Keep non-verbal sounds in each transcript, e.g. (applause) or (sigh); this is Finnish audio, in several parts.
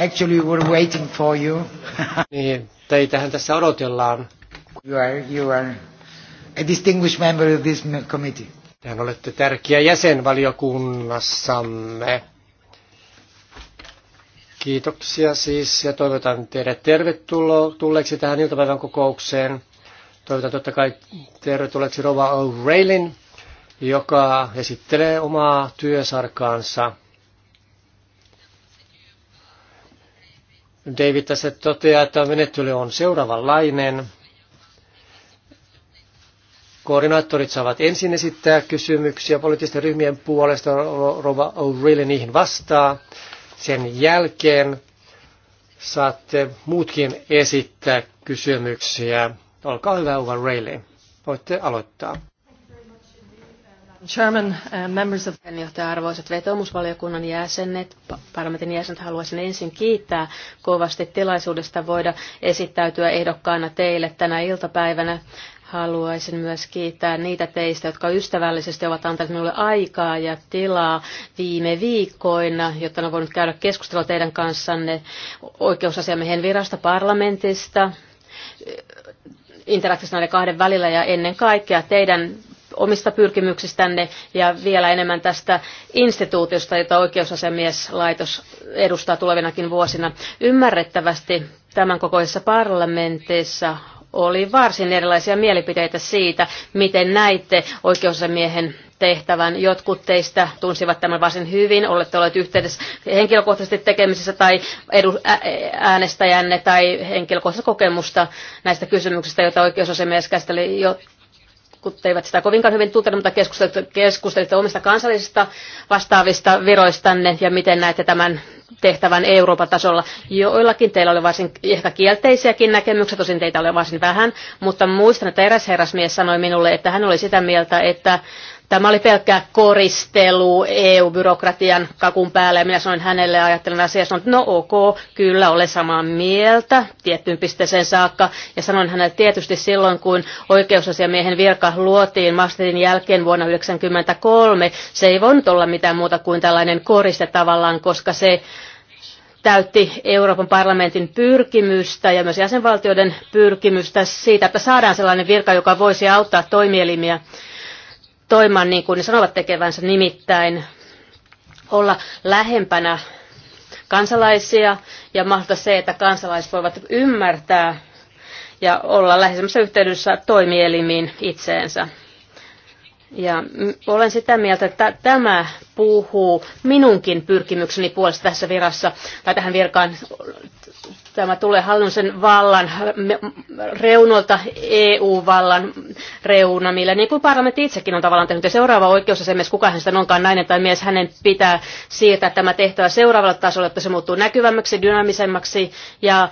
Actually, we're waiting for you. (laughs) niin, teitähän tässä odotellaan. You are, you are a distinguished member of this committee. Tehän olette tärkeä jäsen valiokunnassamme. Kiitoksia siis ja toivotan teidät tervetulleeksi tähän iltapäivän kokoukseen. Toivotan totta kai tervetulleeksi Rova O'Reillyn, joka esittelee omaa työsarkaansa. David tässä toteaa, että menettely on seuraavanlainen. Koordinaattorit saavat ensin esittää kysymyksiä poliittisten ryhmien puolesta, Rova O'Reilly niihin vastaa. Sen jälkeen saatte muutkin esittää kysymyksiä. Olkaa hyvä, O'Reilly. Voitte aloittaa. Chairman, uh, members of... Puheenjohtaja, arvoisat vetomusvaliokunnan jäsenet, parlamentin jäsenet, haluaisin ensin kiittää kovasti tilaisuudesta voida esittäytyä ehdokkaana teille tänä iltapäivänä. Haluaisin myös kiittää niitä teistä, jotka ystävällisesti ovat antaneet minulle aikaa ja tilaa viime viikkoina, jotta olen voinut käydä keskustelua teidän kanssanne oikeusasiamiehen virasta parlamentista, interaktiosta näiden kahden välillä ja ennen kaikkea teidän omista pyrkimyksistänne ja vielä enemmän tästä instituutiosta, jota oikeusasiamieslaitos edustaa tulevinakin vuosina. Ymmärrettävästi tämän kokoisessa parlamentissa oli varsin erilaisia mielipiteitä siitä, miten näitte oikeusasiamiehen tehtävän. Jotkut teistä tunsivat tämän varsin hyvin, olette olleet yhteydessä henkilökohtaisesti tekemisissä tai edu, äänestäjänne tai henkilökohtaista kokemusta näistä kysymyksistä, joita oikeusasiamies käsitteli jotkut eivät sitä kovinkaan hyvin tuntenut, mutta keskustelitte, keskustelitte omista kansallisista vastaavista viroistanne ja miten näette tämän tehtävän Euroopan tasolla. Joillakin teillä oli varsin ehkä kielteisiäkin näkemyksiä, tosin teitä oli varsin vähän, mutta muistan, että eräs herrasmies sanoi minulle, että hän oli sitä mieltä, että Tämä oli pelkkää koristelu EU-byrokratian kakun päälle. Minä sanoin hänelle ja ajattelin asiaa, sanoin, että no ok, kyllä ole samaa mieltä tiettyyn pisteeseen saakka. Ja sanoin hänelle tietysti silloin, kun oikeusasiamiehen virka luotiin masterin jälkeen vuonna 1993, se ei voinut olla mitään muuta kuin tällainen koriste tavallaan, koska se täytti Euroopan parlamentin pyrkimystä ja myös jäsenvaltioiden pyrkimystä siitä, että saadaan sellainen virka, joka voisi auttaa toimielimiä toimimaan niin kuin ne sanovat tekevänsä, nimittäin olla lähempänä kansalaisia ja mahdollista se, että kansalaiset voivat ymmärtää ja olla läheisemmässä yhteydessä toimielimiin itseensä. Ja olen sitä mieltä, että tämä puhuu minunkin pyrkimykseni puolesta tässä virassa tai tähän virkaan Tämä tulee sen vallan reunolta EU-vallan reunamille, niin kuin parlamentti itsekin on tavallaan tehnyt. Ja seuraava oikeusasiamies, kuka hän sitten onkaan nainen tai mies, hänen pitää siirtää tämä tehtävä seuraavalle tasolle, että se muuttuu näkyvämmäksi, dynaamisemmaksi ja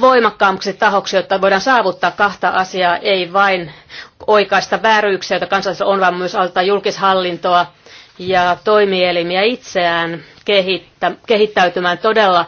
voimakkaammaksi tahoksi, jotta voidaan saavuttaa kahta asiaa, ei vain oikaista vääryyksiä, joita kansallisessa on, vaan myös auttaa julkishallintoa ja toimielimiä itseään kehittä, kehittäytymään todella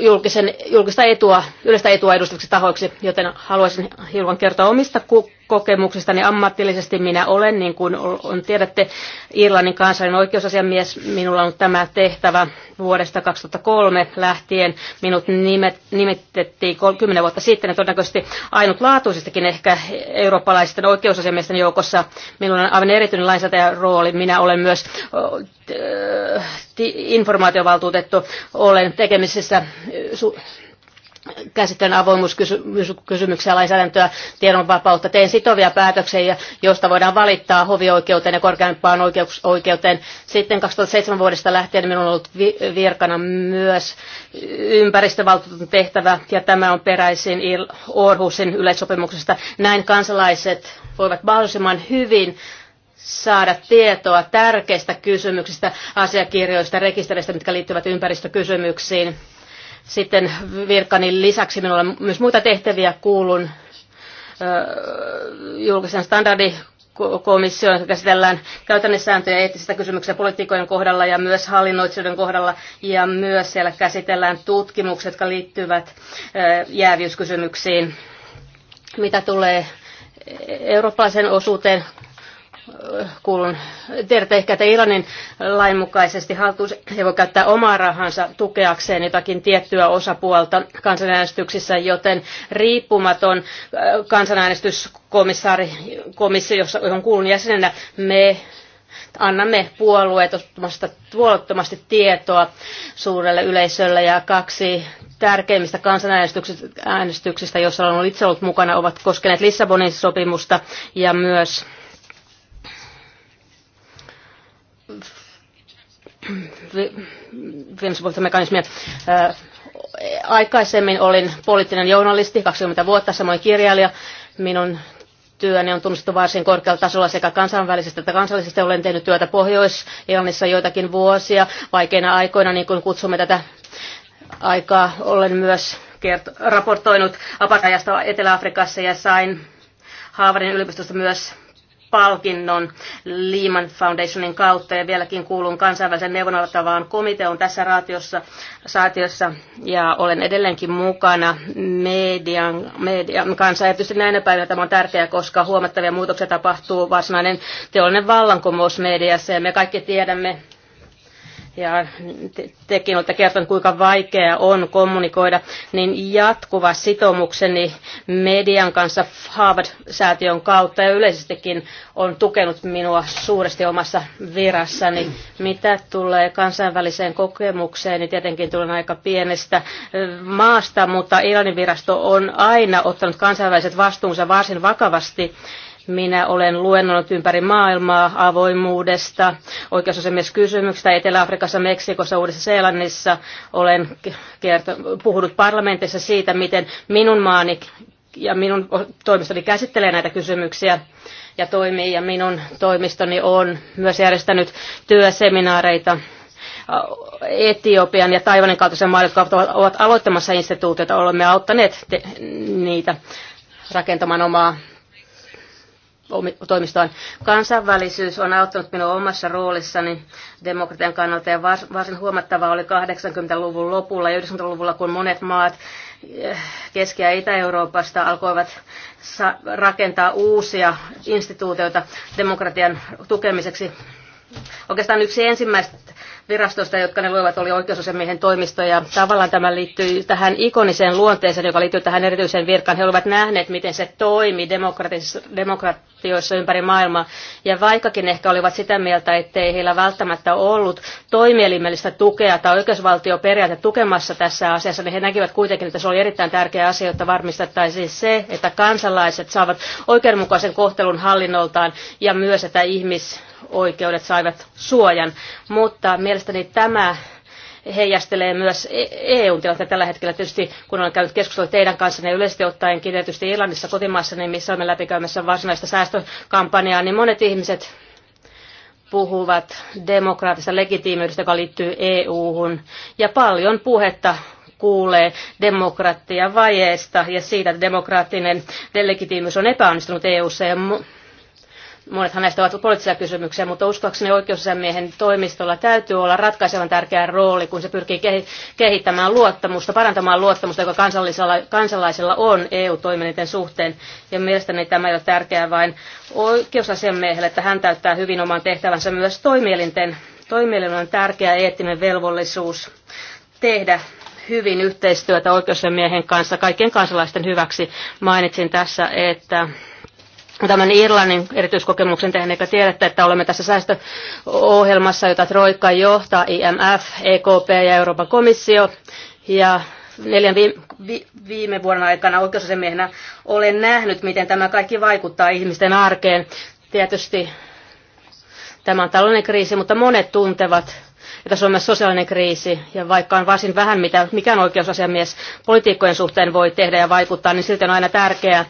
julkisen, julkista etua, yleistä etua edustavaksi tahoiksi, joten haluaisin hiukan kertoa omista kokemuksistani. Ammatillisesti minä olen, niin kuin on, tiedätte, Irlannin kansallinen oikeusasiamies. Minulla on tämä tehtävä vuodesta 2003 lähtien. Minut nimet, nimitettiin 10 vuotta sitten ja todennäköisesti ainutlaatuisestikin ehkä eurooppalaisten oikeusasiamiesten joukossa. Minulla on aivan erityinen lainsäätäjän rooli. Minä olen myös informaatiovaltuutettu. Olen tekemisissä eh, käsittelen avoimuuskysymyksiä, lainsäädäntöä, tiedonvapautta. Teen sitovia päätöksiä, joista voidaan valittaa hovioikeuteen ja korkeimpaan oikeuteen. Sitten 2007 vuodesta lähtien minulla on ollut virkana myös ympäristövaltuutetun tehtävä, ja tämä on peräisin Orhusin yleissopimuksesta. Näin kansalaiset voivat mahdollisimman hyvin saada tietoa tärkeistä kysymyksistä, asiakirjoista, rekistereistä, mitkä liittyvät ympäristökysymyksiin. Sitten virkani lisäksi minulla on myös muita tehtäviä kuulun julkisen standardi komission käsitellään käytännössääntöjä eettisistä kysymyksistä poliitikkojen kohdalla ja myös hallinnoitsijoiden kohdalla ja myös siellä käsitellään tutkimukset, jotka liittyvät jääviyskysymyksiin. Mitä tulee eurooppalaisen osuuteen kuulun, tiedätte ehkä, että Irlannin lain mukaisesti ei voi käyttää omaa rahansa tukeakseen jotakin tiettyä osapuolta kansanäänestyksissä, joten riippumaton äh, kansanäänestyskomissaari, komissio, johon kuulun jäsenenä, me annamme puolueettomasti tietoa suurelle yleisölle ja kaksi tärkeimmistä kansanäänestyksistä, joissa olen itse ollut mukana, ovat koskeneet Lissabonin sopimusta ja myös finanssipolitiikkamekanismia. Aikaisemmin olin poliittinen journalisti, 20 vuotta, samoin kirjailija. Minun työni on tunnustettu varsin korkealla tasolla sekä kansainvälisesti että kansallisesti. Olen tehnyt työtä Pohjois-Irlannissa joitakin vuosia, vaikeina aikoina, niin kuin kutsumme tätä aikaa. Olen myös kert, raportoinut apatajasta Etelä-Afrikassa ja sain Haavarin yliopistosta myös palkinnon Lehman Foundationin kautta ja vieläkin kuulun kansainvälisen neuvonantavaan komiteon tässä raatiossa, saatiossa ja olen edelleenkin mukana median, median kanssa. Ja tietysti näinä päivinä tämä on tärkeää, koska huomattavia muutoksia tapahtuu varsinainen teollinen vallankumous mediassa ja me kaikki tiedämme, ja tekin olette kertonut, kuinka vaikeaa on kommunikoida, niin jatkuva sitoumukseni median kanssa Harvard-säätiön kautta ja yleisestikin on tukenut minua suuresti omassa virassani. Mitä tulee kansainväliseen kokemukseen, niin tietenkin tulen aika pienestä maasta, mutta Iranin virasto on aina ottanut kansainväliset vastuunsa varsin vakavasti minä olen luennonut ympäri maailmaa avoimuudesta, oikeusasiamies kysymyksistä Etelä-Afrikassa, Meksikossa, Uudessa-Seelannissa. Olen kerto- puhunut parlamentissa siitä, miten minun maani ja minun toimistoni käsittelee näitä kysymyksiä ja toimii. Ja minun toimistoni on myös järjestänyt työseminaareita Etiopian ja Taivanin kaltaisen maan, jotka ovat aloittamassa instituutioita. Olemme auttaneet niitä rakentamaan omaa toimistoon. Kansainvälisyys on auttanut minua omassa roolissani demokratian kannalta ja varsin huomattavaa oli 80-luvun lopulla ja 90-luvulla, kun monet maat eh, Keski- ja Itä-Euroopasta alkoivat rakentaa uusia instituutioita demokratian tukemiseksi. Oikeastaan yksi ensimmäistä virastosta, jotka ne luovat, oli oikeusasiamiehen toimisto. Ja tavallaan tämä liittyy tähän ikoniseen luonteeseen, joka liittyy tähän erityiseen virkaan. He olivat nähneet, miten se toimi demokratioissa ympäri maailmaa. Ja vaikkakin ehkä olivat sitä mieltä, ettei heillä välttämättä ollut toimielimellistä tukea tai oikeusvaltioperiaate tukemassa tässä asiassa, niin he näkivät kuitenkin, että se oli erittäin tärkeä asia, jotta varmistettaisiin se, että kansalaiset saavat oikeudenmukaisen kohtelun hallinnoltaan ja myös, että ihmis oikeudet saivat suojan, mutta mielestäni tämä heijastelee myös EUn e tilanteen tällä hetkellä. Tietysti kun olen käynyt keskustelua teidän kanssanne yleisesti ottaen tietysti Irlannissa kotimaassa, niin missä olemme läpikäymässä varsinaista säästökampanjaa, niin monet ihmiset puhuvat demokraattista legitiimiydestä, joka liittyy EU-hun, ja paljon puhetta kuulee demokratiavajeesta ja siitä, että demokraattinen legitiimiys on epäonnistunut EU-ssa ja Monethan näistä ovat poliittisia kysymyksiä, mutta uskoakseni oikeusasiamiehen toimistolla täytyy olla ratkaisevan tärkeä rooli, kun se pyrkii kehittämään luottamusta, parantamaan luottamusta, joka kansallisella, kansalaisilla on EU-toimijoiden suhteen. Ja mielestäni tämä ei ole tärkeää vain oikeusasiamiehelle, että hän täyttää hyvin oman tehtävänsä myös toimielinten. Toimielin on tärkeä eettinen velvollisuus tehdä hyvin yhteistyötä oikeusasiamiehen kanssa kaikkien kansalaisten hyväksi. Mainitsin tässä, että tämän Irlannin erityiskokemuksen tehän ehkä tiedätte, että olemme tässä säästöohjelmassa, jota Troika johtaa, IMF, EKP ja Euroopan komissio. Ja neljän viime vuoden aikana oikeusasemiehenä olen nähnyt, miten tämä kaikki vaikuttaa ihmisten arkeen. Tietysti tämä on taloudellinen kriisi, mutta monet tuntevat, että se on sosiaalinen kriisi. Ja vaikka on varsin vähän, mitä mikään oikeusasiamies politiikkojen suhteen voi tehdä ja vaikuttaa, niin silti on aina tärkeää,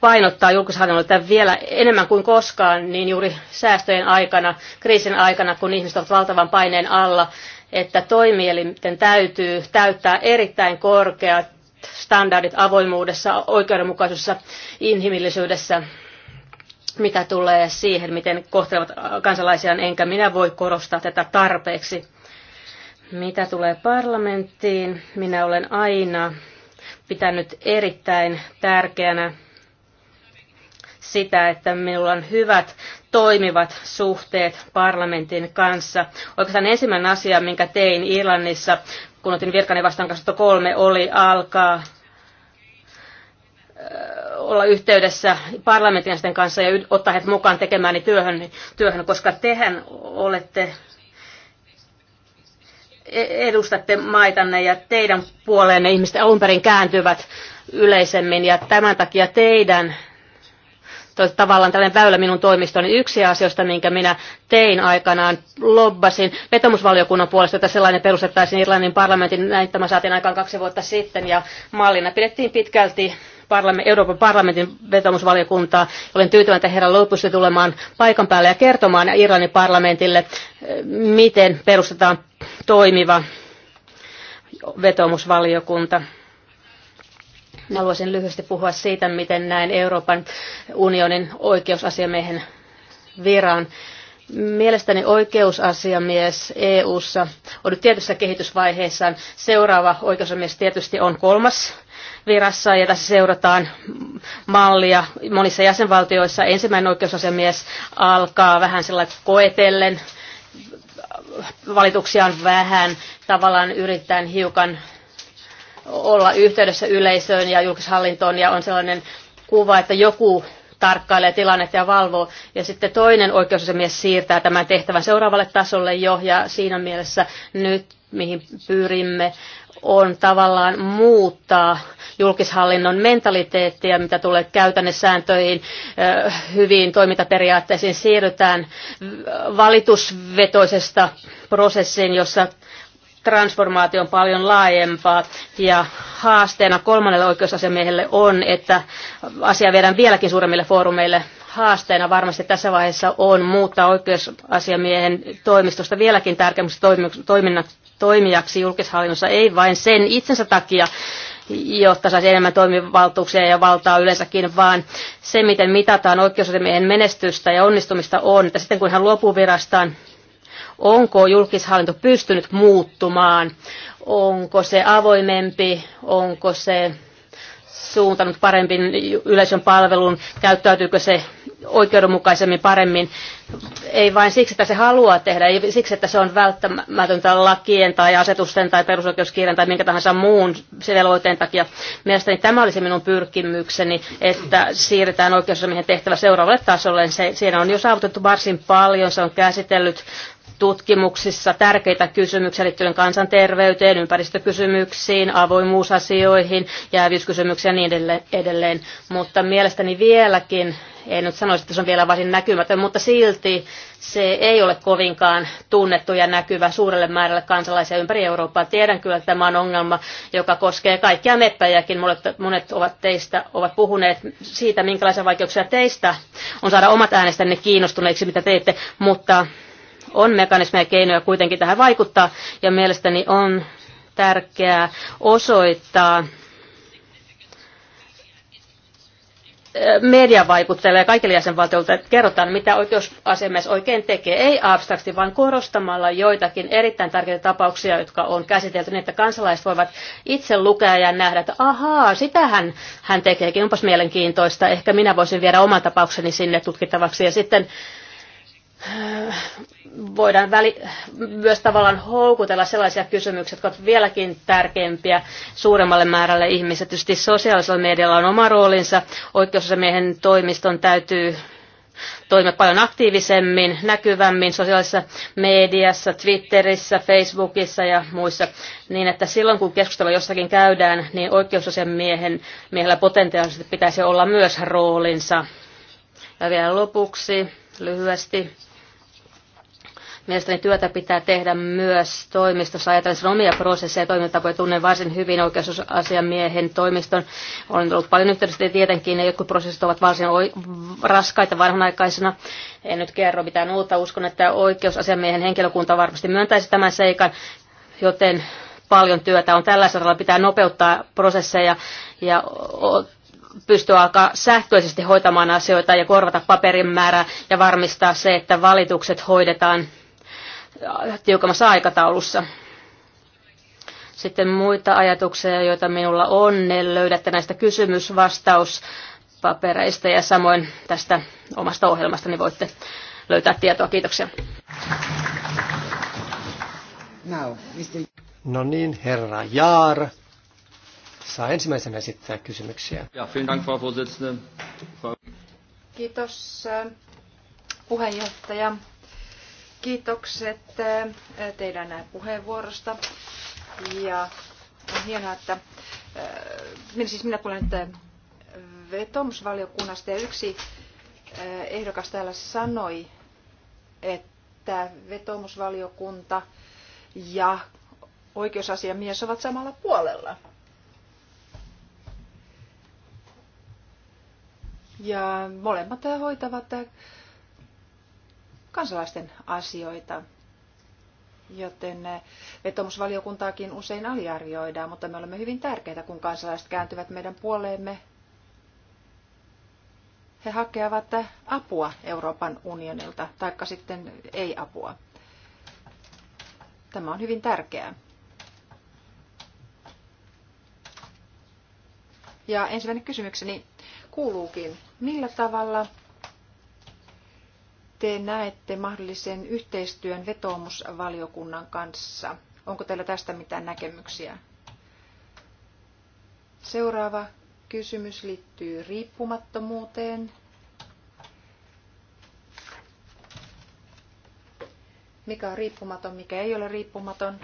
painottaa julkishallinnolle vielä enemmän kuin koskaan, niin juuri säästöjen aikana, kriisin aikana, kun ihmiset ovat valtavan paineen alla, että toimielinten täytyy täyttää erittäin korkeat standardit avoimuudessa, oikeudenmukaisuudessa, inhimillisyydessä, mitä tulee siihen, miten kohtelevat kansalaisiaan, enkä minä voi korostaa tätä tarpeeksi. Mitä tulee parlamenttiin, minä olen aina pitänyt erittäin tärkeänä sitä, että minulla on hyvät toimivat suhteet parlamentin kanssa. Oikeastaan ensimmäinen asia, minkä tein Irlannissa, kun otin virkani vastaan 2003, oli alkaa olla yhteydessä parlamentin kanssa ja ottaa heidät mukaan tekemään työhön, työhön, koska tehän olette edustatte maitanne ja teidän puoleenne ihmiset alun perin kääntyvät yleisemmin ja tämän takia teidän to, tavallaan tällainen väylä minun toimistoni niin yksi asioista, minkä minä tein aikanaan, lobbasin vetomusvaliokunnan puolesta, että sellainen perustettaisiin Irlannin parlamentin, näin tämä saatiin aikaan kaksi vuotta sitten ja mallina pidettiin pitkälti parlament, Euroopan parlamentin vetomusvaliokuntaa. Olen tyytyväinen, että herra tulemaan paikan päälle ja kertomaan Irlannin parlamentille, miten perustetaan toimiva vetomusvaliokunta. Haluaisin lyhyesti puhua siitä, miten näin Euroopan unionin oikeusasiamiehen viran. Mielestäni oikeusasiamies EU:ssa on nyt tietyssä kehitysvaiheessaan. Seuraava oikeusasiamies tietysti on kolmas virassa ja tässä seurataan mallia monissa jäsenvaltioissa. Ensimmäinen oikeusasiamies alkaa vähän sellainen koetellen valituksia on vähän. Tavallaan yritetään hiukan olla yhteydessä yleisöön ja julkishallintoon ja on sellainen kuva, että joku tarkkailee tilannetta ja valvoo. Ja sitten toinen oikeusasiamies siirtää tämän tehtävän seuraavalle tasolle jo, ja siinä mielessä nyt, mihin pyrimme, on tavallaan muuttaa julkishallinnon mentaliteettia, mitä tulee käytännesääntöihin, hyviin toimintaperiaatteisiin. Siirrytään valitusvetoisesta prosessiin, jossa transformaatio on paljon laajempaa ja haasteena kolmannelle oikeusasiamiehelle on, että asia viedään vieläkin suuremmille foorumeille. Haasteena varmasti tässä vaiheessa on muuttaa oikeusasiamiehen toimistosta vieläkin tärkeämmäksi toimijaksi julkishallinnossa, ei vain sen itsensä takia, jotta saisi enemmän toimivaltuuksia ja valtaa yleensäkin, vaan se, miten mitataan oikeusasiamiehen menestystä ja onnistumista on, että sitten kun hän luopuu virastaan, onko julkishallinto pystynyt muuttumaan, onko se avoimempi, onko se suuntanut parempin yleisön palvelun, käyttäytyykö se oikeudenmukaisemmin, paremmin. Ei vain siksi, että se haluaa tehdä, ei siksi, että se on välttämätöntä lakien tai asetusten tai perusoikeuskirjan tai minkä tahansa muun velvoitteen takia. Mielestäni tämä se minun pyrkimykseni, että siirretään oikeusasiamiehen tehtävä seuraavalle tasolle. Se, siinä on jo saavutettu varsin paljon, se on käsitellyt tutkimuksissa tärkeitä kysymyksiä liittyen kansanterveyteen, ympäristökysymyksiin, avoimuusasioihin, jäävyyskysymyksiin ja niin edelleen. Mutta mielestäni vieläkin, en nyt sanoisi, että se on vielä varsin näkymätön, mutta silti se ei ole kovinkaan tunnettu ja näkyvä suurelle määrälle kansalaisia ympäri Eurooppaa. Tiedän kyllä, että tämä on ongelma, joka koskee kaikkia meppäjäkin. Monet ovat teistä ovat puhuneet siitä, minkälaisia vaikeuksia teistä on saada omat äänestänne kiinnostuneiksi, mitä teette, mutta on mekanismeja ja keinoja kuitenkin tähän vaikuttaa ja mielestäni on tärkeää osoittaa media ja kaikille jäsenvaltioille, että kerrotaan, mitä oikeusasiamies oikein tekee, ei abstrakti, vaan korostamalla joitakin erittäin tärkeitä tapauksia, jotka on käsitelty, niin että kansalaiset voivat itse lukea ja nähdä, että ahaa, sitähän hän tekeekin, onpas mielenkiintoista, ehkä minä voisin viedä oman tapaukseni sinne tutkittavaksi, ja sitten voidaan väli, myös tavallaan houkutella sellaisia kysymyksiä, jotka ovat vieläkin tärkeimpiä suuremmalle määrälle ihmisiä. Tietysti sosiaalisella medialla on oma roolinsa. Oikeusasiamiehen toimiston täytyy toimia paljon aktiivisemmin, näkyvämmin sosiaalisessa mediassa, Twitterissä, Facebookissa ja muissa, niin että silloin kun keskustelu jossakin käydään, niin oikeusasiamiehen miehellä potentiaalisesti pitäisi olla myös roolinsa. Ja vielä lopuksi lyhyesti Mielestäni työtä pitää tehdä myös toimistossa. Ajatellen että omia prosesseja ja toimintatapoja tunnen varsin hyvin oikeusasiamiehen toimiston. Olen ollut paljon yhteydessä tietenkin ja jotkut prosessit ovat varsin raskaita vanhanaikaisena. En nyt kerro mitään uutta. Uskon, että oikeusasiamiehen henkilökunta varmasti myöntäisi tämän seikan, joten paljon työtä on tällä saralla. Pitää nopeuttaa prosesseja ja pystyä alkaa sähköisesti hoitamaan asioita ja korvata paperin määrää ja varmistaa se, että valitukset hoidetaan tiukemmassa aikataulussa. Sitten muita ajatuksia, joita minulla on, ne löydätte näistä kysymysvastauspapereista ja samoin tästä omasta ohjelmasta, niin voitte löytää tietoa. Kiitoksia. No niin, herra Jaar saa ensimmäisenä esittää kysymyksiä. Ja, Kiitos äh, puheenjohtaja. Kiitokset eh, teidän puheenvuorosta. Ja on hienoa, että eh, minä, siis minä kuulen nyt eh, vetomusvaliokunnasta ja yksi ehdokas täällä sanoi, että vetomusvaliokunta ja oikeusasiamies ovat samalla puolella. Ja molemmat hoitavat kansalaisten asioita. Joten eh, vetomusvaliokuntaakin usein aliarvioidaan, mutta me olemme hyvin tärkeitä, kun kansalaiset kääntyvät meidän puoleemme. He hakevat eh, apua Euroopan unionilta, taikka sitten ei-apua. Tämä on hyvin tärkeää. Ja ensimmäinen kysymykseni kuuluukin, millä tavalla te näette mahdollisen yhteistyön vetoomusvaliokunnan kanssa? Onko teillä tästä mitään näkemyksiä? Seuraava kysymys liittyy riippumattomuuteen. Mikä on riippumaton, mikä ei ole riippumaton?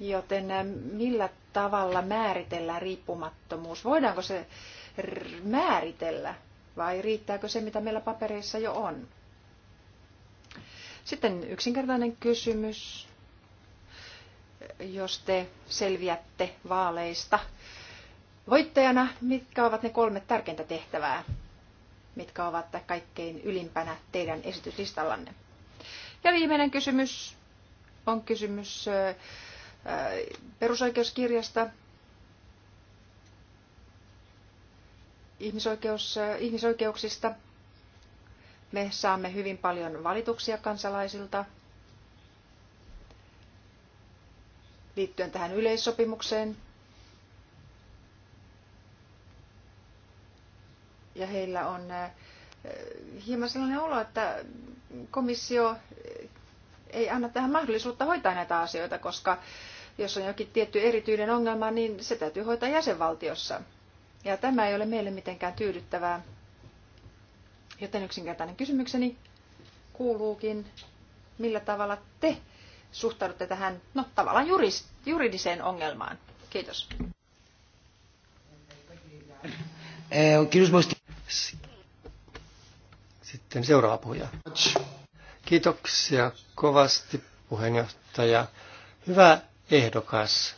Joten eh, millä tavalla määritellä riippumattomuus? Voidaanko se määritellä vai riittääkö se, mitä meillä papereissa jo on? Sitten yksinkertainen kysymys. Jos te selviätte vaaleista voittajana, mitkä ovat ne kolme tärkeintä tehtävää, mitkä ovat kaikkein ylimpänä teidän esityslistallanne? Ja viimeinen kysymys on kysymys Äh, perusoikeuskirjasta, ihmisoikeus, äh, ihmisoikeuksista. Me saamme hyvin paljon valituksia kansalaisilta liittyen tähän yleissopimukseen. Ja heillä on äh, hieman sellainen olo, että komissio ei anna tähän mahdollisuutta hoitaa näitä asioita, koska jos on jokin tietty erityinen ongelma, niin se täytyy hoitaa jäsenvaltiossa. Ja tämä ei ole meille mitenkään tyydyttävää. Joten yksinkertainen kysymykseni kuuluukin, millä tavalla te suhtaudutte tähän, no tavallaan juris, juridiseen ongelmaan. Kiitos. Eh, sitten seuraava puhuja. Kiitoksia kovasti puheenjohtaja. Hyvä ehdokas,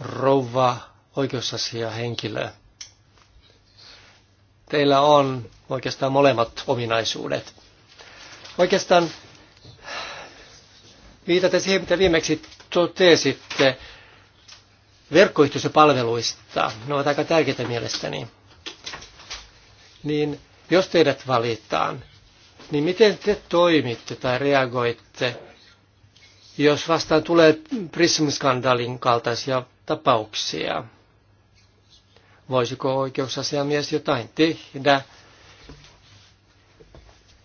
rouva oikeusasia henkilö. Teillä on oikeastaan molemmat ominaisuudet. Oikeastaan viitaten siihen, mitä viimeksi totesitte verkkoyhteisöpalveluista, ne ovat aika tärkeitä mielestäni, niin jos teidät valitaan, niin miten te toimitte tai reagoitte, jos vastaan tulee prismskandaalin kaltaisia tapauksia? Voisiko oikeusasiamies jotain tehdä?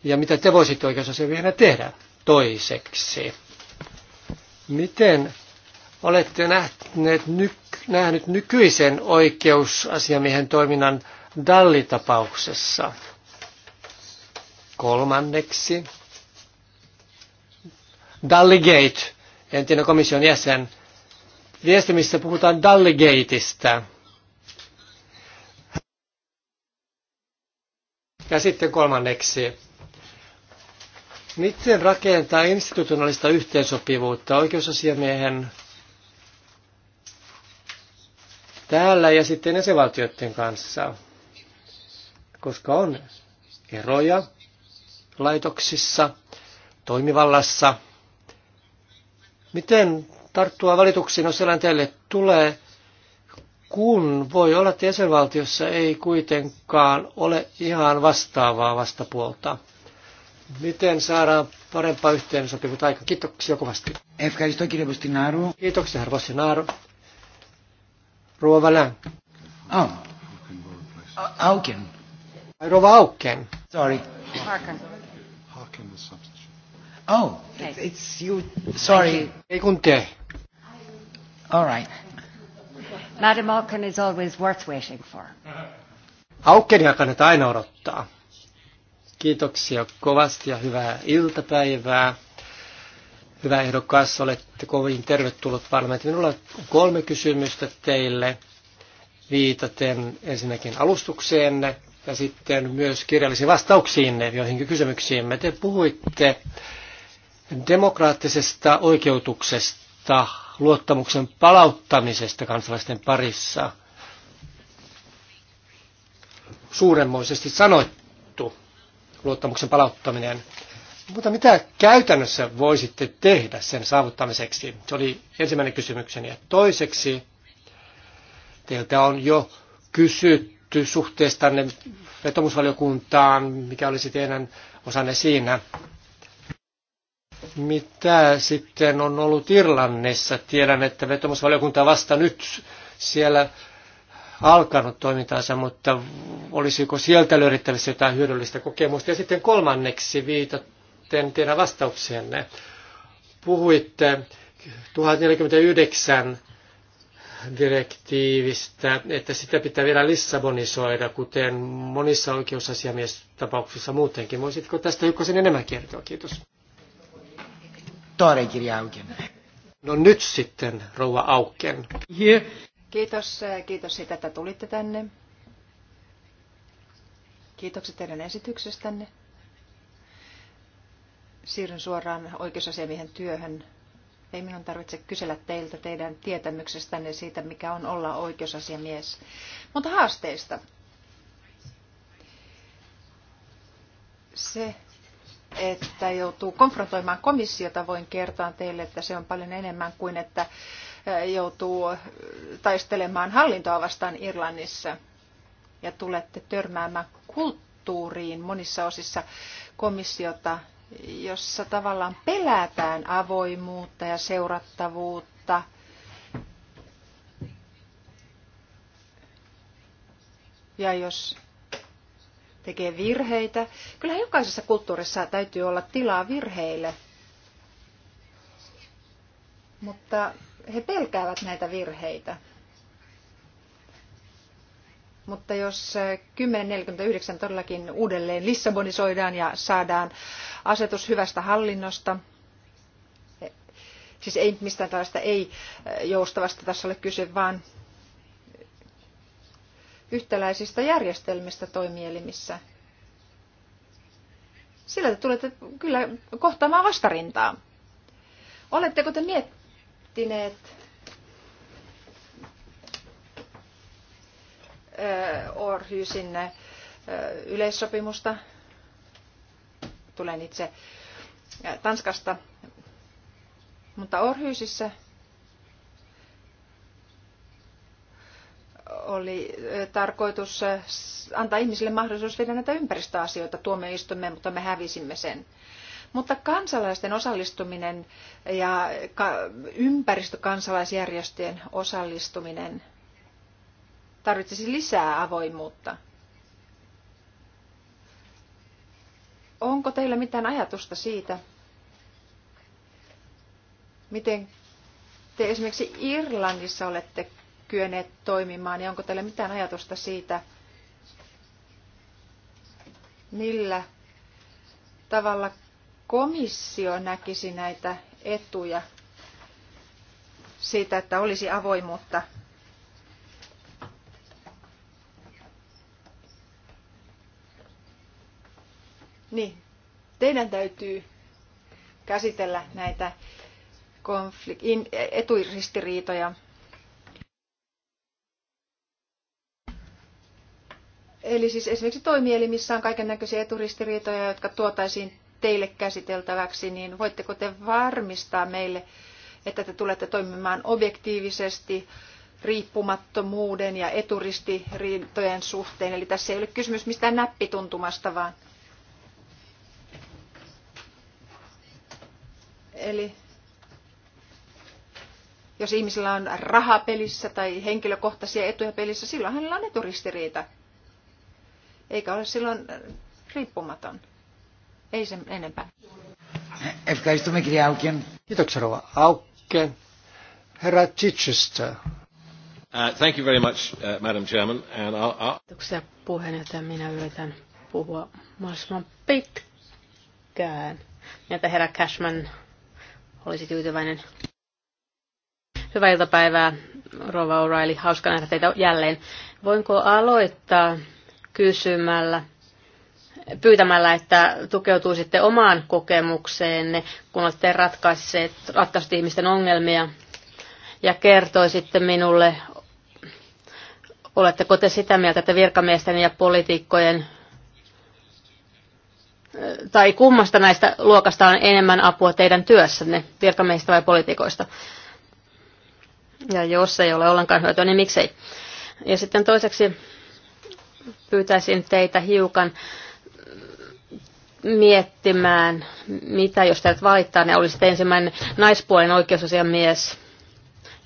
Ja mitä te voisitte oikeusasiamiehenä tehdä toiseksi? Miten olette nähneet, nyt nähnyt nykyisen oikeusasiamiehen toiminnan Dallitapauksessa? tapauksessa Kolmanneksi, Dalligate, entinen komission jäsen. Viestimissä puhutaan Dalligateista. Ja sitten kolmanneksi, miten rakentaa institutionaalista yhteensopivuutta oikeusasiamiehen täällä ja sitten jäsenvaltioiden kanssa, koska on eroja laitoksissa, toimivallassa. Miten tarttua valituksiin, jos teille tulee, kun voi olla, että jäsenvaltiossa ei kuitenkaan ole ihan vastaavaa vastapuolta. Miten saadaan parempaa yhteensopivuutta aikaan? Kiitoksia kovasti. Kiitoksia herra Bossinaru. Rouva Valän. Oh. Auken. Rouva Auken. Sorry can the substitute. Oh, yes. it's you. Sorry. You. All right. Madam Malkin is always worth waiting for. (laughs) Aukkenia kannattaa aina odottaa. Kiitoksia kovasti ja hyvää iltapäivää. Hyvä ehdokas, olette kovin tervetullut parlamentti. Minulla on kolme kysymystä teille viitaten ensinnäkin alustukseenne ja sitten myös kirjallisiin vastauksiin joihinkin kysymyksiin, Te puhuitte demokraattisesta oikeutuksesta, luottamuksen palauttamisesta kansalaisten parissa. Suuremmoisesti sanottu luottamuksen palauttaminen. Mutta mitä käytännössä voisitte tehdä sen saavuttamiseksi? Se oli ensimmäinen kysymykseni. Ja toiseksi, teiltä on jo kysytty, päätetty suhteestanne vetomusvaliokuntaan, mikä olisi teidän osanne siinä? Mitä sitten on ollut Irlannissa? Tiedän, että vetomusvaliokunta vasta nyt siellä alkanut toimintaansa, mutta olisiko sieltä löydettävissä jotain hyödyllistä kokemusta? Ja sitten kolmanneksi viitaten teidän vastauksenne. Puhuitte 1049 direktiivistä, että sitä pitää vielä Lissabonisoida, kuten monissa oikeusasiamiestapauksissa muutenkin. Voisitko tästä hiukan enemmän kertoa? Kiitos. Toinen kirja Auken. No nyt sitten, rouva Auken. Yeah. Kiitos, kiitos siitä, että tulitte tänne. Kiitokset teidän esityksestänne. Siirryn suoraan oikeusasiamiehen työhön ei minun tarvitse kysellä teiltä teidän tietämyksestänne siitä, mikä on olla oikeusasiamies. Mutta haasteista. Se, että joutuu konfrontoimaan komissiota, voin kertoa teille, että se on paljon enemmän kuin, että joutuu taistelemaan hallintoa vastaan Irlannissa. Ja tulette törmäämään kulttuuriin monissa osissa komissiota, jossa tavallaan pelätään avoimuutta ja seurattavuutta. Ja jos tekee virheitä, kyllä jokaisessa kulttuurissa täytyy olla tilaa virheille. Mutta he pelkäävät näitä virheitä. Mutta jos 1049 eh, todellakin uudelleen Lissabonisoidaan ja saadaan asetus hyvästä hallinnosta, eh, siis ei mistään tällaista ei-joustavasta eh, tässä ole kyse, vaan yhtäläisistä järjestelmistä toimielimissä. Sillä te tulette kyllä kohtaamaan vastarintaa. Oletteko te miettineet Orhyysin yleissopimusta. Tulen itse Tanskasta, mutta Orhyysissä oli tarkoitus antaa ihmisille mahdollisuus viedä näitä ympäristöasioita tuomioistuimeen, mutta me hävisimme sen. Mutta kansalaisten osallistuminen ja ympäristökansalaisjärjestöjen osallistuminen – tarvitsisi lisää avoimuutta. Onko teillä mitään ajatusta siitä, miten te esimerkiksi Irlannissa olette kyenneet toimimaan, ja onko teillä mitään ajatusta siitä, millä tavalla komissio näkisi näitä etuja siitä, että olisi avoimuutta Niin, teidän täytyy käsitellä näitä konflik- in- eturistiriitoja. Eli siis esimerkiksi toimielimissä on kaiken näköisiä eturistiriitoja, jotka tuotaisiin teille käsiteltäväksi, niin voitteko te varmistaa meille, että te tulette toimimaan objektiivisesti riippumattomuuden ja eturistiriitojen suhteen. Eli tässä ei ole kysymys mistään näppituntumasta, vaan Eli jos ihmisellä on raha pelissä tai henkilökohtaisia etuja pelissä, silloin hänellä on eturistiriita. Eikä ole silloin riippumaton. Ei sen enempää. Ευχαριστούμε κυρία Auke, Κοίταξε ρόβα. Herra Chichester. Uh, thank you very much, uh, Madam Chairman. And I'll, I'll... Kiitoksia puheenjohtaja. Minä yritän puhua mahdollisimman pitkään. Mieltä herra Cashman olisi tyytyväinen. Hyvää iltapäivää, Rova O'Reilly. Hauska nähdä teitä jälleen. Voinko aloittaa kysymällä, pyytämällä, että tukeutuisitte omaan kokemukseenne, kun olette ratkaisseet, ratkaisseet ihmisten ongelmia, ja kertoisitte minulle, oletteko te sitä mieltä, että virkamiesten ja poliitikkojen tai kummasta näistä luokasta on enemmän apua teidän työssänne, virkamiehistä vai poliitikoista? Ja jos ei ole ollenkaan hyötyä, niin miksei? Ja sitten toiseksi pyytäisin teitä hiukan miettimään, mitä jos teidät valittaa, niin olisi ensimmäinen naispuolen oikeusasiamies.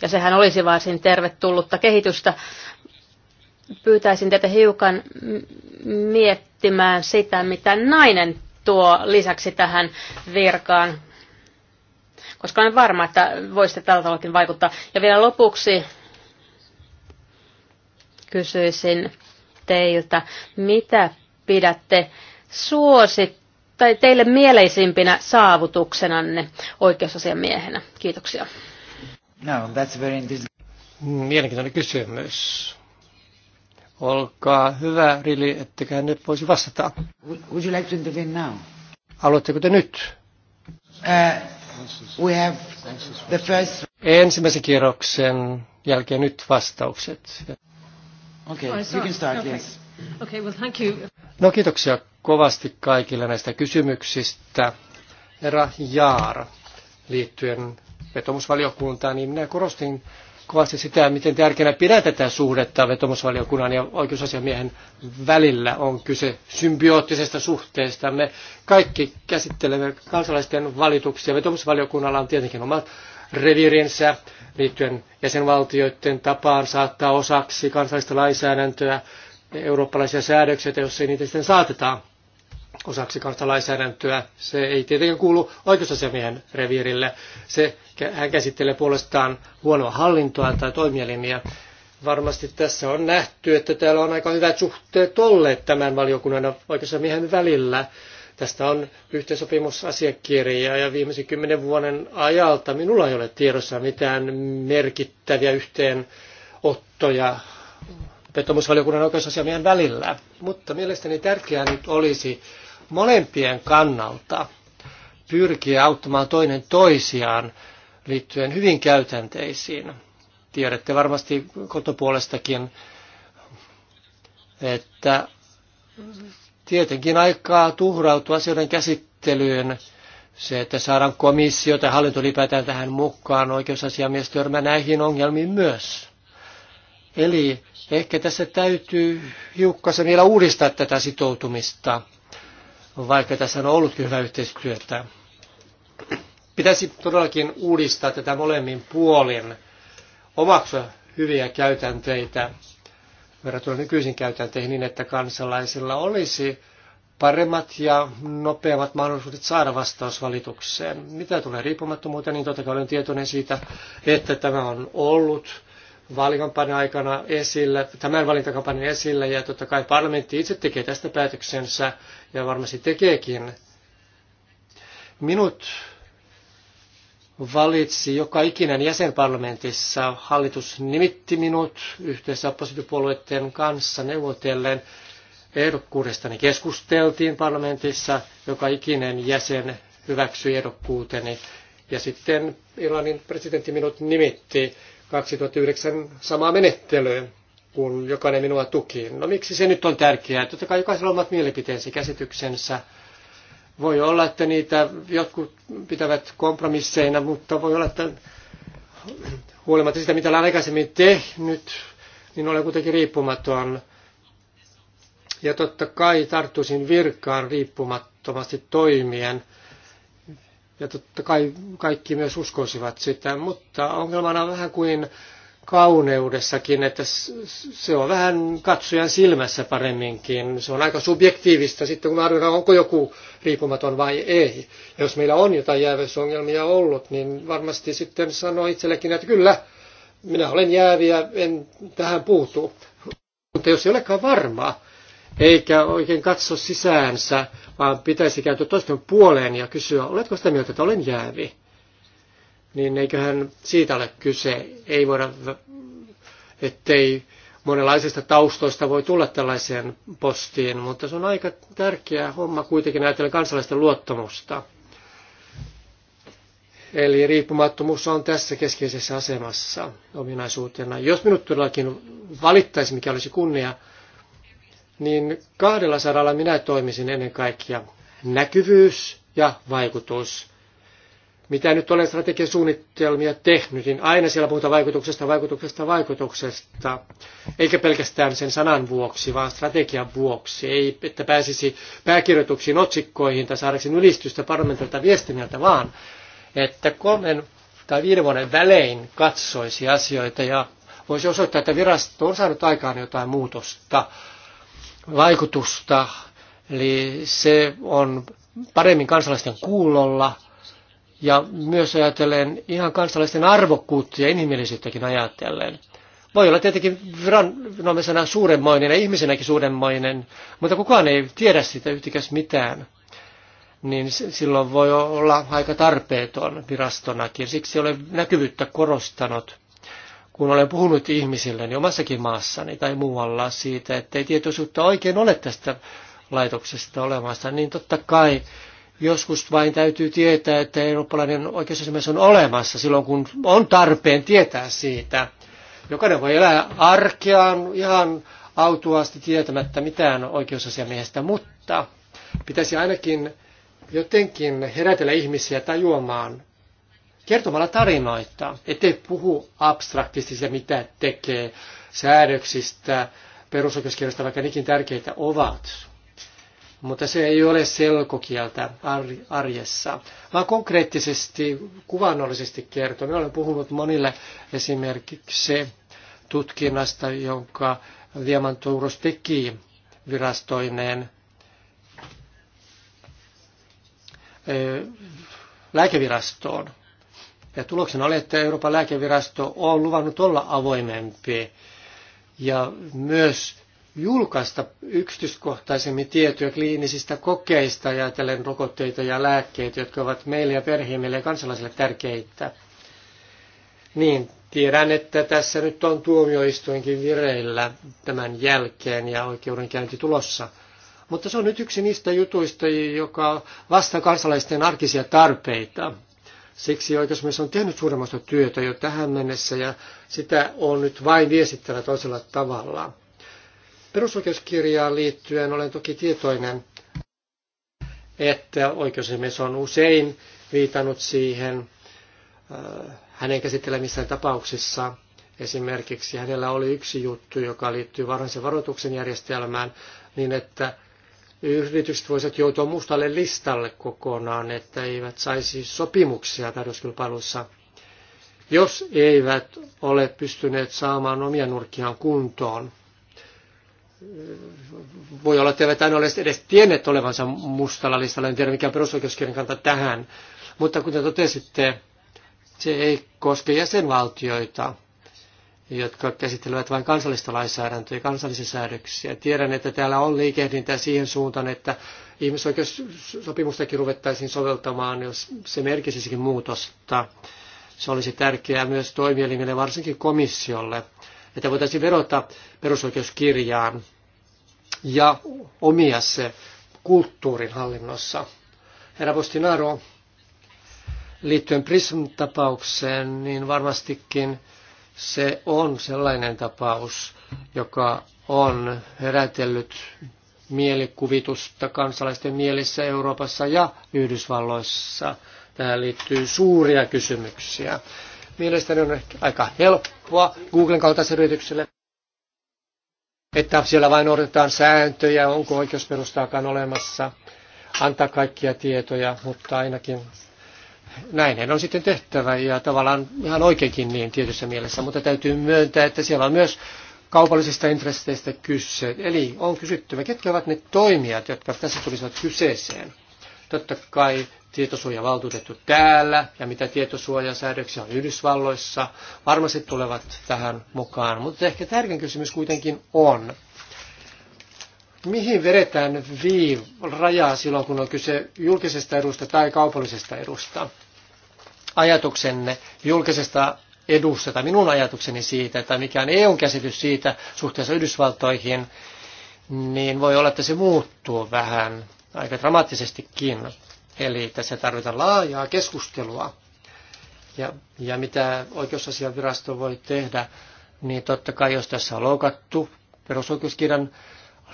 Ja sehän olisi varsin tervetullutta kehitystä. Pyytäisin teitä hiukan miettimään, miettimään sitä, mitä nainen tuo lisäksi tähän virkaan. Koska olen varma, että voisitte tällä tavallakin vaikuttaa. Ja vielä lopuksi kysyisin teiltä, mitä pidätte suosit tai teille mieleisimpinä saavutuksenanne oikeusasiamiehenä? Kiitoksia. No, that's very interesting. Mielenkiintoinen kysymys. Olkaa hyvä, Rili, etteköhän nyt voisi vastata. Would you like to intervene now? Haluatteko te nyt? Uh, we have the first... Ensimmäisen kierroksen jälkeen nyt vastaukset. Okay, oh, you can start, okay. yes. Okay, well, thank you. No kiitoksia kovasti kaikille näistä kysymyksistä. Herra Jaar, liittyen vetomusvaliokuntaan, niin minä korostin kovasti sitä, miten tärkeänä pidän tätä suhdetta vetomusvaliokunnan ja oikeusasiamiehen välillä. On kyse symbioottisesta suhteesta. Me kaikki käsittelemme kansalaisten valituksia. Vetomusvaliokunnalla on tietenkin omat reviirinsä liittyen jäsenvaltioiden tapaan saattaa osaksi kansallista lainsäädäntöä eurooppalaisia säädöksiä, jos ei niitä sitten saatetaan osaksi kautta lainsäädäntöä. Se ei tietenkään kuulu oikeusasiamiehen reviirille. Se, hän käsittelee puolestaan huonoa hallintoa tai toimielimiä. Varmasti tässä on nähty, että täällä on aika hyvät suhteet olleet tämän valiokunnan ja oikeusasiamiehen välillä. Tästä on yhteensopimusasiakirja ja viimeisen kymmenen vuoden ajalta minulla ei ole tiedossa mitään merkittäviä yhteenottoja vetomusvaliokunnan oikeusasiamien välillä. Mutta mielestäni tärkeää nyt olisi molempien kannalta pyrkiä auttamaan toinen toisiaan liittyen hyvin käytänteisiin. Tiedätte varmasti kotopuolestakin, että tietenkin aikaa tuhrautua asioiden käsittelyyn. Se, että saadaan komissio tai hallinto ylipäätään tähän mukaan, oikeusasiamies törmää näihin ongelmiin myös. Eli ehkä tässä täytyy hiukkasen vielä uudistaa tätä sitoutumista vaikka tässä on ollutkin hyvä yhteistyötä. Pitäisi todellakin uudistaa tätä molemmin puolin, omaksua hyviä käytänteitä verrattuna nykyisin käytänteihin niin, että kansalaisilla olisi paremmat ja nopeammat mahdollisuudet saada vastaus valitukseen. Mitä tulee riippumattomuuteen, niin totta kai olen tietoinen siitä, että tämä on ollut vaalikampanjan aikana esille tämän valintakampanjan esille ja totta kai parlamentti itse tekee tästä päätöksensä ja varmasti tekeekin. Minut valitsi joka ikinen jäsenparlamentissa. Hallitus nimitti minut yhteensä oppositiopuolueiden kanssa neuvotellen. Ehdokkuudestani keskusteltiin parlamentissa. Joka ikinen jäsen hyväksyi ehdokkuuteni. Ja sitten Irlannin presidentti minut nimitti 2009 samaa menettelyä, kun jokainen minua tuki. No miksi se nyt on tärkeää? Totta kai jokaisella on omat mielipiteensä, käsityksensä. Voi olla, että niitä jotkut pitävät kompromisseina, mutta voi olla, että huolimatta sitä, mitä olen aikaisemmin tehnyt, niin olen kuitenkin riippumaton. Ja totta kai tarttuisin virkaan riippumattomasti toimien. Ja totta kai kaikki myös uskoisivat sitä, mutta ongelmana on vähän kuin kauneudessakin, että se on vähän katsojan silmässä paremminkin. Se on aika subjektiivista sitten, kun arvioidaan, onko joku riippumaton vai ei. Ja jos meillä on jotain jäävyysongelmia ollut, niin varmasti sitten sanoo itsellekin, että kyllä, minä olen jääviä, en tähän puutu. Mutta jos ei olekaan varmaa, eikä oikein katso sisäänsä, vaan pitäisi kääntyä toisten puoleen ja kysyä, oletko sitä mieltä, että olen jäävi? Niin eiköhän siitä ole kyse. Ei voida, ettei monenlaisista taustoista voi tulla tällaiseen postiin, mutta se on aika tärkeä homma kuitenkin ajatellen kansalaisten luottamusta. Eli riippumattomuus on tässä keskeisessä asemassa ominaisuutena. Jos minut todellakin valittaisi, mikä olisi kunnia, niin saralla minä toimisin ennen kaikkea näkyvyys ja vaikutus. Mitä nyt olen strategiasuunnitelmia tehnyt, niin aina siellä puhutaan vaikutuksesta, vaikutuksesta, vaikutuksesta. Eikä pelkästään sen sanan vuoksi, vaan strategian vuoksi. Ei, että pääsisi pääkirjoituksiin, otsikkoihin tai saadaksi ylistystä parlamentilta viestinnältä, vaan että kolmen tai viiden vuoden välein katsoisi asioita ja voisi osoittaa, että virasto on saanut aikaan jotain muutosta vaikutusta, eli se on paremmin kansalaisten kuulolla ja myös ajatellen ihan kansalaisten arvokkuutta ja inhimillisyyttäkin ajatellen. Voi olla tietenkin viranomaisena suuremmoinen ja ihmisenäkin suuremmoinen, mutta kukaan ei tiedä sitä yhtikäs mitään. Niin silloin voi olla aika tarpeeton virastonakin. Siksi olen näkyvyyttä korostanut kun olen puhunut ihmisille niin omassakin maassani tai muualla siitä, että ei tietoisuutta oikein ole tästä laitoksesta olemassa, niin totta kai joskus vain täytyy tietää, että eurooppalainen oikeusasemies on olemassa silloin, kun on tarpeen tietää siitä. Jokainen voi elää arkeaan ihan autuaasti tietämättä mitään oikeusasiamiehestä, mutta pitäisi ainakin jotenkin herätellä ihmisiä tajuamaan, kertomalla tarinoita, ettei puhu abstraktisti se, mitä tekee säädöksistä, perusoikeuskirjasta, vaikka nekin tärkeitä ovat. Mutta se ei ole selkokieltä arjessa, vaan konkreettisesti, kuvannollisesti kertoo. Minä olen puhunut monille esimerkiksi tutkinnasta, jonka Diamantouros teki virastoineen lääkevirastoon ja tuloksena oli, että Euroopan lääkevirasto on luvannut olla avoimempi ja myös julkaista yksityiskohtaisemmin tietoja kliinisistä kokeista ja ajatellen rokotteita ja lääkkeitä, jotka ovat meille ja perheille ja kansalaisille tärkeitä. Niin, tiedän, että tässä nyt on tuomioistuinkin vireillä tämän jälkeen ja oikeudenkäynti tulossa. Mutta se on nyt yksi niistä jutuista, joka vastaa kansalaisten arkisia tarpeita. Siksi oikeusmies on tehnyt suuremmasta työtä jo tähän mennessä ja sitä on nyt vain viestittävä toisella tavalla. Perusoikeuskirjaan liittyen olen toki tietoinen, että oikeusmies on usein viitannut siihen äh, hänen käsittelemissään tapauksissa. Esimerkiksi hänellä oli yksi juttu, joka liittyy varhaisen varoituksen järjestelmään, niin että yritykset voisivat joutua mustalle listalle kokonaan, että eivät saisi sopimuksia tarjouskilpailussa, jos eivät ole pystyneet saamaan omia nurkkiaan kuntoon. Voi olla, että eivät aina ole edes tienneet olevansa mustalla listalla, en tiedä mikä perusoikeuskirjan kanta tähän. Mutta kuten totesitte, se ei koske jäsenvaltioita jotka käsittelevät vain kansallista lainsäädäntöä ja kansallisia säädöksiä. Tiedän, että täällä on liikehdintää siihen suuntaan, että ihmisoikeussopimustakin ruvettaisiin soveltamaan, jos se merkisisikin muutosta. Se olisi tärkeää myös toimielimille, varsinkin komissiolle, että voitaisiin verota perusoikeuskirjaan ja omia se kulttuurin hallinnossa. Herra Postinaro, liittyen Prism-tapaukseen, niin varmastikin se on sellainen tapaus, joka on herätellyt mielikuvitusta kansalaisten mielissä Euroopassa ja Yhdysvalloissa. Tähän liittyy suuria kysymyksiä. Mielestäni on aika helppoa Googlen kaltaiselle yritykselle, että siellä vain odotetaan sääntöjä, onko oikeusperustaakaan olemassa, antaa kaikkia tietoja, mutta ainakin näinhän on sitten tehtävä ja tavallaan ihan oikeinkin niin tietyssä mielessä, mutta täytyy myöntää, että siellä on myös kaupallisista intresseistä kyse. Eli on kysyttävä, ketkä ovat ne toimijat, jotka tässä tulisivat kyseeseen. Totta kai tietosuojavaltuutettu täällä ja mitä tietosuojasäädöksiä on Yhdysvalloissa, varmasti tulevat tähän mukaan. Mutta ehkä tärkein kysymys kuitenkin on, mihin vedetään viiv rajaa silloin, kun on kyse julkisesta edusta tai kaupallisesta edusta ajatuksenne julkisesta edusta tai minun ajatukseni siitä, tai mikä on EUn käsitys siitä suhteessa Yhdysvaltoihin, niin voi olla, että se muuttuu vähän aika dramaattisestikin. Eli tässä tarvitaan laajaa keskustelua. Ja, ja mitä oikeusasianvirasto voi tehdä, niin totta kai jos tässä on loukattu perusoikeuskirjan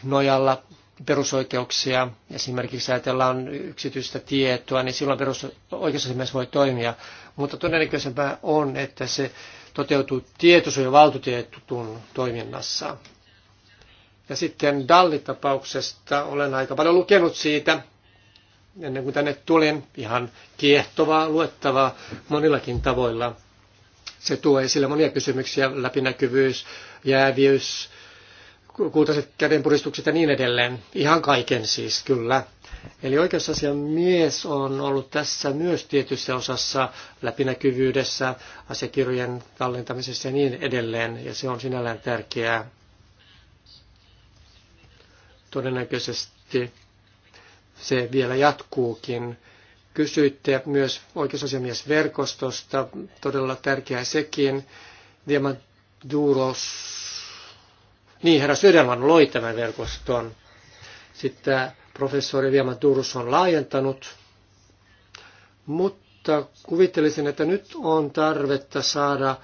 nojalla perusoikeuksia, esimerkiksi ajatellaan yksityistä tietoa, niin silloin perusoikeusasiamies voi toimia. Mutta todennäköisempää on, että se toteutuu tietosuojavaltuutetun toiminnassa. Ja sitten Dalli-tapauksesta olen aika paljon lukenut siitä, ennen kuin tänne tulin, ihan kiehtovaa, luettavaa monillakin tavoilla. Se tuo esille monia kysymyksiä, läpinäkyvyys, jääviys, kultaiset kädenpuristukset ja niin edelleen. Ihan kaiken siis, kyllä. Eli oikeusasian mies on ollut tässä myös tietyssä osassa läpinäkyvyydessä, asiakirjojen tallentamisessa ja niin edelleen, ja se on sinällään tärkeää. Todennäköisesti se vielä jatkuukin. Kysyitte myös oikeusasiamiesverkostosta, todella tärkeää sekin. duros. Niin, herra Söderman loi tämän verkoston. Sitten professori Vieman Turus on laajentanut. Mutta kuvittelisin, että nyt on tarvetta saada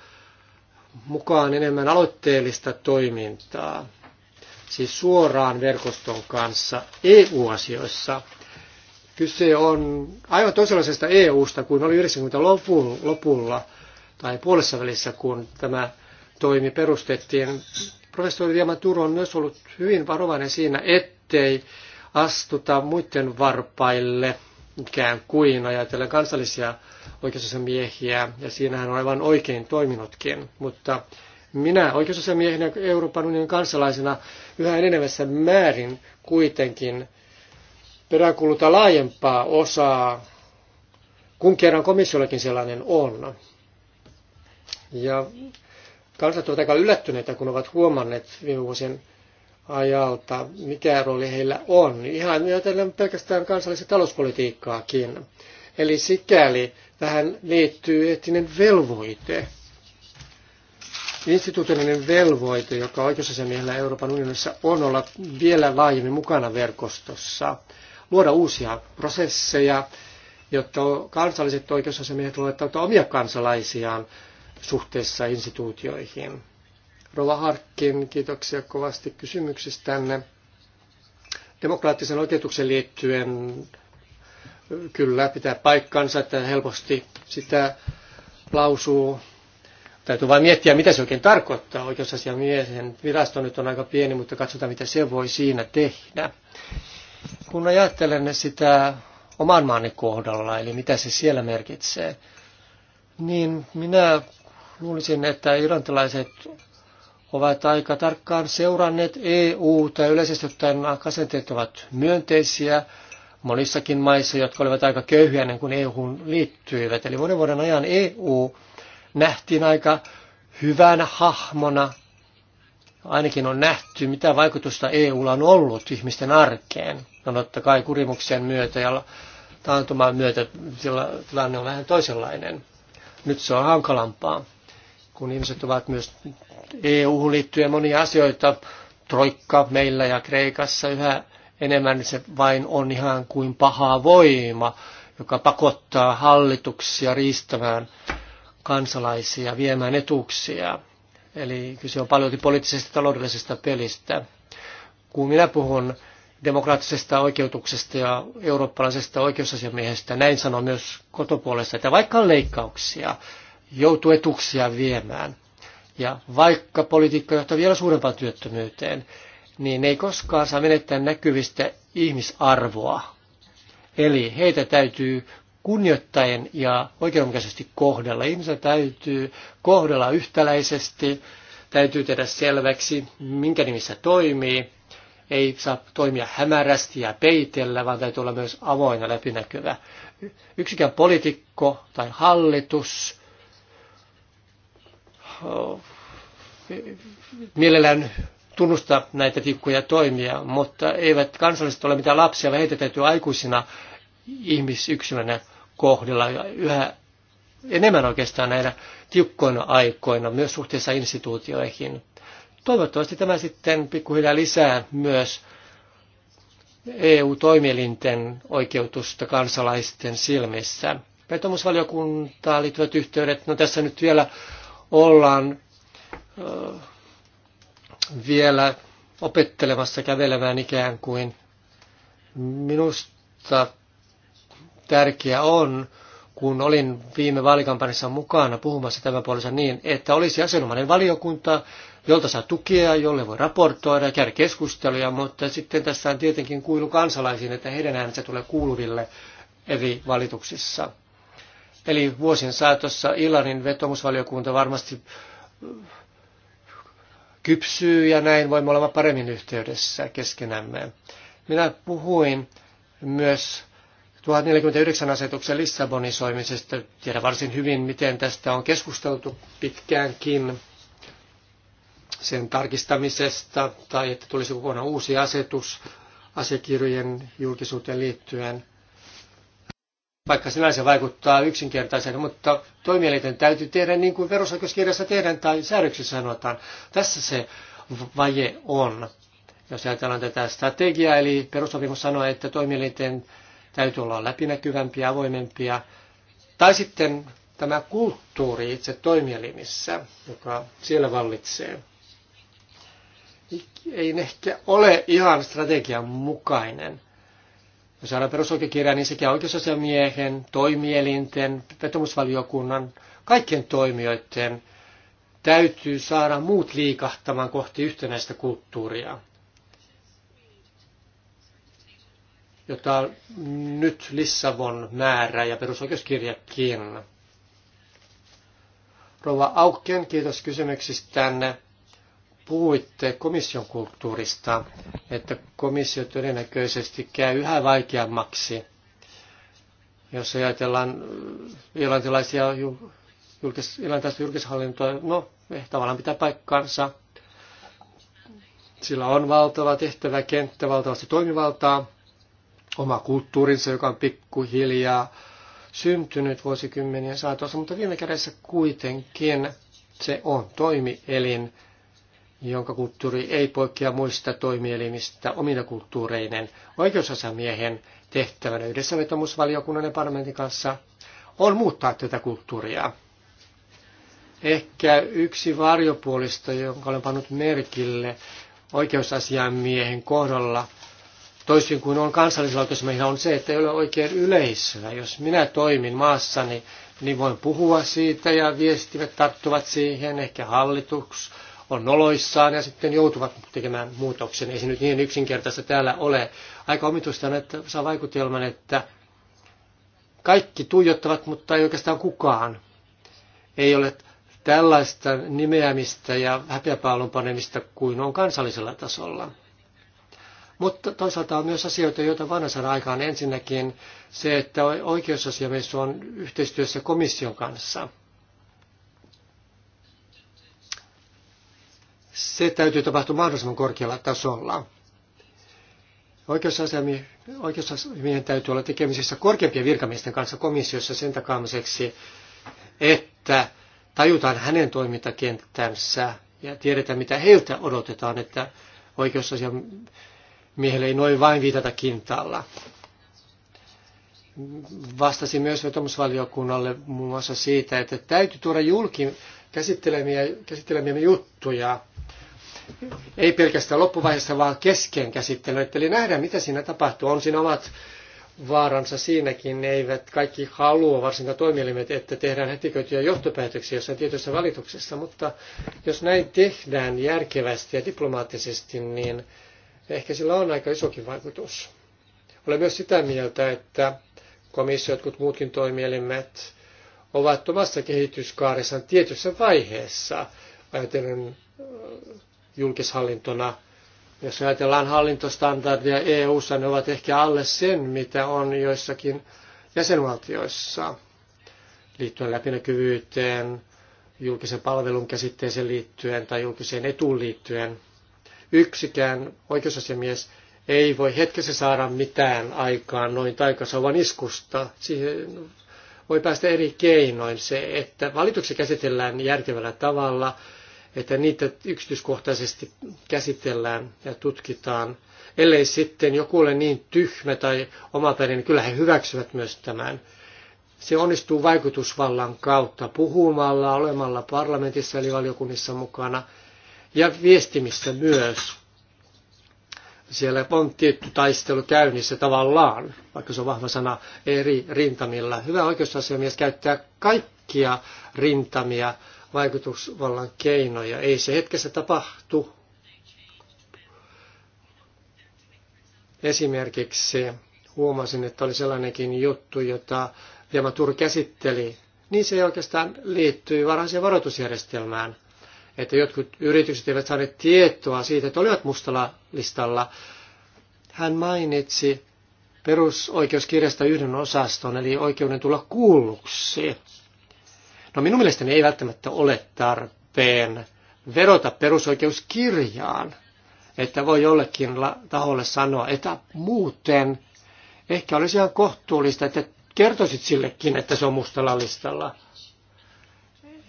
mukaan enemmän aloitteellista toimintaa, siis suoraan verkoston kanssa EU-asioissa. Kyse on aivan toisenlaisesta EU-sta kuin oli 90-luvun lopulla tai puolessa välissä, kun tämä toimi perustettiin professori Diamantur on myös ollut hyvin varovainen siinä, ettei astuta muiden varpaille ikään kuin ajatellen kansallisia oikeusasiamiehiä, ja siinähän on aivan oikein toiminutkin. Mutta minä oikeusasiamiehenä Euroopan unionin kansalaisena yhä enenevässä määrin kuitenkin peräänkuuluta laajempaa osaa, kun kerran komissiollakin sellainen on. Ja Kansat ovat aika yllättyneitä, kun ovat huomanneet viime vuosien ajalta, mikä rooli heillä on. Ihan ajatellen pelkästään kansallista talouspolitiikkaakin. Eli sikäli tähän liittyy etinen velvoite, instituutiollinen velvoite, joka oikeusasiamiehellä Euroopan unionissa on olla vielä laajemmin mukana verkostossa, luoda uusia prosesseja, jotta kansalliset oikeusasiamiehet voivat ottaa omia kansalaisiaan suhteessa instituutioihin. Rova Harkkin, kiitoksia kovasti kysymyksistänne. Demokraattisen oikeutuksen liittyen kyllä pitää paikkansa, että helposti sitä lausuu. Täytyy vain miettiä, mitä se oikein tarkoittaa. Oikeusasiamiehen virasto nyt on aika pieni, mutta katsotaan, mitä se voi siinä tehdä. Kun ajattelen sitä oman maani kohdalla, eli mitä se siellä merkitsee, niin minä Luulisin, että irantilaiset ovat aika tarkkaan seuranneet EU tai yleisesti ottaen asenteet ovat myönteisiä monissakin maissa, jotka olivat aika köyhiä ennen kuin EU liittyivät. Eli monen vuoden ajan EU nähtiin aika hyvänä hahmona. Ainakin on nähty, mitä vaikutusta EUlla on ollut ihmisten arkeen. No totta kai kurimuksen myötä ja taantuman myötä sillä tilanne on vähän toisenlainen. Nyt se on hankalampaa kun ihmiset ovat myös EU-hun liittyen monia asioita, troikka meillä ja Kreikassa yhä enemmän, niin se vain on ihan kuin paha voima, joka pakottaa hallituksia riistämään kansalaisia, viemään etuuksia. Eli kyse on paljon poliittisesta taloudellisesta pelistä. Kun minä puhun demokraattisesta oikeutuksesta ja eurooppalaisesta oikeusasiamiehestä, näin sanon myös kotopuolesta, että vaikka on leikkauksia, joutuu etuksia viemään. Ja vaikka politiikka johtaa vielä suurempaan työttömyyteen, niin ei koskaan saa menettää näkyvistä ihmisarvoa. Eli heitä täytyy kunnioittaen ja oikeudenmukaisesti kohdella. Ihmisiä täytyy kohdella yhtäläisesti, täytyy tehdä selväksi, minkä nimissä toimii. Ei saa toimia hämärästi ja peitellä, vaan täytyy olla myös avoin ja läpinäkyvä. Yksikään poliitikko tai hallitus Oh, mielellään tunnusta näitä tikkuja toimia, mutta eivät kansalliset ole mitään lapsia, vaan heitä täytyy aikuisina ihmisyksilönä kohdella ja yhä enemmän oikeastaan näinä tiukkoina aikoina, myös suhteessa instituutioihin. Toivottavasti tämä sitten pikkuhiljaa lisää myös EU-toimielinten oikeutusta kansalaisten silmissä. Vetomusvaliokuntaan liittyvät yhteydet, no tässä nyt vielä ollaan vielä opettelemassa kävelemään ikään kuin. Minusta tärkeää on, kun olin viime vaalikampanjassa mukana puhumassa tämän puolesta niin, että olisi asianomainen valiokunta, jolta saa tukea, jolle voi raportoida ja käydä keskusteluja, mutta sitten tässä on tietenkin kuilu kansalaisiin, että heidän äänensä tulee kuuluville eri valituksissa. Eli vuosien saatossa Ilanin vetomusvaliokunta varmasti kypsyy ja näin voimme olla paremmin yhteydessä keskenämme. Minä puhuin myös 1049 asetuksen Lissabonisoimisesta. Tiedän varsin hyvin, miten tästä on keskusteltu pitkäänkin sen tarkistamisesta tai että tulisi kokonaan uusi asetus asiakirjojen julkisuuteen liittyen vaikka sinänsä vaikuttaa yksinkertaisen, mutta toimielinten täytyy tehdä niin kuin perusoikeuskirjassa tehdään tai säädöksissä sanotaan. Tässä se vaje on. Jos ajatellaan tätä strategiaa, eli perusopimus sanoo, että toimielinten täytyy olla läpinäkyvämpiä, avoimempia. Tai sitten tämä kulttuuri itse toimielimissä, joka siellä vallitsee, ei ehkä ole ihan strategian mukainen. Jos saadaan perusoikeuskirja, niin sekä oikeusasiamiehen, toimielinten, vetomusvaliokunnan, kaikkien toimijoiden täytyy saada muut liikahtamaan kohti yhtenäistä kulttuuria, jota nyt Lissabon määrä ja perusoikeuskirjakin. Rova Aukken, kiitos tänne puhuitte komission kulttuurista, että komissio todennäköisesti käy yhä vaikeammaksi, jos ajatellaan äh, irlantilaisia julkis, irlantilaista julkishallintoa, no eh, tavallaan pitää paikkansa. Sillä on valtava tehtäväkenttä, valtavasti toimivaltaa, oma kulttuurinsa, joka on pikkuhiljaa syntynyt vuosikymmenien saatossa, mutta viime kädessä kuitenkin se on toimielin, jonka kulttuuri ei poikkea muista toimielimistä omina kulttuureinen. Oikeusasiamiehen tehtävänä yhdessä vetomusvaliokunnan ja parlamentin kanssa on muuttaa tätä kulttuuria. Ehkä yksi varjopuolista, jonka olen pannut merkille oikeusasiamiehen kohdalla, toisin kuin on kansallisella oikeusmiehillä, on se, että ei ole oikein yleisöä. Jos minä toimin maassani, niin voin puhua siitä ja viestivät tarttuvat siihen, ehkä hallitus, on noloissaan ja sitten joutuvat tekemään muutoksen. Ei se nyt niin yksinkertaista täällä ole. Aika omituista on, että saa vaikutelman, että kaikki tuijottavat, mutta ei oikeastaan kukaan. Ei ole tällaista nimeämistä ja häpeäpaalun panemista kuin on kansallisella tasolla. Mutta toisaalta on myös asioita, joita vanhan aikaan. Ensinnäkin se, että oikeusasiamies on yhteistyössä komission kanssa – se täytyy tapahtua mahdollisimman korkealla tasolla. Oikeusasiamiehen oikeusasiamie, oikeusasiamie täytyy olla tekemisissä korkeampien virkamiesten kanssa komissiossa sen takaamiseksi, että tajutaan hänen toimintakenttänsä ja tiedetään, mitä heiltä odotetaan, että oikeusasiamiehelle ei noin vain viitata kintaalla. Vastasin myös vetomusvaliokunnalle muun muassa siitä, että täytyy tuoda julki käsittelemiä, käsittelemiä juttuja ei pelkästään loppuvaiheessa, vaan kesken käsittelyn. Eli nähdään, mitä siinä tapahtuu. On siinä omat vaaransa siinäkin. Ne eivät kaikki halua, varsinkaan toimielimet, että tehdään hätiköityjä johtopäätöksiä jossain tietyissä valituksessa. Mutta jos näin tehdään järkevästi ja diplomaattisesti, niin ehkä sillä on aika isokin vaikutus. Olen myös sitä mieltä, että komissio, jotkut muutkin toimielimet ovat omassa kehityskaaressaan tietyssä vaiheessa, ajatellen julkishallintona. Jos ajatellaan hallintostandardia EU-ssa, ne ovat ehkä alle sen, mitä on joissakin jäsenvaltioissa liittyen läpinäkyvyyteen, julkisen palvelun käsitteeseen liittyen tai julkiseen etuun liittyen. Yksikään oikeusasiamies ei voi hetkessä saada mitään aikaan noin taikasauvan iskusta. Siihen voi päästä eri keinoin. Se, että valituksia käsitellään järkevällä tavalla, että niitä yksityiskohtaisesti käsitellään ja tutkitaan. Ellei sitten joku ole niin tyhmä tai omapäinen, niin kyllä he hyväksyvät myös tämän. Se onnistuu vaikutusvallan kautta puhumalla, olemalla parlamentissa eli valiokunnissa mukana ja viestimistä myös. Siellä on tietty taistelu käynnissä tavallaan, vaikka se on vahva sana, eri rintamilla. Hyvä oikeusasiamies käyttää kaikkia rintamia vaikutusvallan keinoja. Ei se hetkessä tapahtu. Esimerkiksi huomasin, että oli sellainenkin juttu, jota Jamatur käsitteli. Niin se oikeastaan liittyy varhaiseen varoitusjärjestelmään, että jotkut yritykset eivät saaneet tietoa siitä, että olivat mustalla listalla. Hän mainitsi perusoikeuskirjasta yhden osaston, eli oikeuden tulla kuulluksi. No minun mielestäni ei välttämättä ole tarpeen verota perusoikeuskirjaan, että voi jollekin taholle sanoa, että muuten ehkä olisi ihan kohtuullista, että kertoisit sillekin, että se on mustalla listalla.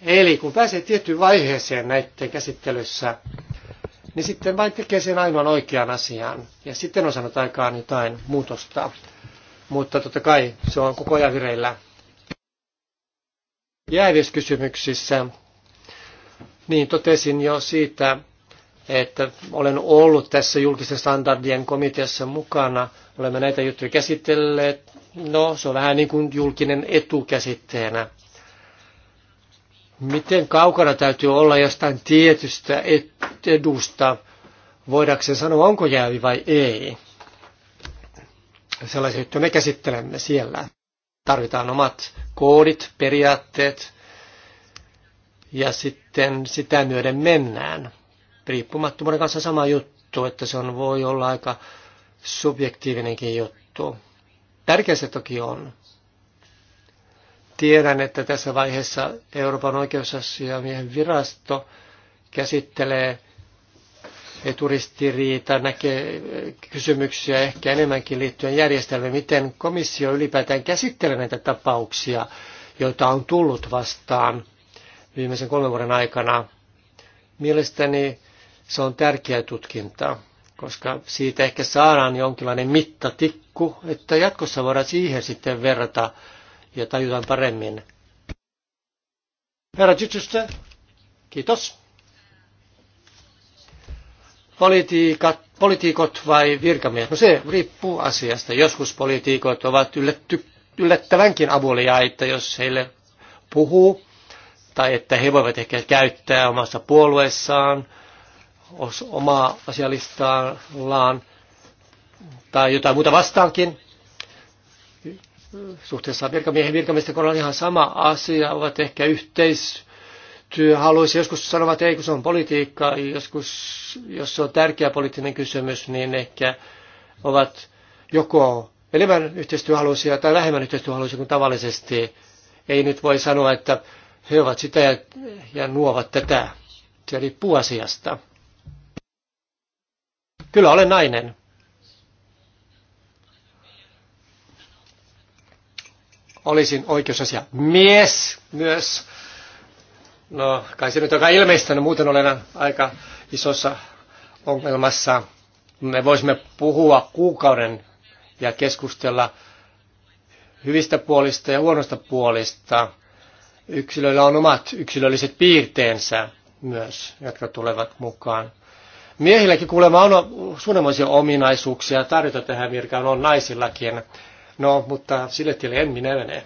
Eli kun pääsee tiettyyn vaiheeseen näiden käsittelyssä, niin sitten vain tekee sen ainoan oikean asian. Ja sitten on saanut aikaan jotain muutosta. Mutta totta kai se on koko ajan vireillä jääviskysymyksissä, niin totesin jo siitä, että olen ollut tässä julkisen standardien komiteassa mukana. Olemme näitä juttuja käsitelleet. No, se on vähän niin kuin julkinen etukäsitteenä. Miten kaukana täytyy olla jostain tietystä edusta, voidaanko sanoa, onko jäävi vai ei. Sellaisia juttuja me käsittelemme siellä tarvitaan omat koodit, periaatteet ja sitten sitä myöden mennään. Riippumattomuuden kanssa sama juttu, että se on, voi olla aika subjektiivinenkin juttu. Tärkeä se toki on. Tiedän, että tässä vaiheessa Euroopan oikeusasiamiehen virasto käsittelee eturistiriita, näkee kysymyksiä ehkä enemmänkin liittyen järjestelmään. miten komissio ylipäätään käsittelee näitä tapauksia, joita on tullut vastaan viimeisen kolmen vuoden aikana. Mielestäni se on tärkeä tutkinta, koska siitä ehkä saadaan jonkinlainen mittatikku, että jatkossa voidaan siihen sitten verrata ja tajutaan paremmin. Herra Chichester, kiitos politiikat, politiikot vai virkamiehet? No se riippuu asiasta. Joskus politiikot ovat yllätty, yllättävänkin avuliaita, jos heille puhuu, tai että he voivat ehkä käyttää omassa puolueessaan, omaa asialistallaan tai jotain muuta vastaankin. Suhteessa virkamiehen virkamiesten kohdalla ihan sama asia, ovat ehkä yhteis, haluaisi joskus sanoa, että ei kun se on politiikkaa, joskus jos se on tärkeä poliittinen kysymys, niin ehkä ovat joko enemmän yhteistyöhaluisia tai vähemmän yhteistyöhaluisia kuin tavallisesti. Ei nyt voi sanoa, että he ovat sitä ja, ja nuovat tätä. Se riippuu asiasta. Kyllä olen nainen. Olisin oikeusasia mies myös. No, kai se nyt aika ilmeistä, no muuten olen aika isossa ongelmassa. Me voisimme puhua kuukauden ja keskustella hyvistä puolista ja huonosta puolista. Yksilöillä on omat yksilölliset piirteensä myös, jotka tulevat mukaan. Miehilläkin kuulemma on suunnanmoisia ominaisuuksia tarjota tähän virkaan, on naisillakin. No, mutta sille tielle en minä mene.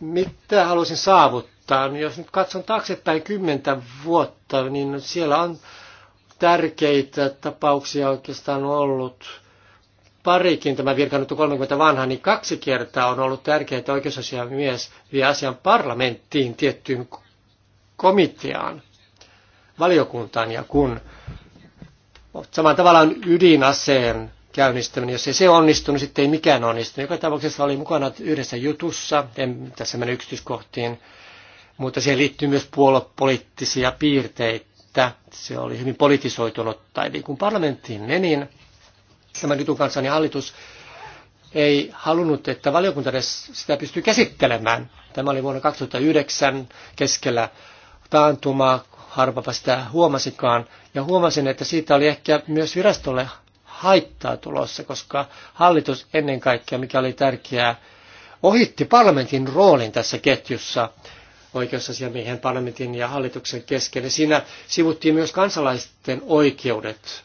Mitä haluaisin saavuttaa? mutta jos nyt katson taaksepäin kymmentä vuotta, niin siellä on tärkeitä tapauksia oikeastaan ollut parikin, tämä virka nyt on 30 vanha, niin kaksi kertaa on ollut tärkeää, että oikeusasiamies vie asian parlamenttiin tiettyyn komiteaan, valiokuntaan, ja kun saman tavallaan ydinaseen käynnistäminen, jos ei se onnistu, niin sitten ei mikään onnistu. Joka tapauksessa oli mukana yhdessä jutussa, en tässä mene yksityiskohtiin, mutta siihen liittyy myös puoluepoliittisia piirteitä. Se oli hyvin tai niin kun parlamenttiin menin, tämä Nytun kansani hallitus ei halunnut, että valiokunta edes sitä pystyy käsittelemään. Tämä oli vuonna 2009 keskellä taantumaa, harvapa sitä huomasikaan. Ja huomasin, että siitä oli ehkä myös virastolle haittaa tulossa, koska hallitus ennen kaikkea, mikä oli tärkeää, ohitti parlamentin roolin tässä ketjussa – oikeusasiamiehen, parlamentin ja hallituksen kesken. Ja siinä sivuttiin myös kansalaisten oikeudet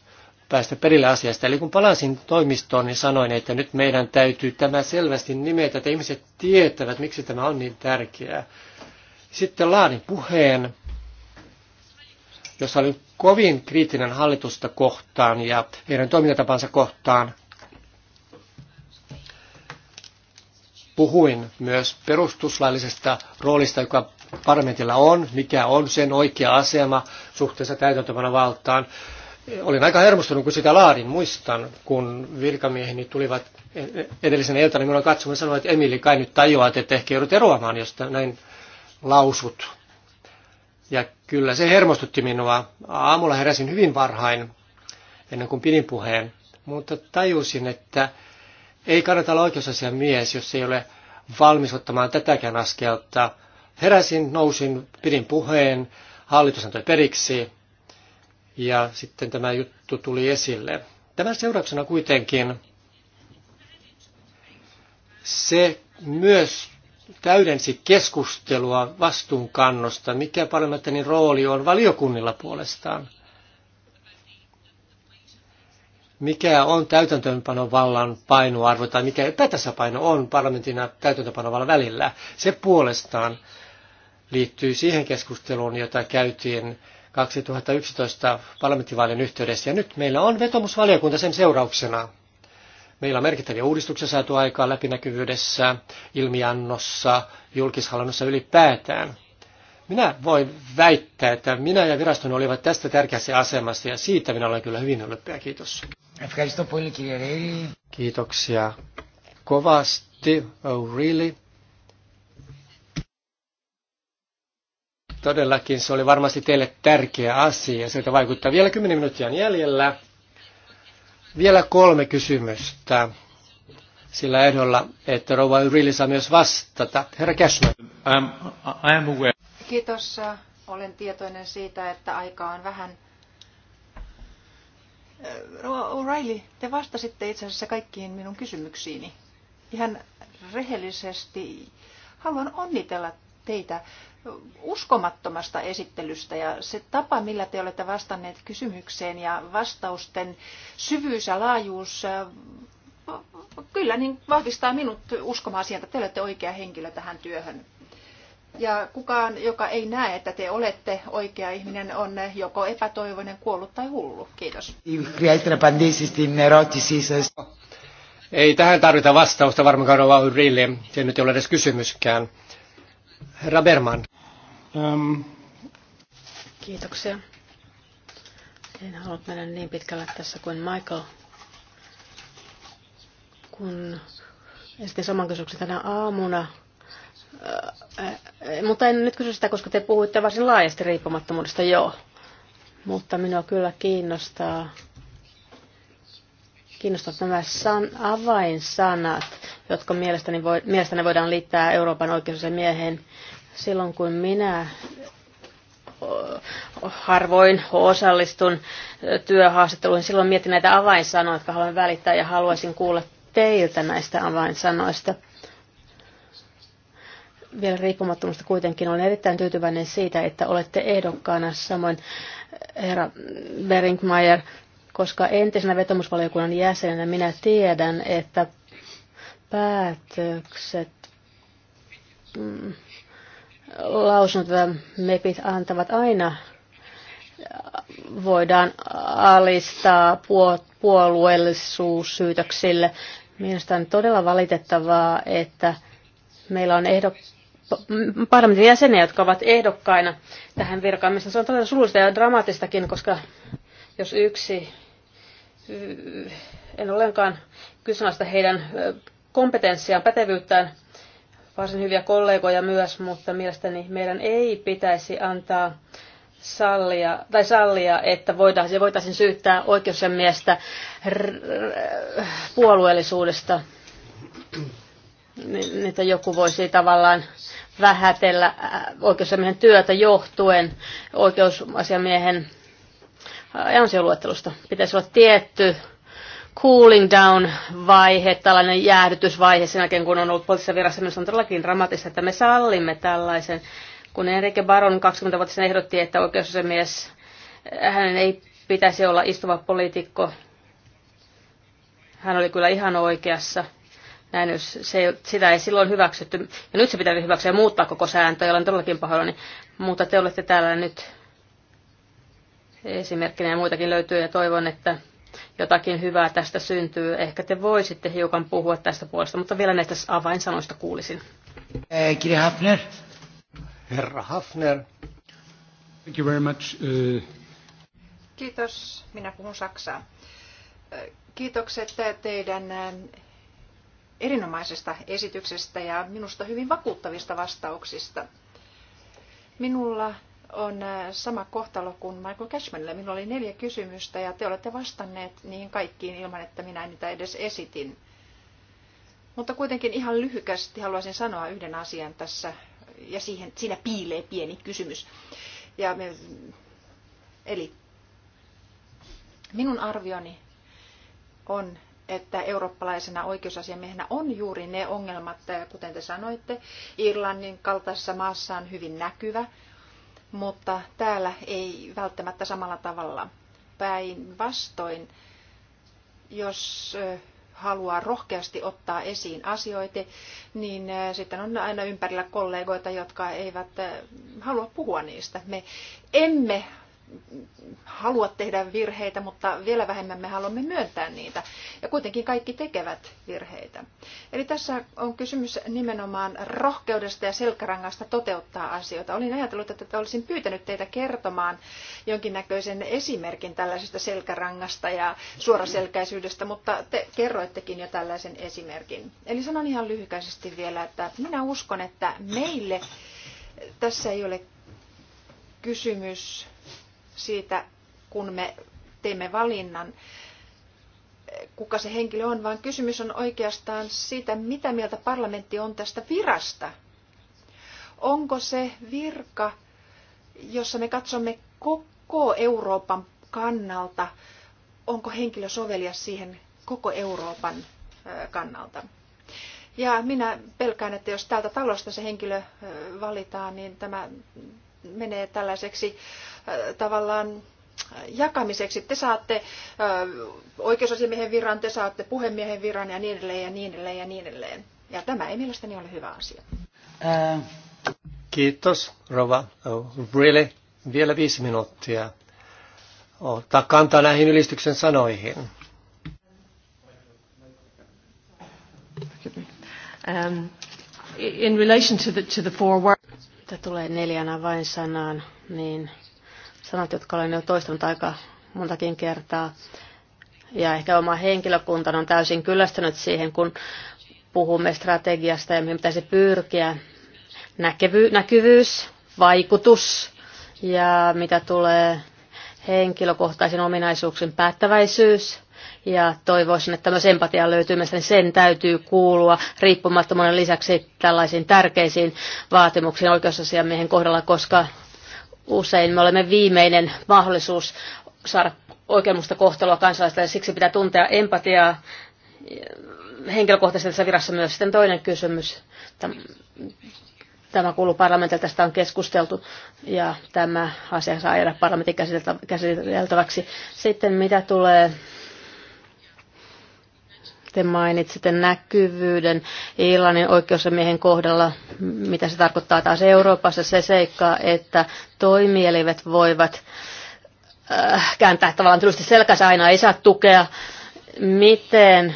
päästä perille asiasta. Eli kun palasin toimistoon, niin sanoin, että nyt meidän täytyy tämä selvästi nimetä, että ihmiset tietävät, miksi tämä on niin tärkeää. Sitten laadin puheen, jossa oli kovin kriittinen hallitusta kohtaan ja heidän toimintatapansa kohtaan. puhuin myös perustuslaillisesta roolista, joka parlamentilla on, mikä on sen oikea asema suhteessa täytäntöpana valtaan. Olin aika hermostunut, kun sitä laadin. Muistan, kun virkamieheni tulivat edellisen iltana minulla katsomaan ja sanoivat, että Emili, kai nyt tajuat, että ehkä joudut eroamaan, jos näin lausut. Ja kyllä se hermostutti minua. Aamulla heräsin hyvin varhain, ennen kuin pidin puheen. Mutta tajusin, että ei kannata olla mies, jos ei ole valmis ottamaan tätäkään askelta. Heräsin, nousin, pidin puheen, hallitus antoi periksi ja sitten tämä juttu tuli esille. Tämän seurauksena kuitenkin se myös täydensi keskustelua vastuunkannosta, mikä parlamentin rooli on valiokunnilla puolestaan – mikä on täytäntöönpanon vallan painoarvo tai mikä epätasapaino on parlamentin ja täytäntöönpanovallan välillä. Se puolestaan liittyy siihen keskusteluun, jota käytiin 2011 parlamenttivaalien yhteydessä. Ja nyt meillä on vetomusvaliokunta sen seurauksena. Meillä on merkittäviä uudistuksia saatu aikaa läpinäkyvyydessä, ilmiannossa, julkishallinnossa ylipäätään. Minä voin väittää, että minä ja virastoni olivat tästä tärkeässä asemassa ja siitä minä olen kyllä hyvin ylpeä. Kiitos. Ευχαριστώ πολύ κύριε Ρέιλι. Kiitoksia kovasti, O'Reilly. Todellakin se oli varmasti teille tärkeä asia. Siltä vaikuttaa vielä 10 minuuttia jäljellä. Vielä kolme kysymystä sillä ehdolla, että Rova O'Reilly saa myös vastata. Herra Cashman. Um, I am aware. Kiitos. Olen tietoinen siitä, että aika on vähän O'Reilly, te vastasitte itse asiassa kaikkiin minun kysymyksiini. Ihan rehellisesti haluan onnitella teitä uskomattomasta esittelystä ja se tapa, millä te olette vastanneet kysymykseen ja vastausten syvyys ja laajuus äh, kyllä niin vahvistaa minut uskomaan siihen, että te olette oikea henkilö tähän työhön. Ja kukaan, joka ei näe, että te olette oikea ihminen, on joko epätoivoinen, kuollut tai hullu. Kiitos. Ei tähän tarvita vastausta varmaankaan vaan Yrille. Se nyt ei ole edes kysymyskään. Herra Berman. Um. Kiitoksia. En halunnut mennä niin pitkälle tässä kuin Michael. Kun esitin saman kysymyksen tänä aamuna, mutta en nyt kysy sitä, koska te puhuitte varsin laajasti riippumattomuudesta, joo. Mutta minua kyllä kiinnostaa, kiinnostaa nämä san, avainsanat, jotka mielestäni, voi, mielestäni voidaan liittää Euroopan mieheen, Silloin kun minä harvoin osallistun työhaastatteluihin, silloin mietin näitä avainsanoja, jotka haluan välittää ja haluaisin kuulla teiltä näistä avainsanoista vielä riippumattomasta kuitenkin olen erittäin tyytyväinen siitä, että olette ehdokkaana samoin eh, herra Beringmeier, koska entisenä vetomusvaliokunnan jäsenenä minä tiedän, että päätökset, mm, lausunnot, ja MEPit antavat aina voidaan alistaa puolueellisuussyytöksille. Mielestäni on todella valitettavaa, että meillä on ehdokkaat parlamentin jäseniä, jotka ovat ehdokkaina tähän virkaan, se on todella surullista ja dramaattistakin, koska jos yksi, en ollenkaan kyseenalaista heidän kompetenssiaan, pätevyyttään, varsin hyviä kollegoja myös, mutta mielestäni meidän ei pitäisi antaa sallia, tai sallia, että voitaisiin, voitaisiin syyttää oikeusmiestä puolueellisuudesta, niin, että joku voisi tavallaan vähätellä äh, oikeusasiamiehen työtä johtuen oikeusasiamiehen äh, ansioluettelusta. Pitäisi olla tietty cooling down vaihe, tällainen jäähdytysvaihe sen jälkeen, kun on ollut poliittisessa virassa. Minusta on todellakin dramaattista, että me sallimme tällaisen. Kun Enrique Baron 20 vuotta sen ehdotti, että oikeusasiamies, äh, hänen ei pitäisi olla istuva poliitikko. Hän oli kyllä ihan oikeassa näin, jos se, sitä ei silloin hyväksytty. Ja nyt se pitää hyväksyä ja muuttaa koko sääntöä, olen todellakin Niin, Mutta te olette täällä nyt esimerkkinä ja muitakin löytyy ja toivon, että jotakin hyvää tästä syntyy. Ehkä te voisitte hiukan puhua tästä puolesta, mutta vielä näistä avainsanoista kuulisin. Eh, Kirja Hafner. Herra Hafner. Thank you very much. Eh. Kiitos. Minä puhun Saksaa. Eh, kiitokset teidän erinomaisesta esityksestä ja minusta hyvin vakuuttavista vastauksista. Minulla on äh, sama kohtalo kuin Michael Cashmanilla. Minulla oli neljä kysymystä ja te olette vastanneet niihin kaikkiin ilman, että minä niitä edes esitin. Mutta kuitenkin ihan lyhykästi haluaisin sanoa yhden asian tässä, ja siihen, siinä piilee pieni kysymys. Ja me, eli minun arvioni on, että eurooppalaisena oikeusasiamiehenä on juuri ne ongelmat, eh, kuten te sanoitte, Irlannin kaltaisessa maassa on hyvin näkyvä, mutta täällä ei välttämättä samalla tavalla. Päinvastoin, jos eh, haluaa rohkeasti ottaa esiin asioita, niin eh, sitten on aina ympärillä kollegoita, jotka eivät halua puhua niistä. Me emme halua tehdä virheitä, mutta vielä vähemmän me haluamme myöntää niitä. Ja kuitenkin kaikki tekevät virheitä. Eli tässä on kysymys nimenomaan rohkeudesta ja selkärangasta toteuttaa asioita. Olin ajatellut, että olisin pyytänyt teitä kertomaan jonkinnäköisen esimerkin tällaisesta selkärangasta ja suoraselkäisyydestä, mutta te kerroittekin jo tällaisen esimerkin. Eli sanon ihan lyhykäisesti vielä, että minä uskon, että meille tässä ei ole kysymys siitä, kun me teemme valinnan, kuka se henkilö on, vaan kysymys on oikeastaan siitä, mitä mieltä parlamentti on tästä virasta. Onko se virka, jossa me katsomme koko Euroopan kannalta, onko henkilö sovelias siihen koko Euroopan kannalta. Ja minä pelkään, että jos täältä talosta se henkilö valitaan, niin tämä menee tällaiseksi Äh, tavallaan äh, jakamiseksi. Te saatte äh, oikeusasiamiehen viran, te saatte puhemiehen viran ja niin edelleen ja niin edelleen ja niin edelleen. Ja tämä ei mielestäni ole hyvä asia. Ää, kiitos, Rova. Oh, really? Vielä viisi minuuttia. Ottaa kantaa näihin ylistyksen sanoihin. Um, in relation to the, to the four words, tulee neljän avainsanaan, niin sanat, jotka olen jo toistanut aika montakin kertaa. Ja ehkä oma henkilökunta on täysin kyllästynyt siihen, kun puhumme strategiasta ja mihin pitäisi pyrkiä. Näkevy- näkyvyys, vaikutus ja mitä tulee henkilökohtaisiin ominaisuuksiin päättäväisyys. Ja toivoisin, että myös empatia löytyy niin sen täytyy kuulua riippumattomuuden lisäksi tällaisiin tärkeisiin vaatimuksiin oikeusasiamiehen kohdalla, koska Usein me olemme viimeinen mahdollisuus saada oikeudenmusta kohtelua kansalaisille, ja siksi pitää tuntea empatiaa henkilökohtaisesti virassa myös. Sitten toinen kysymys. Tämä kuuluu parlamentille, tästä on keskusteltu ja tämä asia saa jäädä parlamentin käsiteltäväksi. Sitten mitä tulee sitten mainitsit näkyvyyden Irlannin oikeusamiehen kohdalla, mitä se tarkoittaa taas Euroopassa, se seikka, että toimielivet voivat äh, kääntää tavallaan tietysti selkänsä aina, ei saa tukea. Miten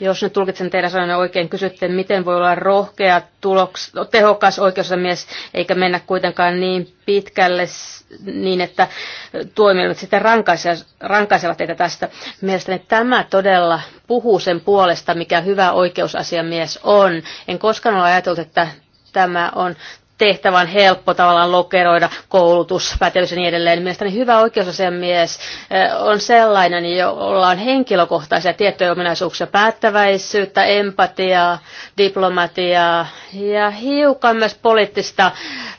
jos nyt tulkitsen teidän sanoneen oikein, kysytte, miten voi olla rohkea, tuloks, tehokas oikeusmies, eikä mennä kuitenkaan niin pitkälle niin, että tuomioimet sitten rankaisevat, rankaisevat teitä tästä. Mielestäni tämä todella puhuu sen puolesta, mikä hyvä oikeusasiamies on. En koskaan ole ajatellut, että tämä on tehtävän helppo tavallaan lokeroida, koulutus, pätevyys ja niin edelleen. Mielestäni hyvä oikeusasiamies on sellainen, jolla on henkilökohtaisia tiettyjä ominaisuuksia, päättäväisyyttä, empatiaa, diplomatiaa ja hiukan myös poliittista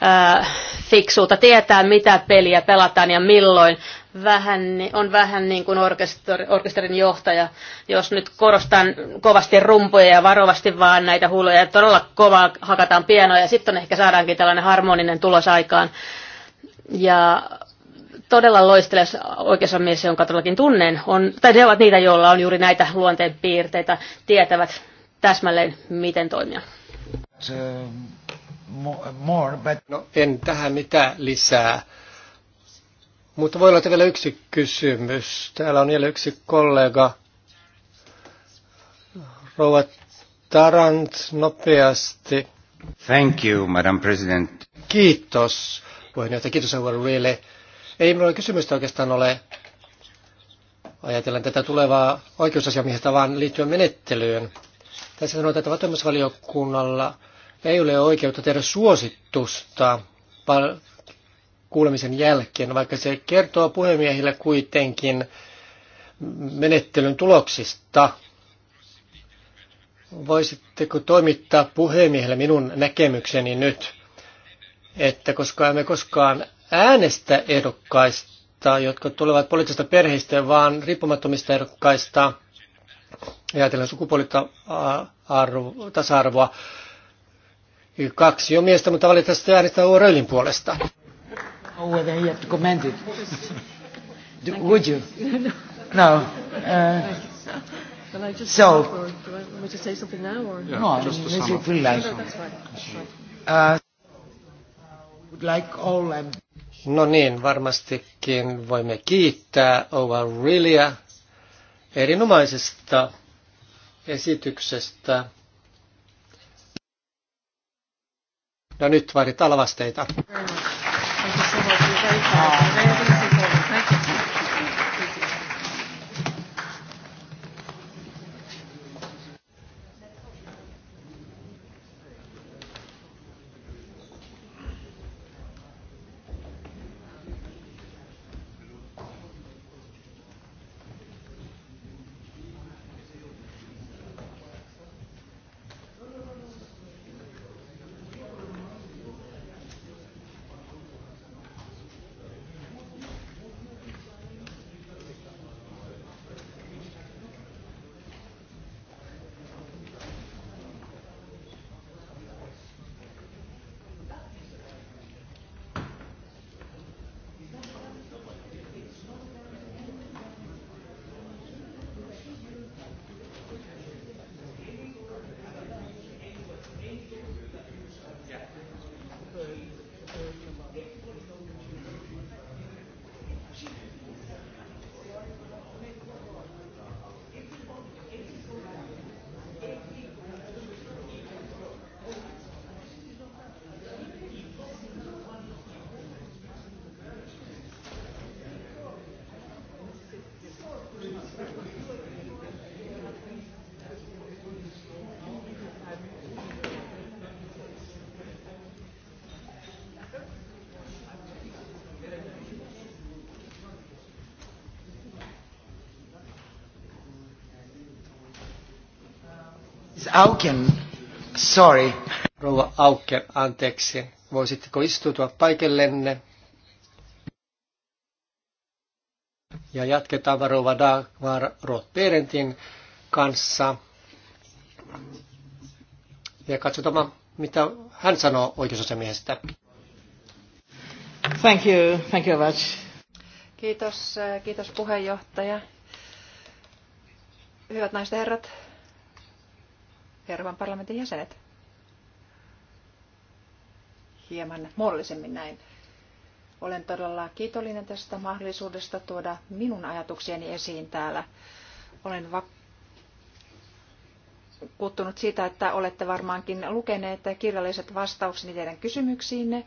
ää, fiksuutta, tietää mitä peliä pelataan ja milloin vähän, on vähän niin kuin orkesteri, orkesterin johtaja, jos nyt korostan kovasti rumpuja ja varovasti vaan näitä huuloja ja todella kovaa hakataan pienoja ja sitten ehkä saadaankin tällainen harmoninen tulos aikaan. Ja todella loistelee oikeusmies, jonka todellakin tunnen, on, tai ne ovat niitä, joilla on juuri näitä luonteen piirteitä, tietävät täsmälleen, miten toimia. Uh, more, but... no, en tähän mitään lisää mutta voi olla vielä yksi kysymys. Täällä on vielä yksi kollega. Rouva Tarant, nopeasti. Thank you, Madam President. Kiitos, puheenjohtaja. Kiitos, Howard Reille. Ei minulla kysymystä oikeastaan ole ajatellen tätä tulevaa oikeusasiamiestä, vaan liittyen menettelyyn. Tässä sanotaan, että valtioimusvaliokunnalla ei ole oikeutta tehdä suositusta kuulemisen jälkeen, no vaikka se kertoo puhemiehille kuitenkin menettelyn tuloksista. Voisitteko toimittaa puhemiehelle minun näkemykseni nyt, että koska emme koskaan äänestä ehdokkaista, jotka tulevat poliittisista perheistä, vaan riippumattomista ehdokkaista, ajatellen sukupuolitasa-arvoa, kaksi on miestä, mutta valitettavasti äänestää Orelin puolesta. Oh, well, then you have to comment it. (laughs) Do, would you? (laughs) no. no uh, Well, I just so, for, do I want to say something now? Or? Yeah, no, just unless you feel like. No, that's fine. That's fine. Uh, would like all, I'm... No niin, varmastikin voimme kiittää Ova Rillia erinomaisesta esityksestä. Ja no nyt vaadit alavasteita. Very हाँ Auken, sorry. Rouva Auken, anteeksi. Voisitteko istutua paikallenne? Ja jatketaan Varova Dagmar Rothberentin kanssa. Ja katsotaan, mitä hän sanoo oikeusasemiehestä. Thank you, thank you much. Kiitos, äh, kiitos puheenjohtaja. Hyvät naiset ja herrat, Euroopan parlamentin jäsenet. Hieman muodollisemmin näin. Olen todella kiitollinen tästä mahdollisuudesta tuoda minun ajatuksieni esiin täällä. Olen vakuuttunut siitä, että olette varmaankin lukeneet kirjalliset vastaukseni teidän kysymyksiinne.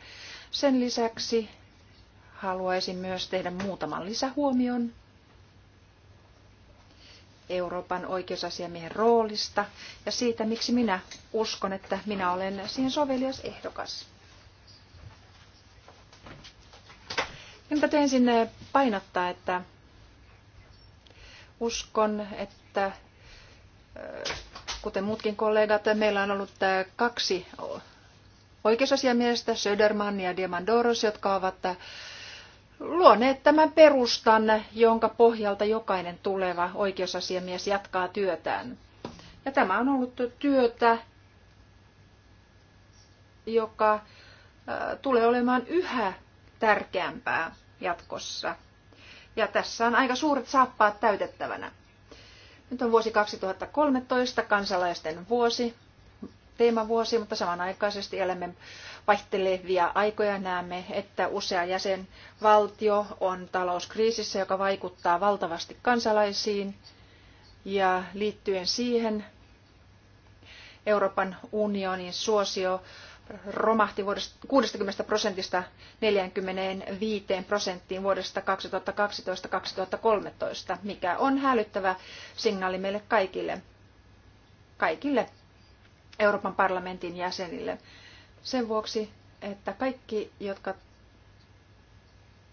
Sen lisäksi haluaisin myös tehdä muutaman lisähuomion Euroopan oikeusasiamiehen roolista ja siitä, miksi minä uskon, että minä olen siihen sovelias ehdokas. Minun täytyy ensin eh, painottaa, että uskon, että eh, kuten muutkin kollegat, meillä on ollut eh, kaksi oikeusasiamiestä, Söderman ja Diamandoros, jotka ovat luoneet tämän perustan, jonka pohjalta jokainen tuleva oikeusasiamies jatkaa työtään. Ja tämä on ollut työtä, joka äh, tulee olemaan yhä tärkeämpää jatkossa. Ja tässä on aika suuret saappaat täytettävänä. Nyt on vuosi 2013, kansalaisten vuosi, teemavuosi, mutta samanaikaisesti elämme vaihtelevia aikoja. Näemme, että usea jäsenvaltio on talouskriisissä, joka vaikuttaa valtavasti kansalaisiin. Ja liittyen siihen Euroopan unionin suosio romahti vuodesta 60 prosentista 45 prosenttiin vuodesta 2012-2013, mikä on hälyttävä signaali meille kaikille, kaikille Euroopan parlamentin jäsenille sen vuoksi, että kaikki, jotka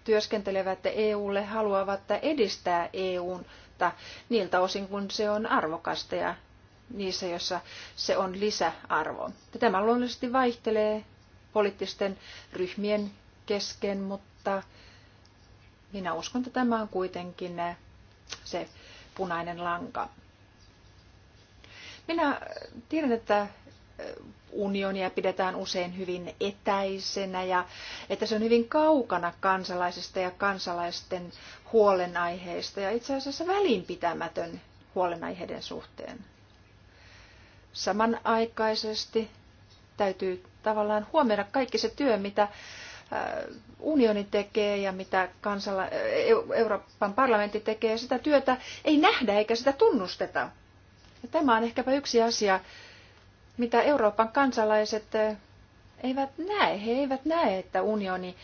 työskentelevät EUlle, haluavat edistää EUta niiltä osin, kun se on arvokasta ja niissä, joissa se on lisäarvo. Tämä luonnollisesti vaihtelee poliittisten ryhmien kesken, mutta minä uskon, että tämä on kuitenkin se punainen lanka. Minä tiedän, että unionia pidetään usein hyvin etäisenä ja että se on hyvin kaukana kansalaisista ja kansalaisten huolenaiheista ja itse asiassa välinpitämätön huolenaiheiden suhteen. Samanaikaisesti täytyy tavallaan huomioida kaikki se työ, mitä äh, unioni tekee ja mitä kansala- e-, Euroopan parlamentti tekee. Sitä työtä ei nähdä eikä sitä tunnusteta. Ja tämä on ehkäpä yksi asia, mitä Euroopan kansalaiset eh, eivät näe. He eivät näe, että unioni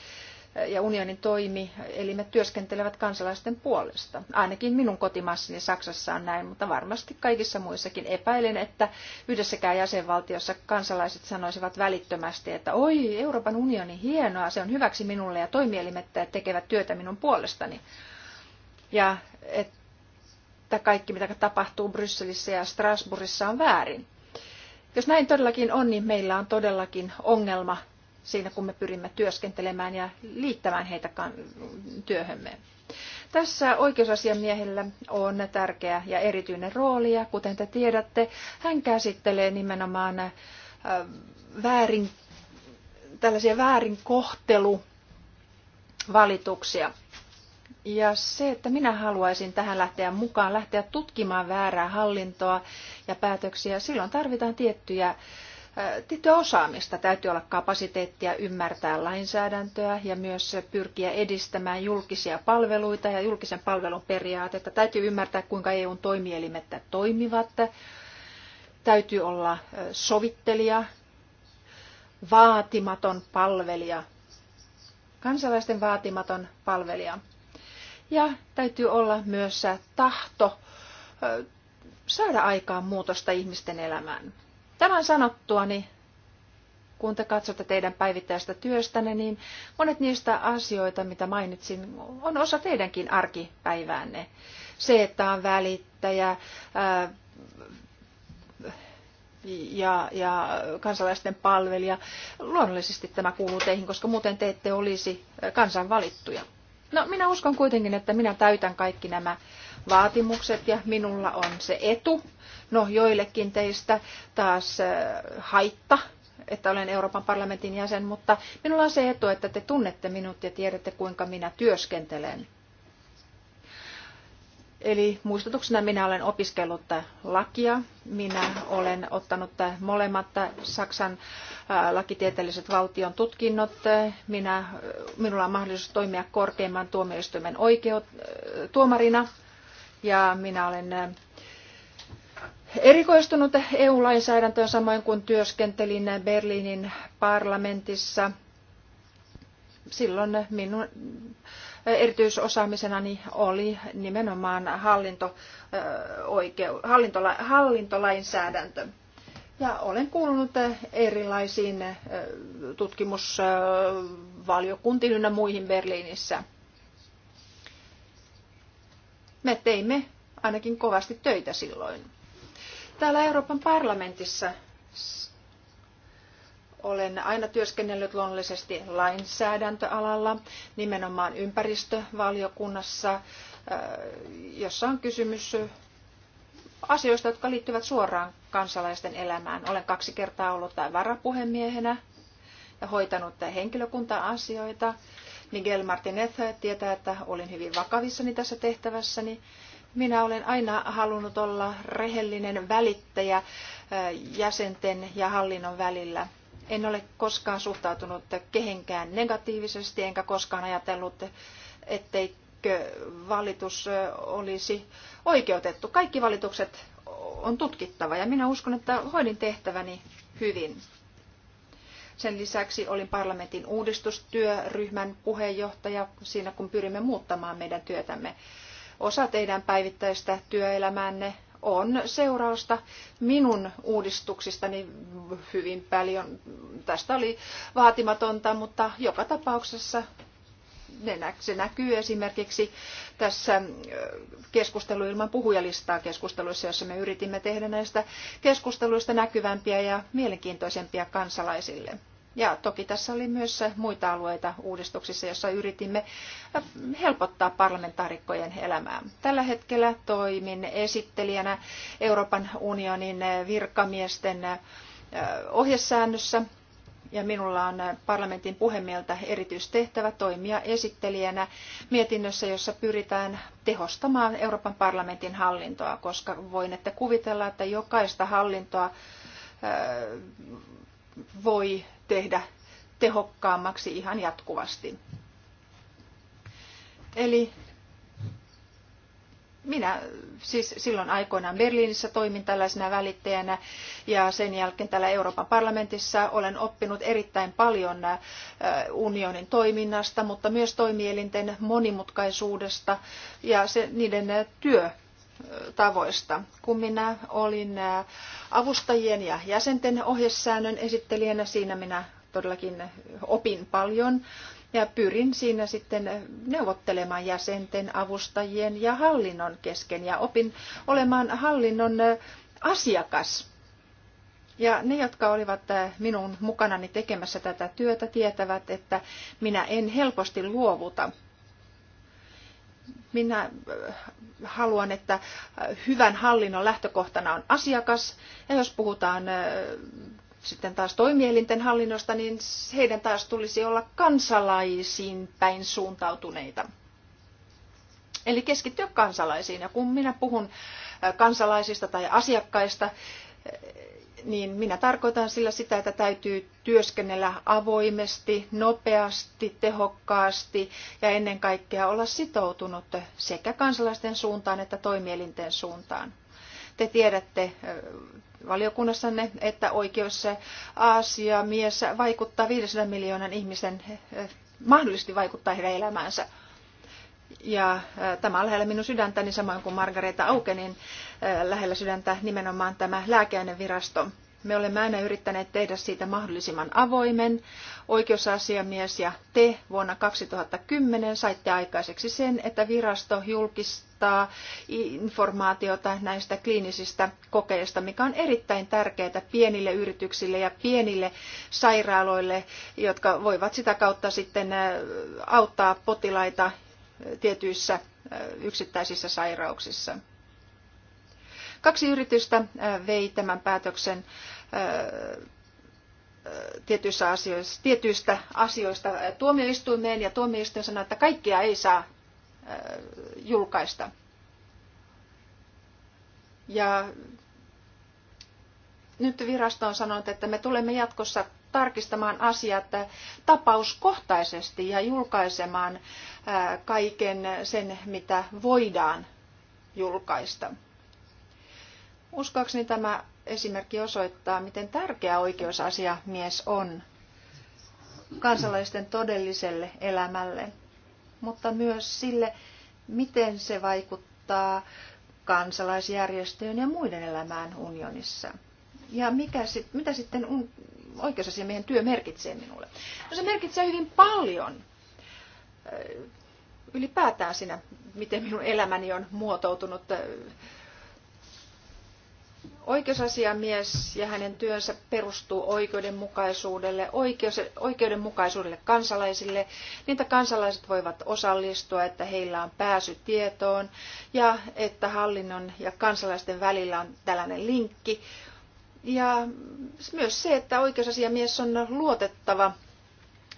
eh, ja unionin toimi, eli me työskentelevät kansalaisten puolesta. Ainakin minun kotimaassani Saksassa on näin, mutta varmasti kaikissa muissakin epäilen, että yhdessäkään jäsenvaltiossa kansalaiset sanoisivat välittömästi, että oi, Euroopan unioni, hienoa, se on hyväksi minulle ja toimielimet tekevät työtä minun puolestani. Ja että kaikki, mitä tapahtuu Brysselissä ja Strasbourgissa, on väärin. Jos näin todellakin on, niin meillä on todellakin ongelma siinä, kun me pyrimme työskentelemään ja liittämään heitä työhömme. Tässä oikeusasiamiehellä on tärkeä ja erityinen rooli ja kuten te tiedätte, hän käsittelee nimenomaan äh, väärin, tällaisia väärinkohteluvalituksia. Ja se, että minä haluaisin tähän lähteä mukaan, lähteä tutkimaan väärää hallintoa ja päätöksiä, silloin tarvitaan tiettyjä tiettyä osaamista. Täytyy olla kapasiteettia ymmärtää lainsäädäntöä ja myös pyrkiä edistämään julkisia palveluita ja julkisen palvelun periaatetta. Täytyy ymmärtää, kuinka EUn toimielimet toimivat. Täytyy olla sovittelija, vaatimaton palvelija, kansalaisten vaatimaton palvelija ja täytyy olla myös tahto saada aikaan muutosta ihmisten elämään. Tämän sanottuani, kun te katsotte teidän päivittäistä työstänne, niin monet niistä asioita, mitä mainitsin, on osa teidänkin arkipäiväänne. Se, että on välittäjä ää, ja, ja kansalaisten palvelija, luonnollisesti tämä kuuluu teihin, koska muuten te ette olisi kansanvalittuja. No minä uskon kuitenkin, että minä täytän kaikki nämä vaatimukset ja minulla on se etu, no joillekin teistä taas äh, haitta, että olen Euroopan parlamentin jäsen, mutta minulla on se etu, että te tunnette minut ja tiedätte kuinka minä työskentelen. Eli muistutuksena minä olen opiskellut lakia. Minä olen ottanut molemmat Saksan lakitieteelliset valtion tutkinnot. Minä, minulla on mahdollisuus toimia korkeimman tuomioistuimen oikeut, tuomarina. Ja minä olen erikoistunut EU-lainsäädäntöön samoin kuin työskentelin Berliinin parlamentissa. Silloin minun erityisosaamisenani niin oli nimenomaan hallinto, oikeu, hallintola, hallintolainsäädäntö. Ja olen kuulunut erilaisiin tutkimusvaliokuntiin ynnä muihin Berliinissä. Me teimme ainakin kovasti töitä silloin. Täällä Euroopan parlamentissa olen aina työskennellyt luonnollisesti lainsäädäntöalalla, nimenomaan ympäristövaliokunnassa, äh, jossa on kysymys asioista, jotka liittyvät suoraan kansalaisten elämään. Olen kaksi kertaa ollut tai varapuhemiehenä ja hoitanut henkilökunta-asioita. Miguel Martinez tietää, että olin hyvin vakavissani tässä tehtävässäni. Minä olen aina halunnut olla rehellinen välittäjä äh, jäsenten ja hallinnon välillä. En ole koskaan suhtautunut kehenkään negatiivisesti, enkä koskaan ajatellut, etteikö valitus olisi oikeutettu. Kaikki valitukset on tutkittava ja minä uskon, että hoidin tehtäväni hyvin. Sen lisäksi olin parlamentin uudistustyöryhmän puheenjohtaja siinä, kun pyrimme muuttamaan meidän työtämme. Osa teidän päivittäistä työelämäänne on seurausta minun uudistuksistani hyvin paljon. Tästä oli vaatimatonta, mutta joka tapauksessa se näkyy esimerkiksi tässä äh, keskustelu ilman puhujalistaa keskusteluissa, jossa me yritimme tehdä näistä keskusteluista näkyvämpiä ja mielenkiintoisempia kansalaisille. Ja toki tässä oli myös muita alueita uudistuksissa, jossa yritimme helpottaa parlamentaarikkojen elämää. Tällä hetkellä toimin esittelijänä Euroopan unionin virkamiesten ohjesäännössä ja minulla on parlamentin puhemieltä erityistehtävä toimia esittelijänä mietinnössä, jossa pyritään tehostamaan Euroopan parlamentin hallintoa, koska voin että kuvitella, että jokaista hallintoa voi tehdä tehokkaammaksi ihan jatkuvasti. Eli minä siis silloin aikoinaan Berliinissä toimin tällaisena välittäjänä ja sen jälkeen täällä Euroopan parlamentissa olen oppinut erittäin paljon äh, unionin toiminnasta, mutta myös toimielinten monimutkaisuudesta ja se, niiden työ tavoista. Kun minä olin avustajien ja jäsenten ohjesäännön esittelijänä, siinä minä todellakin opin paljon ja pyrin siinä sitten neuvottelemaan jäsenten, avustajien ja hallinnon kesken ja opin olemaan hallinnon asiakas. Ja ne, jotka olivat minun mukanani tekemässä tätä työtä, tietävät, että minä en helposti luovuta minä äh, haluan, että äh, hyvän hallinnon lähtökohtana on asiakas. Ja jos puhutaan äh, sitten taas toimielinten hallinnosta, niin heidän taas tulisi olla kansalaisiin päin suuntautuneita. Eli keskittyä kansalaisiin. Ja kun minä puhun kansalaisista tai asiakkaista, niin minä tarkoitan sillä sitä, että täytyy työskennellä avoimesti, nopeasti, tehokkaasti ja ennen kaikkea olla sitoutunut sekä kansalaisten suuntaan että toimielinten suuntaan. Te tiedätte valiokunnassanne, että oikeus Aasia mies vaikuttaa 500 miljoonan ihmisen, mahdollisesti vaikuttaa heidän elämäänsä. Ja tämä on lähellä minun sydäntäni, samoin kuin Margareta Aukenin lähellä sydäntä nimenomaan tämä lääkeainevirasto. Me olemme aina yrittäneet tehdä siitä mahdollisimman avoimen. Oikeusasiamies ja te vuonna 2010 saitte aikaiseksi sen, että virasto julkistaa informaatiota näistä kliinisistä kokeista, mikä on erittäin tärkeää pienille yrityksille ja pienille sairaaloille, jotka voivat sitä kautta sitten auttaa potilaita tietyissä yksittäisissä sairauksissa. Kaksi yritystä vei tämän päätöksen tietyissä asioissa, tietyistä asioista tuomioistuimeen ja tuomioistuin sanoi, että kaikkea ei saa julkaista. Ja nyt virasto on sanonut, että me tulemme jatkossa tarkistamaan asiat tapauskohtaisesti ja julkaisemaan kaiken sen, mitä voidaan julkaista. Uskoakseni tämä esimerkki osoittaa, miten tärkeä oikeusasia mies on kansalaisten todelliselle elämälle, mutta myös sille, miten se vaikuttaa kansalaisjärjestöjen ja muiden elämään unionissa. Ja mikä sit, mitä sitten un, oikeusasiamiehen työ merkitsee minulle? No se merkitsee hyvin paljon ylipäätään siinä, miten minun elämäni on muotoutunut Oikeusasiamies ja hänen työnsä perustuu oikeudenmukaisuudelle, oikeus, oikeudenmukaisuudelle kansalaisille, niin että kansalaiset voivat osallistua, että heillä on pääsy tietoon ja että hallinnon ja kansalaisten välillä on tällainen linkki. Ja myös se, että oikeusasiamies on luotettava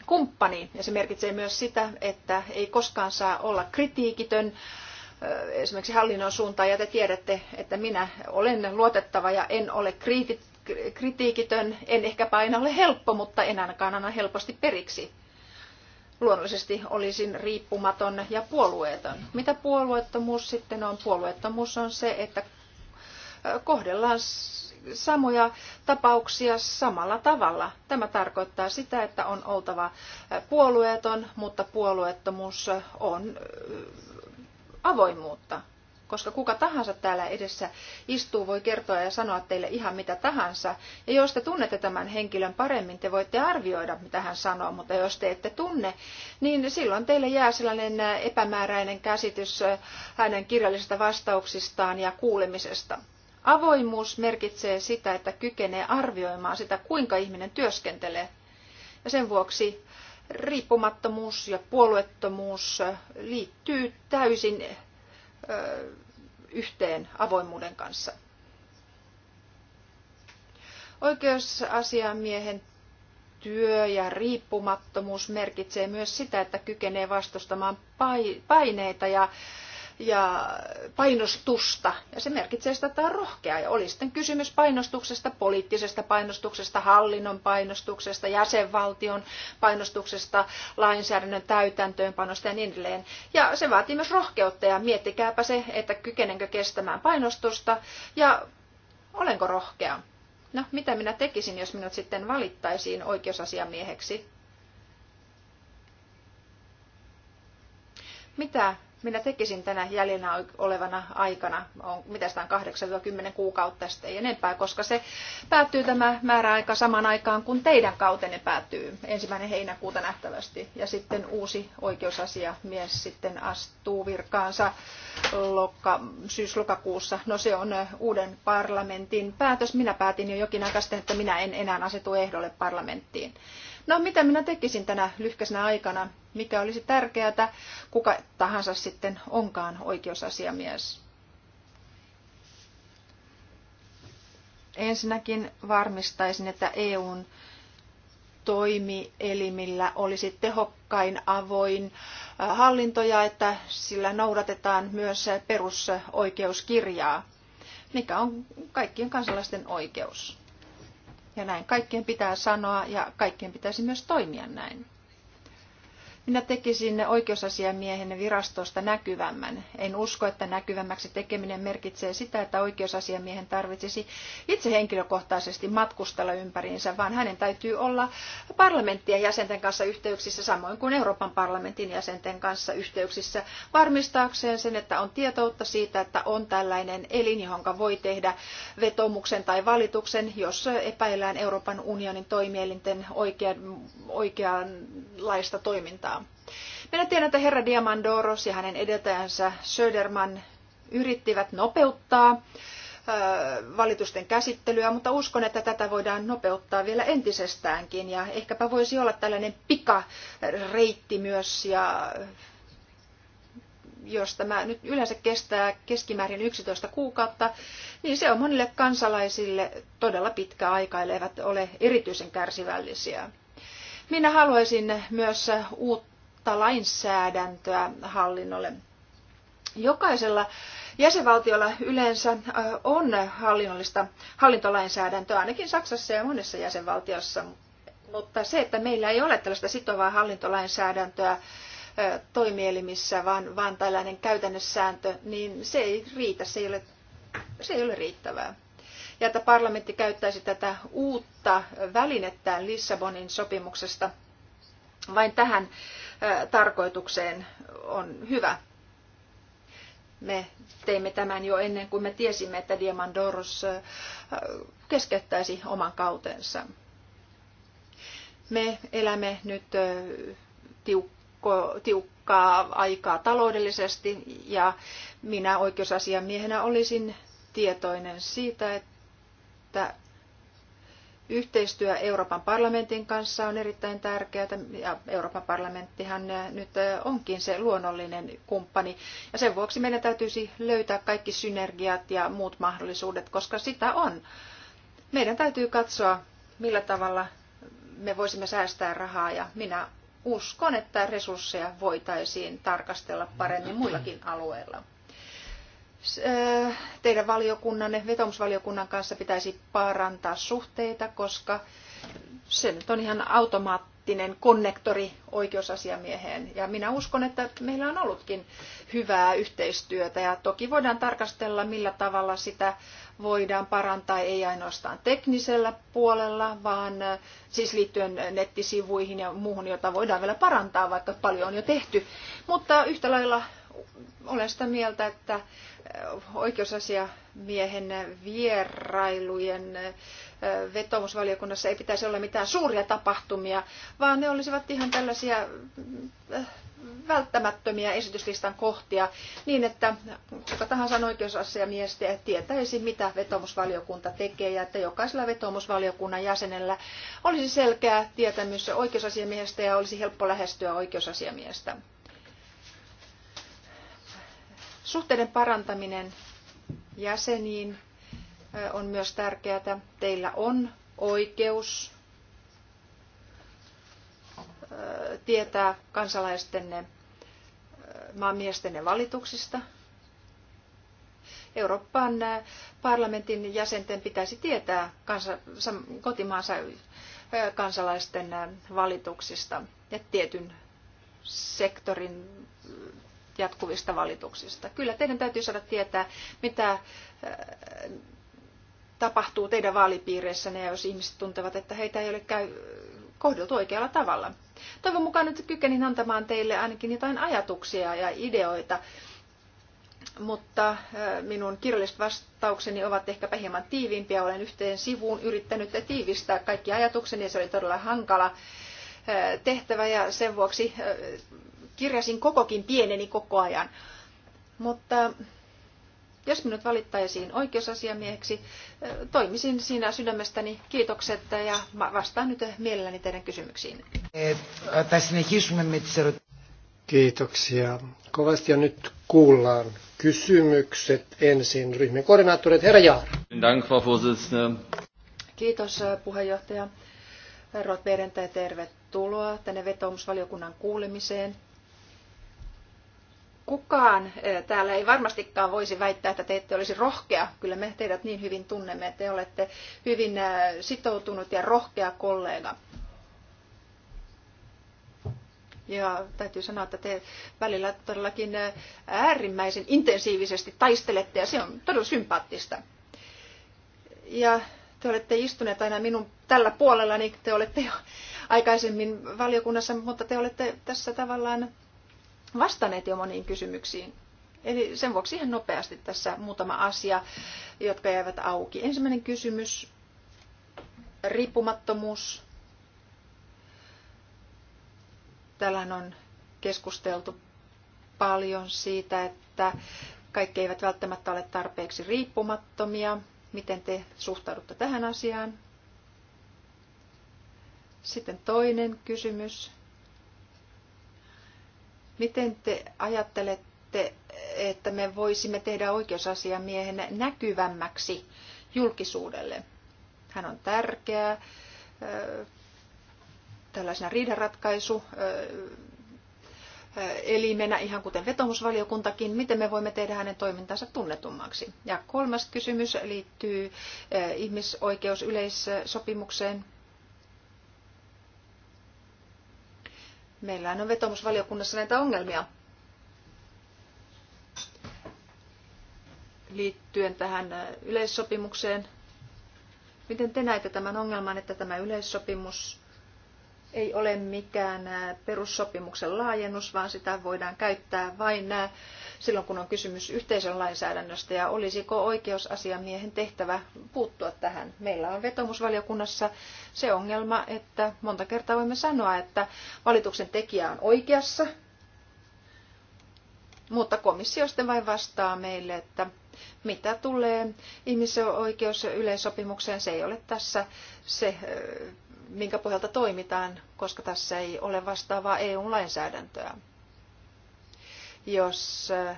kumppani ja se merkitsee myös sitä, että ei koskaan saa olla kritiikitön esimerkiksi hallinnon suuntaan ja te tiedätte, että minä olen luotettava ja en ole kritiikitön, en ehkä aina ole helppo, mutta en ainakaan anna helposti periksi. Luonnollisesti olisin riippumaton ja puolueeton. Mitä puolueettomuus sitten on? Puolueettomuus on se, että kohdellaan samoja tapauksia samalla tavalla. Tämä tarkoittaa sitä, että on oltava puolueeton, mutta puolueettomuus on avoimuutta. Koska kuka tahansa täällä edessä istuu, voi kertoa ja sanoa teille ihan mitä tahansa. Ja jos te tunnette tämän henkilön paremmin, te voitte arvioida, mitä hän sanoo. Mutta jos te ette tunne, niin silloin teille jää sellainen epämääräinen käsitys hänen kirjallisista vastauksistaan ja kuulemisesta. Avoimuus merkitsee sitä, että kykenee arvioimaan sitä, kuinka ihminen työskentelee. Ja sen vuoksi riippumattomuus ja puolueettomuus liittyy täysin yhteen avoimuuden kanssa. Oikeusasiamiehen työ ja riippumattomuus merkitsee myös sitä, että kykenee vastustamaan paineita ja ja painostusta. Ja se merkitsee sitä, että on rohkea. Ja oli sitten kysymys painostuksesta, poliittisesta painostuksesta, hallinnon painostuksesta, jäsenvaltion painostuksesta, lainsäädännön täytäntöönpanosta ja niin edelleen. Ja se vaatii myös rohkeutta ja miettikääpä se, että kykenenkö kestämään painostusta ja olenko rohkea. No, mitä minä tekisin, jos minut sitten valittaisiin oikeusasiamieheksi? Mitä minä tekisin tänä jäljellä olevana aikana, on, mitä sitä on 8-10 kuukautta sitten ei enempää, koska se päättyy tämä määräaika samaan aikaan, kun teidän kautenne päättyy ensimmäinen heinäkuuta nähtävästi. Ja sitten uusi oikeusasiamies sitten astuu virkaansa lokka, syyslokakuussa. No se on uuden parlamentin päätös. Minä päätin jo jokin aika sitten, että minä en enää asetu ehdolle parlamenttiin. No mitä minä tekisin tänä lyhkäisenä aikana? Mikä olisi tärkeää, kuka tahansa sitten onkaan oikeusasiamies? Ensinnäkin varmistaisin, että EUn toimielimillä olisi tehokkain avoin hallinto ja että sillä noudatetaan myös perusoikeuskirjaa, mikä on kaikkien kansalaisten oikeus. Ja näin kaikkien pitää sanoa ja kaikkien pitäisi myös toimia näin. Minä tekisin oikeusasiamiehen virastosta näkyvämmän. En usko, että näkyvämmäksi tekeminen merkitsee sitä, että oikeusasiamiehen tarvitsisi itse henkilökohtaisesti matkustella ympäriinsä, vaan hänen täytyy olla parlamenttien jäsenten kanssa yhteyksissä, samoin kuin Euroopan parlamentin jäsenten kanssa yhteyksissä, varmistaakseen sen, että on tietoutta siitä, että on tällainen elin, johon voi tehdä vetomuksen tai valituksen, jos epäillään Euroopan unionin toimielinten oikeanlaista toimintaa kohtaa. Minä tiedän, että herra Diamandoros ja hänen edeltäjänsä Söderman yrittivät nopeuttaa valitusten käsittelyä, mutta uskon, että tätä voidaan nopeuttaa vielä entisestäänkin ja ehkäpä voisi olla tällainen pikareitti myös ja jos tämä nyt yleensä kestää keskimäärin 11 kuukautta, niin se on monille kansalaisille todella pitkä aika, elleivät ole erityisen kärsivällisiä. Minä haluaisin myös uutta lainsäädäntöä hallinnolle. Jokaisella jäsenvaltiolla yleensä on hallinnollista hallintolainsäädäntöä, ainakin Saksassa ja monessa jäsenvaltiossa, mutta se, että meillä ei ole tällaista sitovaa hallintolainsäädäntöä toimielimissä, vaan, vaan tällainen käytännössääntö, niin se ei riitä, se ei ole, se ei ole riittävää ja että parlamentti käyttäisi tätä uutta välinettään Lissabonin sopimuksesta vain tähän tarkoitukseen on hyvä. Me teimme tämän jo ennen kuin me tiesimme, että Diamandoros keskeyttäisi oman kautensa. Me elämme nyt tiukko, tiukkaa aikaa taloudellisesti ja minä oikeusasiamiehenä olisin tietoinen siitä, että että yhteistyö Euroopan parlamentin kanssa on erittäin tärkeää ja Euroopan parlamenttihan nyt onkin se luonnollinen kumppani ja sen vuoksi meidän täytyisi löytää kaikki synergiat ja muut mahdollisuudet, koska sitä on. Meidän täytyy katsoa, millä tavalla me voisimme säästää rahaa ja minä uskon, että resursseja voitaisiin tarkastella paremmin muillakin alueilla teidän valiokunnanne, vetomusvaliokunnan kanssa pitäisi parantaa suhteita, koska se nyt on ihan automaattinen konnektori oikeusasiamieheen. Ja minä uskon, että meillä on ollutkin hyvää yhteistyötä ja toki voidaan tarkastella, millä tavalla sitä voidaan parantaa ei ainoastaan teknisellä puolella, vaan siis liittyen nettisivuihin ja muuhun, jota voidaan vielä parantaa, vaikka paljon on jo tehty. Mutta yhtä lailla olen sitä mieltä, että oikeusasiamiehen vierailujen vetomusvaliokunnassa ei pitäisi olla mitään suuria tapahtumia, vaan ne olisivat ihan tällaisia välttämättömiä esityslistan kohtia niin, että kuka tahansa oikeusasiamies tietäisi, mitä vetomusvaliokunta tekee ja että jokaisella vetomusvaliokunnan jäsenellä olisi selkeä tietämys oikeusasiamiehestä ja olisi helppo lähestyä oikeusasiamiestä. Suhteiden parantaminen jäseniin on myös tärkeää. Teillä on oikeus tietää kansalaistenne maamiestenne valituksista. Euroopan parlamentin jäsenten pitäisi tietää kansa, kotimaansa kansalaisten valituksista ja tietyn sektorin jatkuvista valituksista. Kyllä teidän täytyy saada tietää, mitä äh, tapahtuu teidän vaalipiireissänne, jos ihmiset tuntevat, että heitä ei ole käy, kohdeltu oikealla tavalla. Toivon mukaan nyt kykenin antamaan teille ainakin jotain ajatuksia ja ideoita, mutta äh, minun kirjalliset vastaukseni ovat ehkäpä hieman tiiviimpiä. Olen yhteen sivuun yrittänyt tiivistää kaikki ajatukseni ja se oli todella hankala äh, tehtävä ja sen vuoksi kirjasin kokokin pieneni koko ajan. Mutta jos minut valittaisiin oikeusasiamieheksi, toimisin siinä sydämestäni kiitokset ja vastaan nyt mielelläni teidän kysymyksiin. Eh, Kiitoksia. Kovasti ja nyt kuullaan kysymykset ensin ryhmän koordinaattorit. Herra Jaar. Kiitos eh, puheenjohtaja. Rot Berentä tervetuloa tänne vetoomusvaliokunnan kuulemiseen kukaan eh, täällä ei varmastikaan voisi väittää, että te ette olisi rohkea. Kyllä me teidät niin hyvin tunnemme, että te olette hyvin eh, sitoutunut ja rohkea kollega. Ja täytyy sanoa, että te välillä todellakin eh, äärimmäisen intensiivisesti taistelette ja se on todella sympaattista. Ja te olette istuneet aina minun tällä puolella, niin te olette jo aikaisemmin valiokunnassa, mutta te olette tässä tavallaan vastanneet jo moniin kysymyksiin. Eli sen vuoksi ihan nopeasti tässä muutama asia, jotka jäävät auki. Ensimmäinen kysymys, riippumattomuus. Täällähän on keskusteltu paljon siitä, että kaikki eivät välttämättä ole tarpeeksi riippumattomia. Miten te suhtaudutte tähän asiaan? Sitten toinen kysymys, Miten te ajattelette, että me voisimme tehdä oikeusasiamiehen näkyvämmäksi julkisuudelle? Hän on tärkeä tällaisena riidanratkaisu mennä ihan kuten vetomusvaliokuntakin, miten me voimme tehdä hänen toimintansa tunnetummaksi. Ja kolmas kysymys liittyy ihmisoikeusyleissopimukseen. Meillähän on vetomusvaliokunnassa näitä ongelmia liittyen tähän äh, yleissopimukseen. Miten te näette tämän ongelman, että tämä yleissopimus ei ole mikään äh, perussopimuksen laajennus, vaan sitä voidaan käyttää vain äh, silloin, kun on kysymys yhteisön lainsäädännöstä ja olisiko oikeusasiamiehen tehtävä puuttua tähän. Meillä on vetomusvaliokunnassa se ongelma, että monta kertaa voimme sanoa, että valituksen tekijä on oikeassa, mutta komissio sitten vain vastaa meille, että mitä tulee ihmisoikeusyleissopimukseen, se ei ole tässä se, minkä pohjalta toimitaan, koska tässä ei ole vastaavaa EU-lainsäädäntöä jos äh,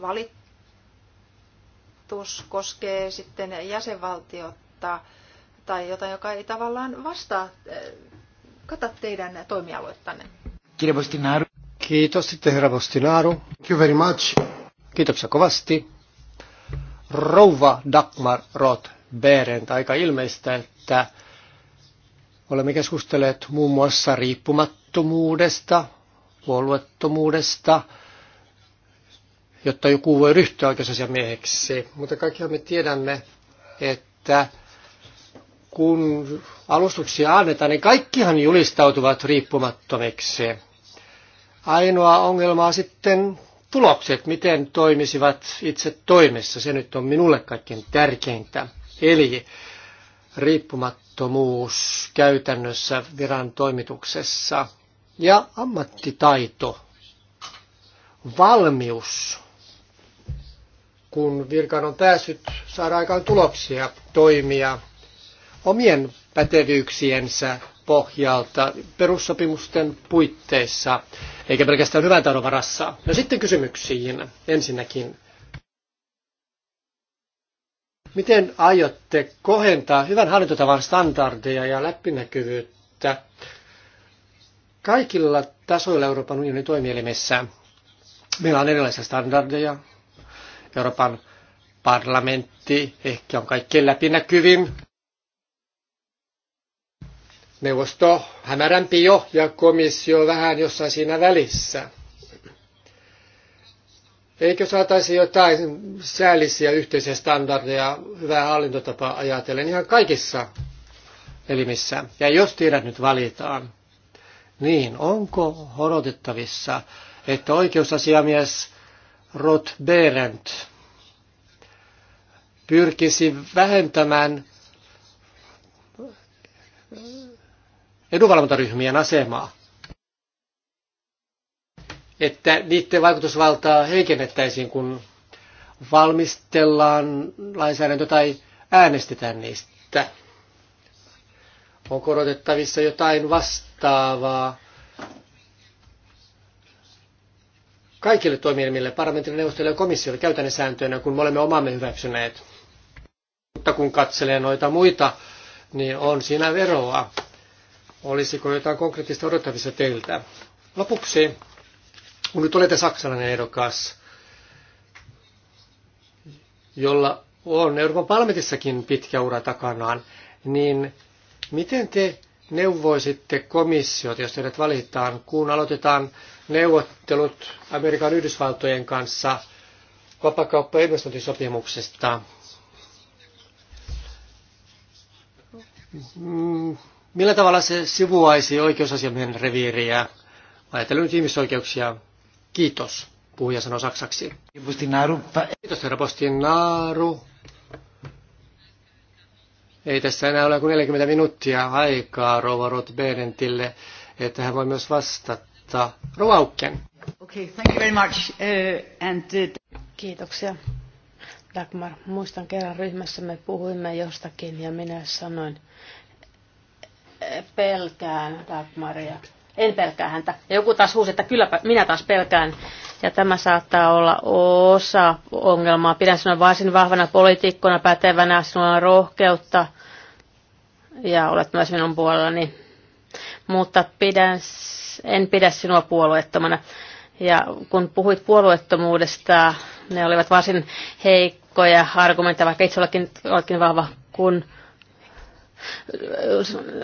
valitus koskee sitten jäsenvaltiota tai jotain, joka ei tavallaan vastaa, äh, kata teidän toimialoittanne. Kiitos sitten herra Bostinaru. Thank you very much. Kiitoksia kovasti. Rouva Dagmar Roth Berent, aika ilmeistä, että olemme keskustelleet muun muassa riippumattomuudesta, puolueettomuudesta, jotta joku voi ryhtyä mieheksi. Mutta kaikkihan me tiedämme, että kun alustuksia annetaan, niin kaikkihan julistautuvat riippumattomiksi. Ainoa ongelma on sitten tulokset, miten toimisivat itse toimessa. Se nyt on minulle kaikkein tärkeintä. Eli riippumattomuus käytännössä viran toimituksessa ja ammattitaito, valmius, kun virkaan on päässyt, saada aikaan tuloksia, toimia omien pätevyyksiensä pohjalta perussopimusten puitteissa, eikä pelkästään hyvän taidon varassa. No sitten kysymyksiin ensinnäkin. Miten aiotte kohentaa hyvän hallintotavan standardeja ja läpinäkyvyyttä Kaikilla tasoilla Euroopan unionin toimielimessä meillä on erilaisia standardeja. Euroopan parlamentti ehkä on kaikkein läpinäkyvin. Neuvosto hämärämpi jo ja komissio vähän jossain siinä välissä. Eikö saataisi jotain säällisiä yhteisiä standardeja hyvää hallintotapaa ajatellen ihan kaikissa elimissä? Ja jos tiedät nyt valitaan, niin, onko odotettavissa, että oikeusasiamies Rod Berendt pyrkisi vähentämään edunvalvontaryhmien asemaa? Että niiden vaikutusvaltaa heikennettäisiin, kun valmistellaan lainsäädäntö tai äänestetään niistä on korotettavissa jotain vastaavaa kaikille toimielimille, parlamentille, neuvostolle ja komissiolle käytännön sääntöinä, kun me olemme omamme hyväksyneet? Mutta kun katselee noita muita, niin on siinä veroa Olisiko jotain konkreettista odottavissa teiltä? Lopuksi, kun nyt olette saksalainen ehdokas, jolla on Euroopan parlamentissakin pitkä ura takanaan, niin Miten te neuvoisitte komissiot, jos teidät valitaan, kun aloitetaan neuvottelut Amerikan Yhdysvaltojen kanssa vapakauppa- ja investointisopimuksesta? Mm, millä tavalla se sivuaisi oikeusasiamiehen reviiriä? Ajatellen nyt ihmisoikeuksia. Kiitos, puhuja sanoi saksaksi. Kiitos, herra Postinaaru. Ei tässä enää ole kuin 40 minuuttia aikaa Rova Roth-Berentille, että hän voi myös vastata. Aukken. Okay, thank you very much. Uh, and, uh... Kiitoksia. Dagmar, muistan kerran ryhmässä me puhuimme jostakin ja minä sanoin, pelkään Dagmaria. En pelkää häntä. Ja joku taas huusi, että kyllä minä taas pelkään. Ja tämä saattaa olla osa ongelmaa. Pidän sinua varsin vahvana poliitikkona, pätevänä, sinulla on rohkeutta ja olet myös minun puolellani. Mutta pidän, en pidä sinua puolueettomana. Ja kun puhuit puolueettomuudesta, ne olivat varsin heikkoja argumentteja, vaikka itse olikin, olikin vahva, kun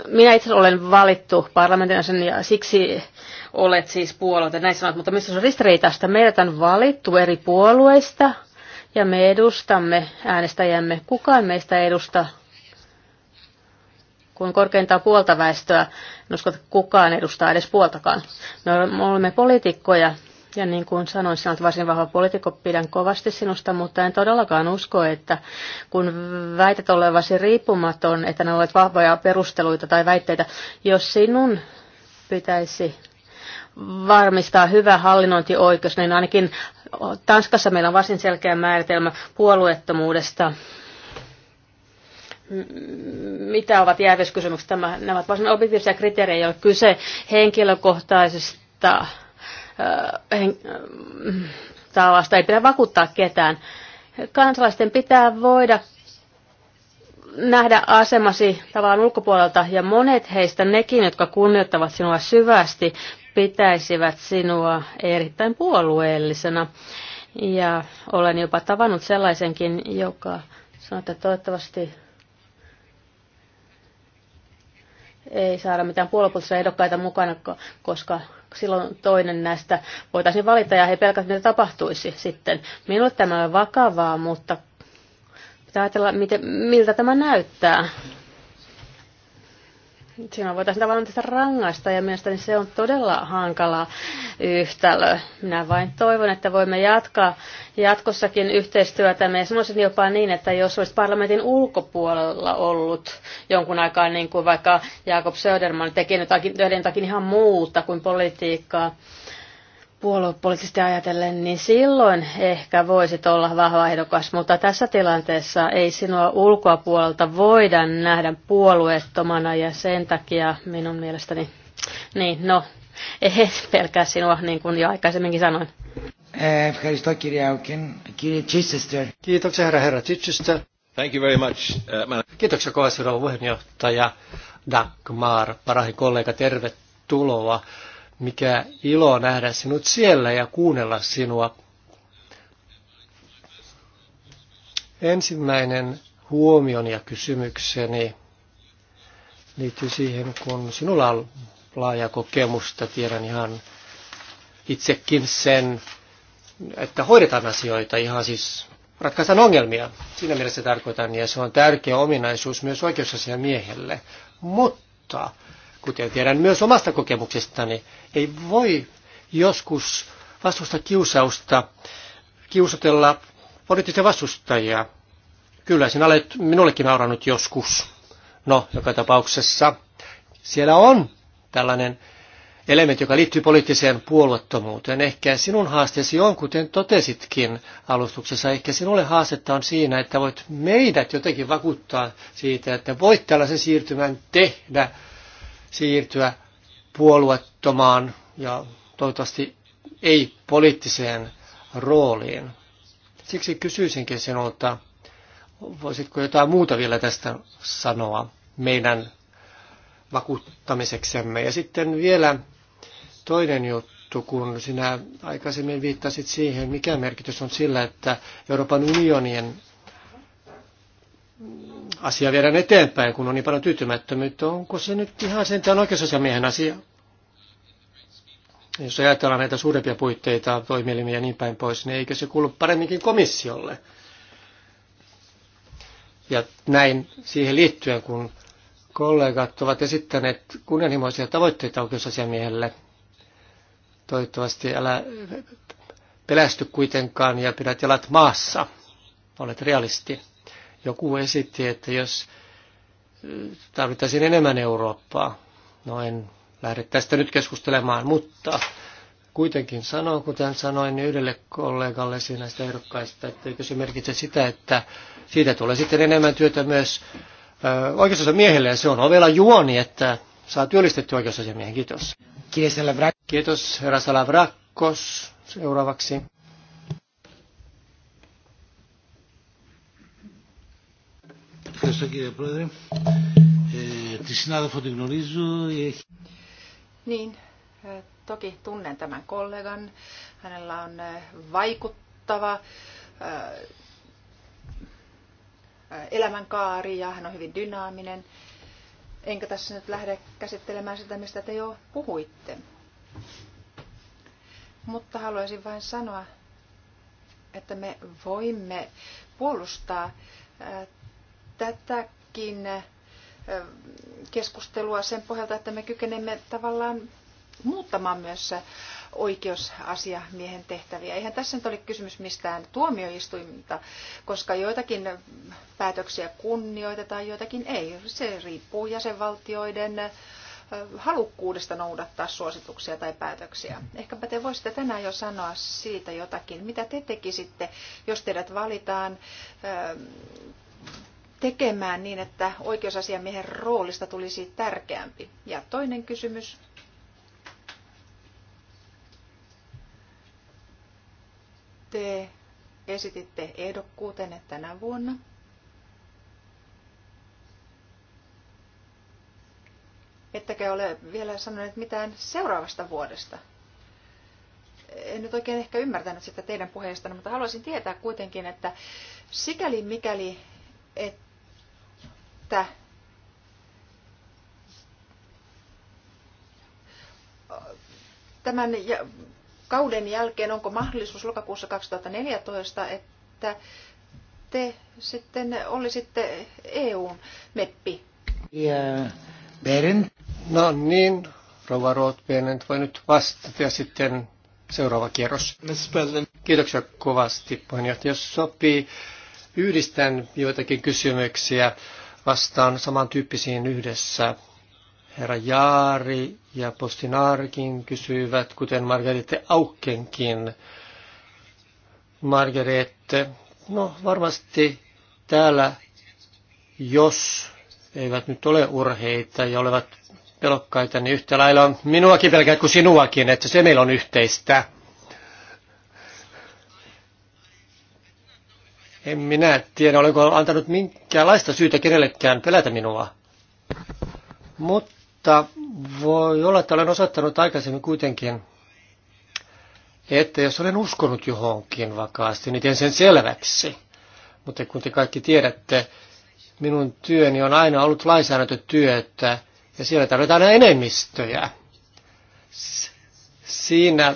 minä itse olen valittu parlamentin sen ja siksi olet siis puolueita, näin sanot, mutta missä on ristiriitaista? Meidät on valittu eri puolueista ja me edustamme äänestäjämme. Kukaan meistä edusta kuin korkeintaan puolta väestöä. En usko, että kukaan edustaa edes puoltakaan. Me olemme poliitikkoja ja niin kuin sanoin, sinä olet varsin vahva poliitikko, pidän kovasti sinusta, mutta en todellakaan usko, että kun väität olevasi riippumaton, että ne olet vahvoja perusteluita tai väitteitä, jos sinun pitäisi varmistaa hyvä hallinnointioikeus, niin ainakin Tanskassa meillä on varsin selkeä määritelmä puolueettomuudesta. Mitä ovat jäävyyskysymykset? nämä ovat varsin objektiivisia kriteerejä, joilla kyse henkilökohtaisesta tällaista ei pidä vakuuttaa ketään. Kansalaisten pitää voida nähdä asemasi tavallaan ulkopuolelta ja monet heistä, nekin, jotka kunnioittavat sinua syvästi, pitäisivät sinua erittäin puolueellisena. Ja olen jopa tavannut sellaisenkin, joka sanoi, että toivottavasti ei saada mitään puoluepoliittisia ehdokkaita mukana, koska silloin toinen näistä voitaisiin valita ja he pelkät, mitä tapahtuisi sitten. Minulle tämä on vakavaa, mutta pitää ajatella, miten, miltä tämä näyttää Siinä voitaisiin tavallaan tästä rangaista ja mielestäni se on todella hankala yhtälö. Minä vain toivon, että voimme jatkaa jatkossakin yhteistyötä. Me sanoisin jopa niin, että jos olisi parlamentin ulkopuolella ollut jonkun aikaa, niin kuin vaikka Jakob Söderman teki jotakin, jotakin ihan muuta kuin politiikkaa, puoluepoliittisesti ajatellen, niin silloin ehkä voisit olla vahva ehdokas, mutta tässä tilanteessa ei sinua ulkopuolelta voida nähdä puolueettomana ja sen takia minun mielestäni, niin no, ei pelkää sinua niin kuin jo aikaisemminkin sanoin. Eh, Kiitoksia herra herra Chichester. Thank you very much, uh, Kiitoksia kovasti rouva puheenjohtaja Dagmar, parahin kollega, tervetuloa mikä ilo nähdä sinut siellä ja kuunnella sinua. Ensimmäinen huomion ja kysymykseni liittyy siihen, kun sinulla on laaja kokemusta, tiedän ihan itsekin sen, että hoidetaan asioita ihan siis ratkaistaan ongelmia. Siinä mielessä tarkoitan, ja se on tärkeä ominaisuus myös oikeusasiamiehelle. Mutta kuten tiedän myös omasta kokemuksestani, ei voi joskus vastusta kiusausta kiusatella poliittisia vastustajia. Kyllä, sinä olet minullekin naurannut joskus. No, joka tapauksessa siellä on tällainen elementti, joka liittyy poliittiseen puolueettomuuteen. Ehkä sinun haasteesi on, kuten totesitkin alustuksessa, ehkä sinulle haastetta on siinä, että voit meidät jotenkin vakuuttaa siitä, että voit tällaisen siirtymän tehdä – siirtyä puolueettomaan ja toivottavasti ei poliittiseen rooliin. Siksi kysyisinkin sinulta, voisitko jotain muuta vielä tästä sanoa meidän vakuuttamiseksemme. Ja sitten vielä toinen juttu, kun sinä aikaisemmin viittasit siihen, mikä merkitys on sillä, että Euroopan unionin asiaa viedään eteenpäin, kun on niin paljon tyytymättömyyttä. Onko se nyt ihan sentään oikeusasiamiehen asia? Jos ajatellaan näitä suurempia puitteita, toimielimiä ja niin päin pois, niin eikö se kuulu paremminkin komissiolle? Ja näin siihen liittyen, kun kollegat ovat esittäneet kunnianhimoisia tavoitteita oikeusasiamiehelle. Toivottavasti älä pelästy kuitenkaan ja pidät jalat maassa. Olet realisti. Joku esitti, että jos eh, tarvittaisiin enemmän Eurooppaa, no en lähde tästä nyt keskustelemaan, mutta kuitenkin sanoin, kuten sanoin niin yhdelle kollegalle siinä näistä ehdokkaista, että eikö se merkitse sitä, että siitä tulee sitten enemmän työtä myös eh, oikeusosa miehelle, ja se on ovella juoni, että saa työllistetty oikeusasiamiehen. Kiitos. Kiitos, herra Salavrakkos. Seuraavaksi. Ευχαριστώ κύριε Πρόεδρε. Ε, τη συνάδελφο την γνωρίζω. Niin, toki tunnen tämän kollegan. Hänellä on vaikuttava elämänkaari ja hän on hyvin dynaaminen. Enkä tässä nyt lähde käsittelemään sitä, mistä te jo puhuitte. Mutta haluaisin vain sanoa, että me voimme puolustaa tätäkin keskustelua sen pohjalta, että me kykenemme tavallaan muuttamaan myös oikeusasiamiehen tehtäviä. Eihän tässä nyt ole kysymys mistään tuomioistuinta, koska joitakin päätöksiä kunnioitetaan, joitakin ei. Se riippuu jäsenvaltioiden halukkuudesta noudattaa suosituksia tai päätöksiä. Ehkäpä te voisitte tänään jo sanoa siitä jotakin. Mitä te tekisitte, jos teidät valitaan tekemään niin, että oikeusasiamiehen roolista tulisi tärkeämpi? Ja toinen kysymys. Te esititte ehdokkuutenne tänä vuonna. Ettekä ole vielä sanoneet mitään seuraavasta vuodesta? En nyt oikein ehkä ymmärtänyt sitä teidän puheestanne, mutta haluaisin tietää kuitenkin, että sikäli mikäli että että tämän kauden jälkeen, onko mahdollisuus lokakuussa 2014, että te sitten olisitte EUn meppi? Ja No niin, Rova Rothberg voi nyt vastata ja sitten seuraava kierros. Kiitoksia kovasti puheenjohtaja. Jos sopii, yhdistän joitakin kysymyksiä vastaan samantyyppisiin yhdessä. Herra Jaari ja Postinaarikin kysyivät, kuten Margarete Aukkenkin. Margarete, no varmasti täällä, jos eivät nyt ole urheita ja olevat pelokkaita, niin yhtä lailla on minuakin pelkää kuin sinuakin, että se meillä on yhteistä. En minä tiedä, olenko antanut minkäänlaista syytä kenellekään pelätä minua. Mutta voi olla, että olen osoittanut aikaisemmin kuitenkin, että jos olen uskonut johonkin vakaasti, niin teen sen selväksi. Mutta kun te kaikki tiedätte, minun työni on aina ollut lainsäädäntötyötä ja siellä tarvitaan aina enemmistöjä. Siinä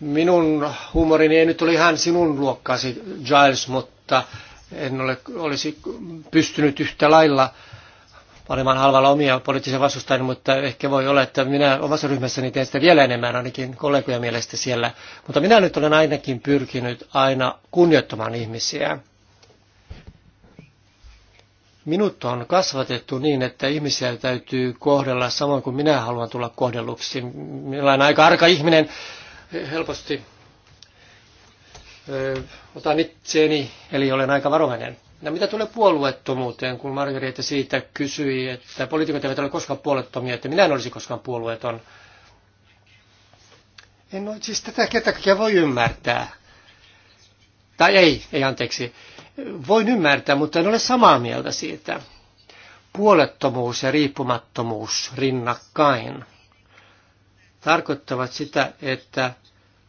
minun huumorini ei nyt ole ihan sinun luokkasi, Giles, mutta mutta en ole, olisi pystynyt yhtä lailla olemaan halvalla omia poliittisia vastustajia, mutta ehkä voi olla, että minä omassa ryhmässäni teen sitä vielä enemmän, ainakin kollegoja mielestä siellä. Mutta minä nyt olen ainakin pyrkinyt aina kunnioittamaan ihmisiä. Minut on kasvatettu niin, että ihmisiä täytyy kohdella samoin kuin minä haluan tulla kohdelluksi. Minä olen aika arka ihminen, helposti otan itseeni, eli olen aika varovainen. No, mitä tulee puolueettomuuteen, kun Margareta siitä kysyi, että poliitikot eivät ole koskaan puolueettomia, että minä en olisi koskaan puolueeton. En ole siis tätä ketäkään voi ymmärtää. Tai ei, ei anteeksi. Voin ymmärtää, mutta en ole samaa mieltä siitä. Puolettomuus ja riippumattomuus rinnakkain tarkoittavat sitä, että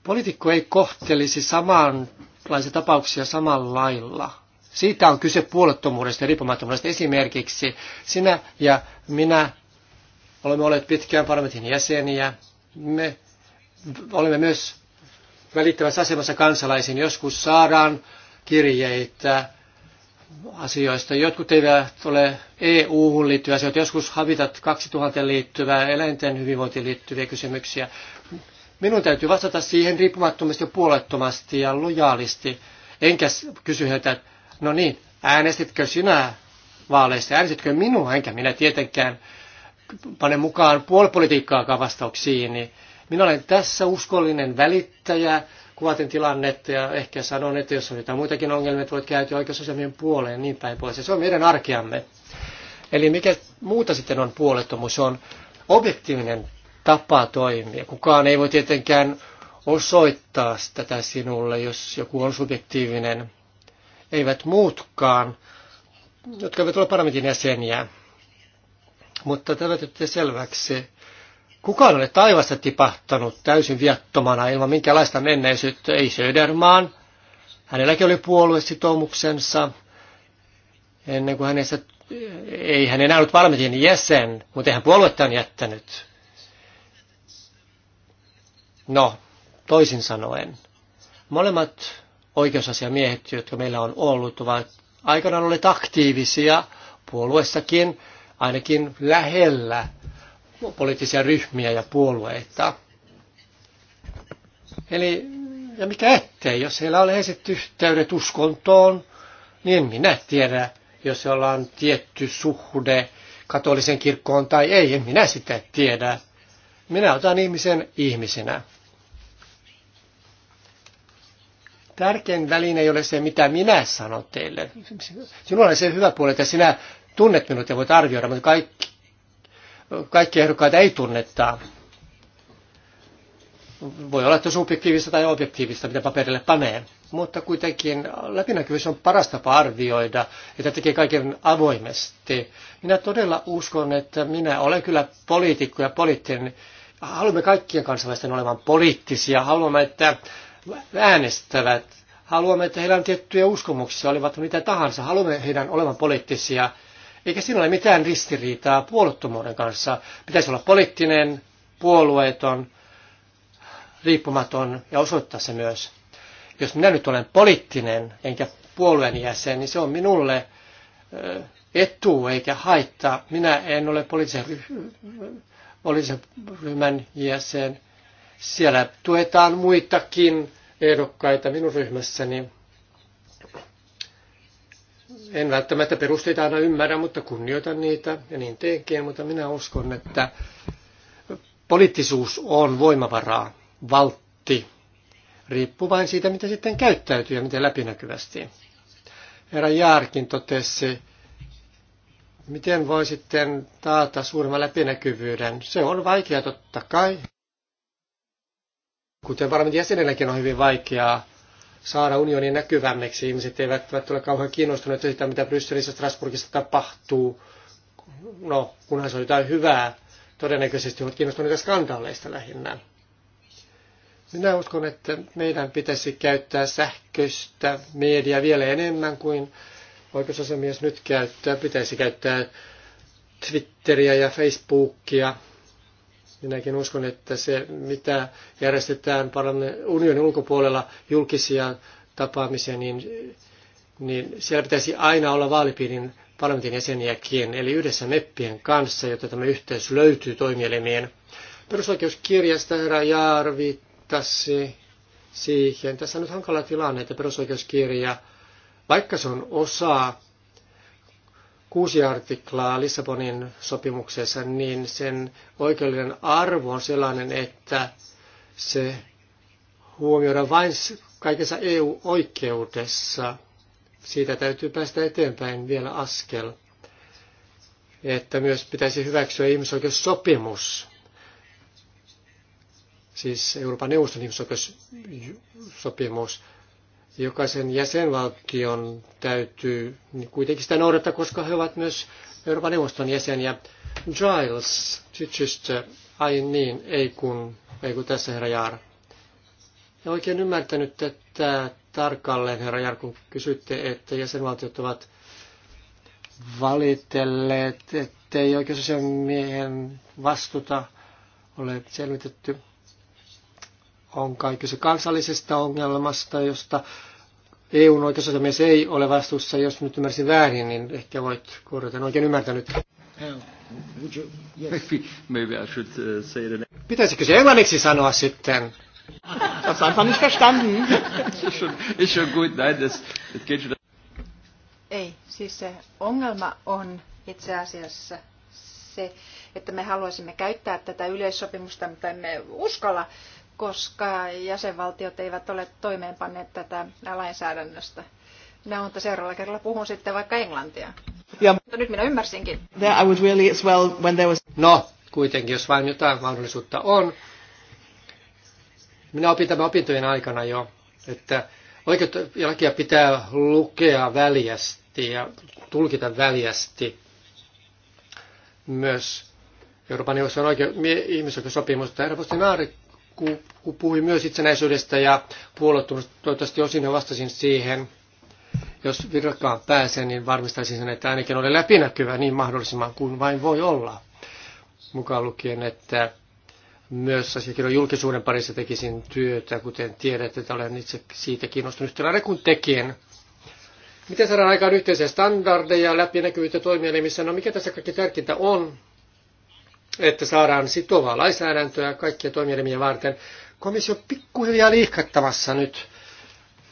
poliitikko ei kohtelisi samanlaisia tapauksia samalla lailla. Siitä on kyse puolettomuudesta ja riippumattomuudesta. Esimerkiksi sinä ja minä olemme olleet pitkään parlamentin jäseniä. Me olemme myös välittävässä asemassa kansalaisiin. Joskus saadaan kirjeitä asioista. Jotkut eivät ole EU-hun liittyviä asioita, joskus havitat 2000 liittyvää, eläinten hyvinvointiin liittyviä kysymyksiä. Minun täytyy vastata siihen riippumattomasti ja puolettomasti ja lojaalisti. Enkä kysy heiltä, että no niin, äänestitkö sinä vaaleissa, äänestitkö minua, enkä minä tietenkään pane mukaan puolipolitiikkaakaan vastauksiin. Niin minä olen tässä uskollinen välittäjä, kuvaten tilannetta ja ehkä sanon, että jos on jotain muitakin ongelmia, voit käytyä oikeusasiamien puoleen niin päin pois. Ja se on meidän arkeamme. Eli mikä muuta sitten on puolettomuus? Se on objektiivinen tapa toimia. Kukaan ei voi tietenkään osoittaa tätä sinulle, jos joku on subjektiivinen. Eivät muutkaan, jotka eivät ole parlamentin jäseniä. Mutta tämä teette selväksi. Kukaan ole taivasta tipahtanut täysin viattomana ilman minkälaista menneisyyttä. Ei Södermaan. Hänelläkin oli puoluesitoumuksensa ennen kuin hänestä, ei hän enää ollut valmiitin jäsen, mutta hän puoluetta on jättänyt. No, toisin sanoen, molemmat oikeusasiamiehet, jotka meillä on ollut, ovat aikanaan olleet aktiivisia puolueessakin, ainakin lähellä poliittisia ryhmiä ja puolueita. Eli, ja mikä ettei, jos heillä on heiset yhteydet uskontoon, niin minä tiedä, jos heillä on tietty suhde katolisen kirkkoon tai ei, en minä sitä tiedä. Minä otan ihmisen ihmisenä. Tärkein väline ei ole se, mitä minä sanon teille. Sinulla on se hyvä puoli, että sinä tunnet minut ja voit arvioida, mutta kaikki, kaikki ehdokkaita ei tunnetta. Voi olla, että subjektiivista tai objektiivista, mitä paperille panee. Mutta kuitenkin läpinäkyvyys on paras tapa arvioida, että tekee kaiken avoimesti. Minä todella uskon, että minä olen kyllä poliitikko ja poliittinen. Haluamme kaikkien kansalaisten olevan poliittisia. Haluamme, että äänestävät. Haluamme, että heillä on tiettyjä uskomuksia, olivat mitä tahansa. Haluamme heidän olevan poliittisia. Eikä siinä ole mitään ristiriitaa puolueettomuuden kanssa. Pitäisi olla poliittinen, puolueeton, riippumaton ja osoittaa se myös. Jos minä nyt olen poliittinen enkä puolueen jäsen, niin se on minulle etu eikä haittaa. Minä en ole poliittisen, ryhmän jäsen siellä tuetaan muitakin ehdokkaita minun ryhmässäni. En välttämättä perusteita aina ymmärrä, mutta kunnioitan niitä ja niin teenkin, mutta minä uskon, että poliittisuus on voimavaraa, valtti, riippuu vain siitä, miten sitten käyttäytyy ja miten läpinäkyvästi. Herra Jaarkin totesi, miten voi sitten taata suuremman läpinäkyvyyden. Se on vaikea totta kai. Kuten varmasti jäsenelläkin on hyvin vaikeaa saada unionin näkyvämmäksi. Ihmiset eivät välttämättä ole kauhean kiinnostuneita siitä, mitä Brysselissä Strasbourgissa tapahtuu. No, kunhan se on jotain hyvää, todennäköisesti ovat kiinnostuneita skandaaleista lähinnä. Minä uskon, että meidän pitäisi käyttää sähköistä mediaa vielä enemmän kuin oikeusasiamies nyt käyttää. Pitäisi käyttää Twitteriä ja Facebookia Minäkin uskon, että se, mitä järjestetään unionin ulkopuolella julkisia tapaamisia, niin, niin siellä pitäisi aina olla vaalipiirin parlamentin jäseniäkin, eli yhdessä meppien kanssa, jotta tämä yhteys löytyy toimielimien. Perusoikeuskirjasta herra Jaar tässä siihen. Tässä on nyt hankala tilanne, että perusoikeuskirja, vaikka se on osa kuusi artiklaa Lissabonin sopimuksessa, niin sen oikeudellinen arvo on sellainen, että se huomioidaan vain kaikessa EU-oikeudessa. Siitä täytyy päästä eteenpäin vielä askel. Että myös pitäisi hyväksyä ihmisoikeussopimus, siis Euroopan neuvoston ihmisoikeussopimus, Jokaisen jäsenvaltion täytyy niin kuitenkin sitä noudattaa, koska he ovat myös Euroopan neuvoston jäseniä. Giles, Chichester, ai niin, ei kun, ei kun tässä herra Jaar. Ja oikein ymmärtänyt tätä tarkalleen, herra Jaar, kun kysytte, että jäsenvaltiot ovat valitelleet, ettei miehen vastuuta ole selvitetty. On kaikki se kansallisesta ongelmasta, josta EUn oikeusasiamies ei ole vastuussa, jos nyt ymmärsin väärin, niin ehkä voit korjata. En oikein ymmärtänyt. (laughs) Uh, Pitäisikö se englanniksi sanoa sitten? Das einfach nicht verstanden. (laughs) ist schon gut, nein, das, das geht schon. Ei, siis se ongelma on itse asiassa se, että me haluaisimme käyttää tätä yleissopimusta, mutta emme uskalla koska jäsenvaltiot eivät ole toimeenpanneet tätä lainsäädännöstä. No, mutta seuraavalla kerralla puhun sitten vaikka englantia. Yeah. Mutta nyt minä ymmärsinkin. I would really as well when there was... No, kuitenkin, jos vain jotain mahdollisuutta on. Minä opin tämän opintojen aikana jo, että oikeutta ja lakia pitää lukea väljästi ja tulkita väljästi. Myös Euroopan neuvoston oikeus- ihmisoikeussopimus, että Herra puhui myös itsenäisyydestä ja puolueettomuudesta. Toivottavasti osin jo vastasin siihen. Jos virkaan pääsen, niin varmistaisin sen, että ainakin olen läpinäkyvä niin mahdollisimman kuin vain voi olla. Mukaan lukien, että myös asiakirjan julkisuuden parissa tekisin työtä, kuten tiedät, että olen itse siitä kiinnostunut tilanne kuin tekin. Miten saadaan aikaan yhteisiä standardeja, läpinäkyvyyttä toimielimissä? No mikä tässä kaikki tärkeintä on? että saadaan sitovaa lainsäädäntöä kaikkia toimielimiä varten. Komissio on pikkuhiljaa liikattamassa nyt,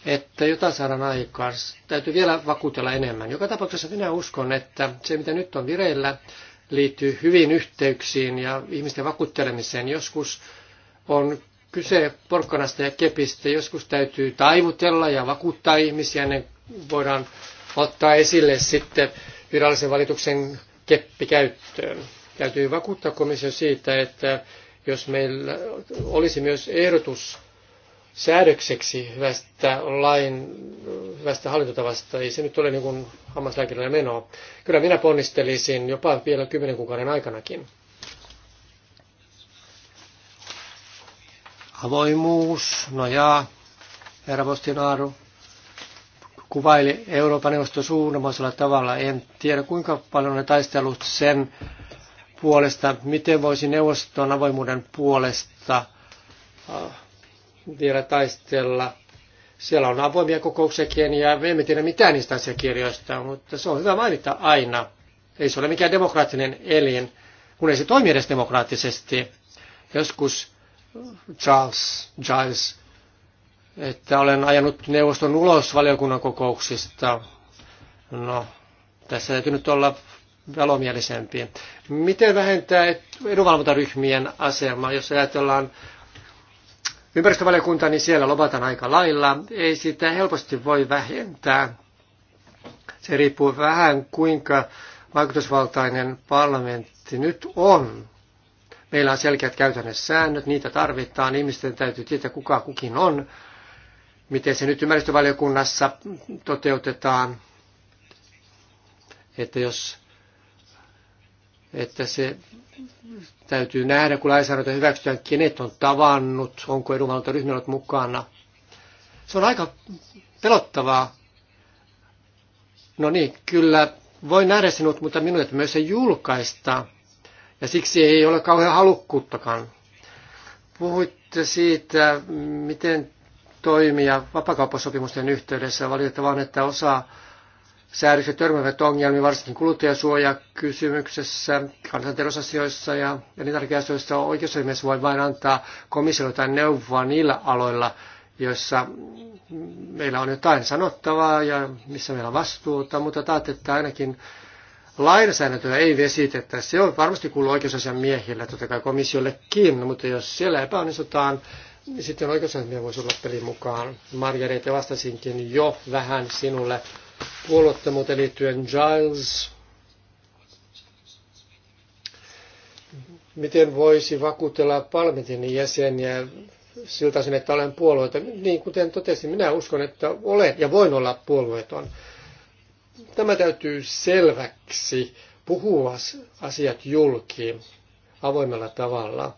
että jotain saadaan aikaan. Täytyy vielä vakuutella enemmän. Joka tapauksessa minä uskon, että se mitä nyt on vireillä liittyy hyvin yhteyksiin ja ihmisten vakuuttelemiseen. Joskus on kyse porkkanasta ja kepistä. Joskus täytyy taivutella ja vakuuttaa ihmisiä ennen voidaan ottaa esille sitten virallisen valituksen keppi käyttöön. Täytyy vakuuttaa komissio siitä, että jos meillä olisi myös ehdotus säädökseksi hyvästä lain, hyvästä hallintotavasta, ei se nyt ole niin kuin hammaslääkärillä menoa. Kyllä minä ponnistelisin jopa vielä kymmenen kuukauden aikanakin. Avoimuus, no jaa, herra Bostinaaru, kuvaili Euroopan neuvoston suunnamaisella tavalla. En tiedä kuinka paljon ne taistelut sen puolesta, miten voisi neuvoston avoimuuden puolesta äh, vielä taistella. Siellä on avoimia kokouksia ja me emme tiedä mitään niistä asiakirjoista, mutta se on hyvä mainita aina. Ei se ole mikään demokraattinen elin, kun ei se toimi edes demokraattisesti. Joskus Charles, Giles, että olen ajanut neuvoston ulos valiokunnan kokouksista. No, tässä täytyy nyt olla valomielisempi. Miten vähentää edunvalvontaryhmien asemaa, jos ajatellaan ympäristövaliokuntaa, niin siellä lopataan aika lailla. Ei sitä helposti voi vähentää. Se riippuu vähän kuinka vaikutusvaltainen parlamentti nyt on. Meillä on selkeät säännöt, niitä tarvitaan, ihmisten täytyy tietää kuka kukin on, miten se nyt ympäristövaliokunnassa toteutetaan, että jos että se täytyy nähdä, kun lainsäädäntö hyväksytään, kenet on tavannut, onko edunvalvontaryhmä ollut mukana. Se on aika pelottavaa. No niin, kyllä voi nähdä sinut, mutta minut myös se julkaista. Ja siksi ei ole kauhean halukkuuttakaan. Puhuitte siitä, miten toimia vapakauppasopimusten yhteydessä. Valitettavaa on, että osa säädökset törmäävät ongelmiin, varsinkin kuluttajasuojakysymyksessä, kansanterveysasioissa ja elintarvikeasioissa oikeusasiamies voi vain antaa komissiolle jotain neuvoa niillä aloilla, joissa meillä on jotain sanottavaa ja missä meillä on vastuuta, mutta taatte, että ainakin lainsäädäntöä ei vesitetä. Se on varmasti kuullut oikeusasian miehille, totta kai komissiollekin, mutta jos siellä epäonnistutaan, niin sitten oikeusasiamies voisi olla pelin mukaan. Margarete vastasinkin jo vähän sinulle puolueettomuuteen liittyen Giles. Miten voisi vakuutella Palmetin jäseniä siltä osin, että olen puolueeton? Niin kuten totesin, minä uskon, että olen ja voin olla puolueeton. Tämä täytyy selväksi puhua asiat julki avoimella tavalla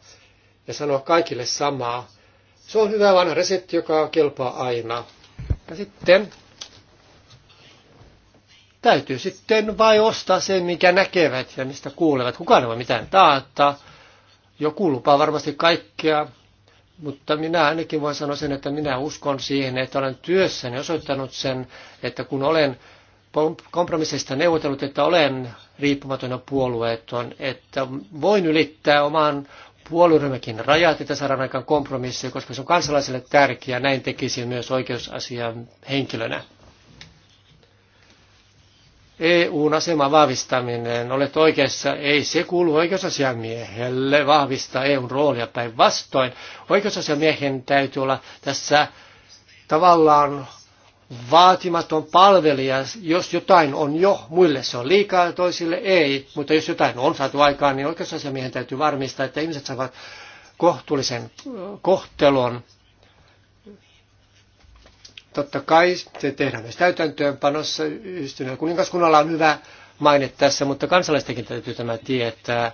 ja sanoa kaikille samaa. Se on hyvä vanha resepti, joka kelpaa aina. Ja sitten Täytyy sitten vai ostaa sen, mikä näkevät ja mistä kuulevat. Kukaan ei voi mitään taata. Joku lupaa varmasti kaikkea, mutta minä ainakin voin sanoa sen, että minä uskon siihen, että olen työssäni osoittanut sen, että kun olen kompromisseista neuvotellut, että olen riippumaton ja puolueeton, että voin ylittää oman puolueryhmäkin rajat, että saadaan aikaan kompromisseja, koska se on kansalaisille tärkeää. Näin tekisin myös oikeusasian henkilönä. EUn aseman vahvistaminen, olet oikeassa, ei se kuulu oikeusasiamiehelle vahvistaa EUn roolia päinvastoin. Oikeusasiamiehen täytyy olla tässä tavallaan vaatimaton palvelija, jos jotain on jo, muille se on liikaa, toisille ei, mutta jos jotain on saatu aikaan, niin oikeusasiamiehen täytyy varmistaa, että ihmiset saavat kohtuullisen kohtelon Totta kai se tehdään myös täytäntöönpanossa. Yhdistyneellä kuningaskunnalla on hyvä maine tässä, mutta kansalaistenkin täytyy tämä tietää.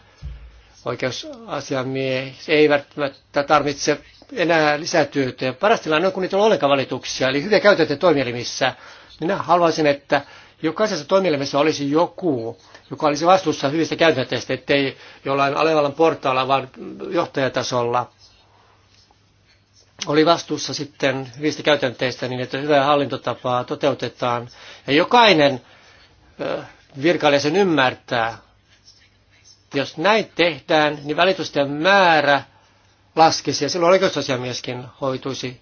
Oikeusasiamies ei välttämättä tarvitse enää lisätyötä. Ja paras tilanne on, kun niitä on ollenkaan valituksia, eli hyviä käytäntöjä toimielimissä. Minä haluaisin, että jokaisessa toimielimessä olisi joku, joka olisi vastuussa hyvistä käytänteistä, ettei jollain alevalla portaalla, vaan johtajatasolla – oli vastuussa sitten hyvistä käytänteistä niin, että hyvää hallintotapaa toteutetaan. Ja jokainen virkailija sen ymmärtää. Jos näin tehdään, niin valitusten määrä laskisi ja silloin oikeusasiamieskin hoituisi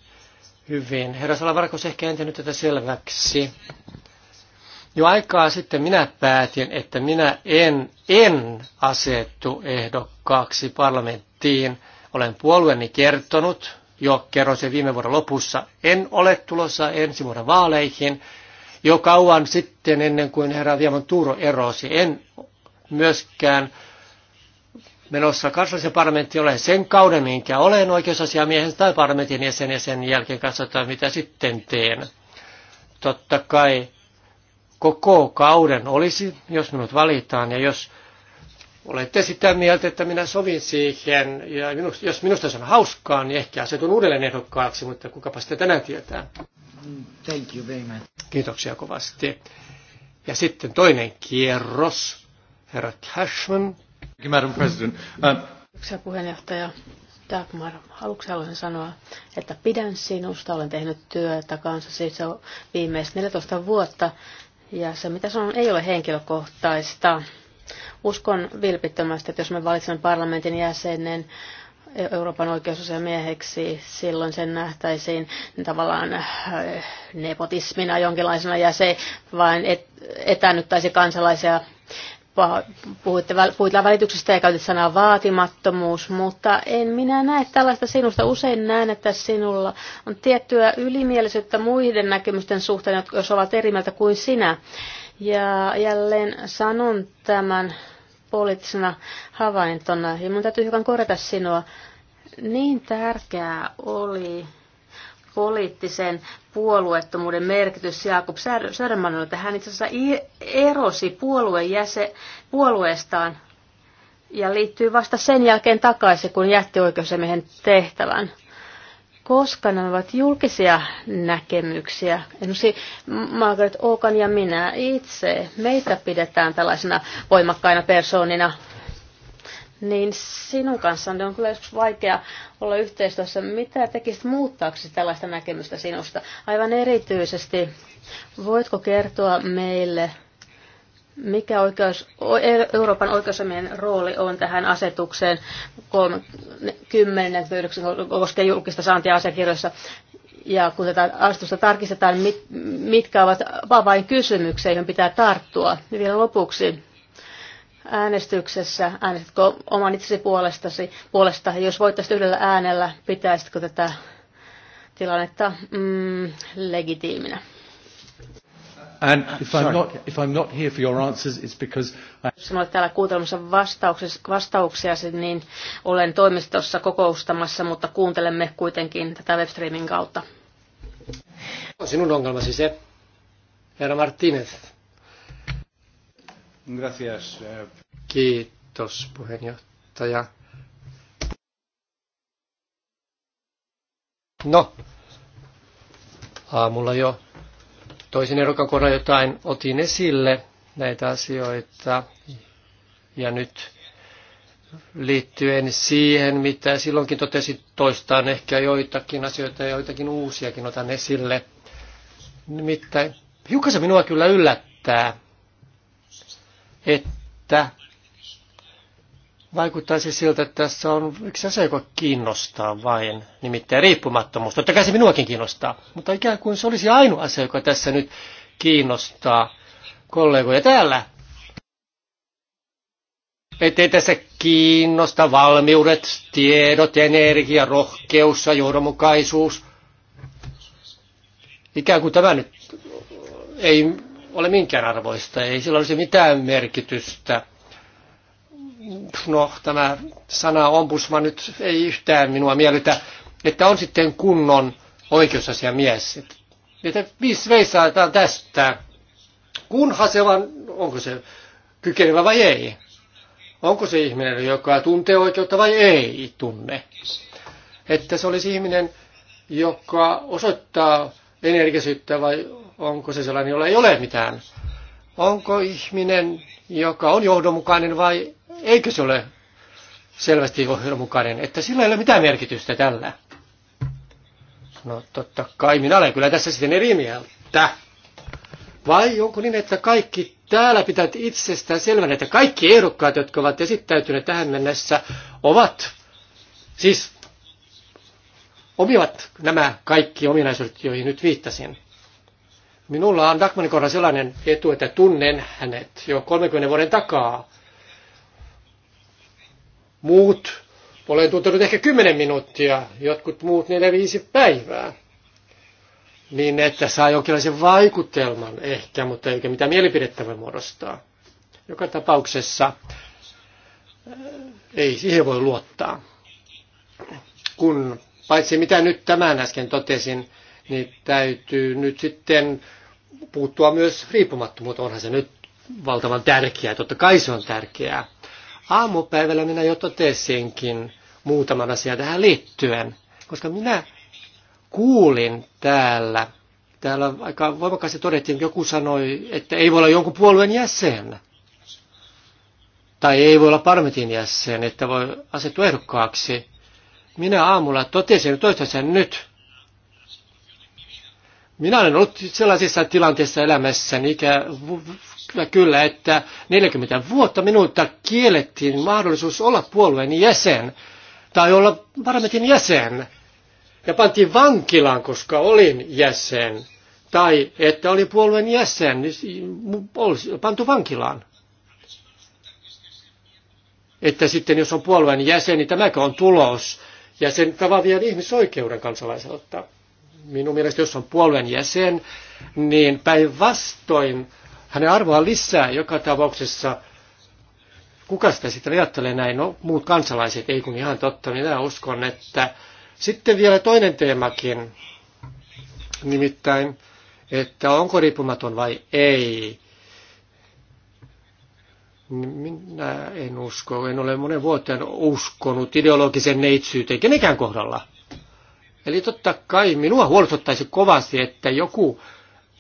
hyvin. Herra Salavarkos ehkä en tehnyt tätä selväksi. Jo aikaa sitten minä päätin, että minä en, en asettu ehdokkaaksi parlamenttiin. Olen puolueeni kertonut, jo kerroin sen viime vuoden lopussa, en ole tulossa ensi vuoden vaaleihin, jo kauan sitten ennen kuin herra Viemon Tuuro erosi. En myöskään menossa kansallisen parlamentti ole sen kauden, minkä olen oikeusasiamiehen tai parlamentin jäsen ja sen jälkeen katsotaan, mitä sitten teen. Totta kai koko kauden olisi, jos minut valitaan ja jos olette sitä mieltä, että minä sovin siihen, ja minusta, jos minusta se on hauskaa, niin ehkä asetun uudelleen ehdokkaaksi, mutta kukapa sitä tänään tietää. Thank you very much. Kiitoksia kovasti. Ja sitten toinen kierros, herra Cashman. Thank you, Madam President. Uh... Kiitoksia puheenjohtaja. Dagmar, aluksi haluaisin sanoa, että pidän sinusta, olen tehnyt työtä kanssa siis viimeiset 14 vuotta, ja se mitä sanon ei ole henkilökohtaista Uskon vilpittömästi, että jos me valitsemme parlamentin jäsenen e- Euroopan oikeusasiamieheksi, silloin sen nähtäisiin tavallaan äh, nepotismina jonkinlaisena ja se vain et, kansalaisia puhuitte, puhuitte välityksestä ja käytit sanaa vaatimattomuus, mutta en minä näe tällaista sinusta. Usein näen, että sinulla on tiettyä ylimielisyyttä muiden näkemysten suhteen, jos ovat eri mieltä kuin sinä. Ja jälleen sanon tämän poliittisena havaintona, ja minun täytyy hiukan korjata sinua, niin tärkeää oli poliittisen puolueettomuuden merkitys Jakob Södermanille, että hän itse asiassa erosi puolueen jäsen, puolueestaan ja liittyy vasta sen jälkeen takaisin, kun jätti oikeusemiehen tehtävän koska nämä ovat julkisia näkemyksiä. Esimerkiksi Margaret Okan ja minä itse, meitä pidetään tällaisina voimakkaina persoonina, niin sinun kanssa on kyllä joskus vaikea olla yhteistyössä. Mitä tekisit muuttaaksesi tällaista näkemystä sinusta? Aivan erityisesti, voitko kertoa meille mikä oikeus, Euroopan oikeusasiamiehen rooli on tähän asetukseen 10.9. koskee julkista saantia asiakirjoissa? Ja kun tätä asetusta tarkistetaan, mit, mitkä ovat kysymyksiä, joihin pitää tarttua? Ja vielä lopuksi äänestyksessä, äänestätkö oman itsesi puolestasi, puolesta, jos voittaisit yhdellä äänellä, pitäisitkö tätä tilannetta mm, legitiiminä? And if I'm, not, if I'm not here for your answers, it's because... I... Jos olet täällä kuuntelemassa vastauksia, niin olen toimistossa kokoustamassa, mutta kuuntelemme kuitenkin tätä webstreamin kautta. Sinun ongelmasi se, herra Martínez. Gracias. Eh. Kiitos, puheenjohtaja. No, aamulla jo toisen erokan kohdalla jotain otin esille näitä asioita. Ja nyt liittyen siihen, mitä silloinkin totesin, toistaan ehkä joitakin asioita ja joitakin uusiakin otan esille. Nimittäin hiukan se minua kyllä yllättää, että vaikuttaisi siltä, että tässä on yksi asia, joka kiinnostaa vain, nimittäin riippumattomuus. Totta kai se minuakin kiinnostaa, mutta ikään kuin se olisi ainoa asia, joka tässä nyt kiinnostaa kollegoja täällä. Ettei tässä kiinnosta valmiudet, tiedot, energia, rohkeus ja johdonmukaisuus. Ikään kuin tämä nyt ei ole minkään arvoista, ei sillä olisi mitään merkitystä no tämä sana ombusman nyt ei yhtään minua miellytä, että on sitten kunnon oikeusasiamies. Että viisi veisaataan tästä, kunhan se vaan, onko se kykenevä vai ei. Onko se ihminen, joka tuntee oikeutta vai ei tunne. Että se olisi ihminen, joka osoittaa energisyyttä vai onko se sellainen, jolla ei ole mitään. Onko ihminen, joka on johdonmukainen vai Eikö se ole selvästi johdonmukainen, että sillä ei ole mitään merkitystä tällä? No totta kai, minä olen kyllä tässä sitten eri mieltä. Vai onko niin, että kaikki täällä pitää itsestään selvänä, että kaikki ehdokkaat, jotka ovat esittäytyneet tähän mennessä, ovat, siis omivat nämä kaikki ominaisuudet, joihin nyt viittasin. Minulla on Dagmanin kohdalla sellainen etu, että tunnen hänet jo 30 vuoden takaa. Muut olen tuntenut ehkä 10 minuuttia, jotkut muut 4-5 päivää. Niin, että saa jonkinlaisen vaikutelman ehkä, mutta eikä mitään mielipidettä voi muodostaa. Joka tapauksessa äh, ei siihen voi luottaa. Kun paitsi mitä nyt tämän äsken totesin, niin täytyy nyt sitten puuttua myös riippumattomuuteen. Onhan se nyt valtavan tärkeää, totta kai se on tärkeää. Aamupäivällä minä jo totesinkin muutaman asian tähän liittyen, koska minä kuulin täällä, täällä aika voimakkaasti todettiin, että joku sanoi, että ei voi olla jonkun puolueen jäsen. Tai ei voi olla parlamentin jäsen, että voi asettua ehdokkaaksi. Minä aamulla totesin, toistan sen nyt. Minä olen ollut sellaisissa tilanteissa elämässäni, ikä kyllä, kyllä, että 40 vuotta minulta kiellettiin mahdollisuus olla puolueen jäsen tai olla parlamentin jäsen. Ja pantiin vankilaan, koska olin jäsen. Tai että oli puolueen jäsen, niin pantu vankilaan. Että sitten jos on puolueen jäsen, niin tämäkö on tulos jäseniltä vaan vielä ihmisoikeuden kansalaiselta. Minun mielestä jos on puolueen jäsen, niin päinvastoin hänen arvoaan lisää joka tapauksessa. Kuka sitä sitten ajattelee näin? No, muut kansalaiset, ei kun ihan totta, minä uskon, että sitten vielä toinen teemakin, nimittäin, että onko riippumaton vai ei. Minä en usko, en ole monen vuoteen uskonut ideologisen neitsyyteen kenenkään kohdalla. Eli totta kai minua huolestuttaisi kovasti, että joku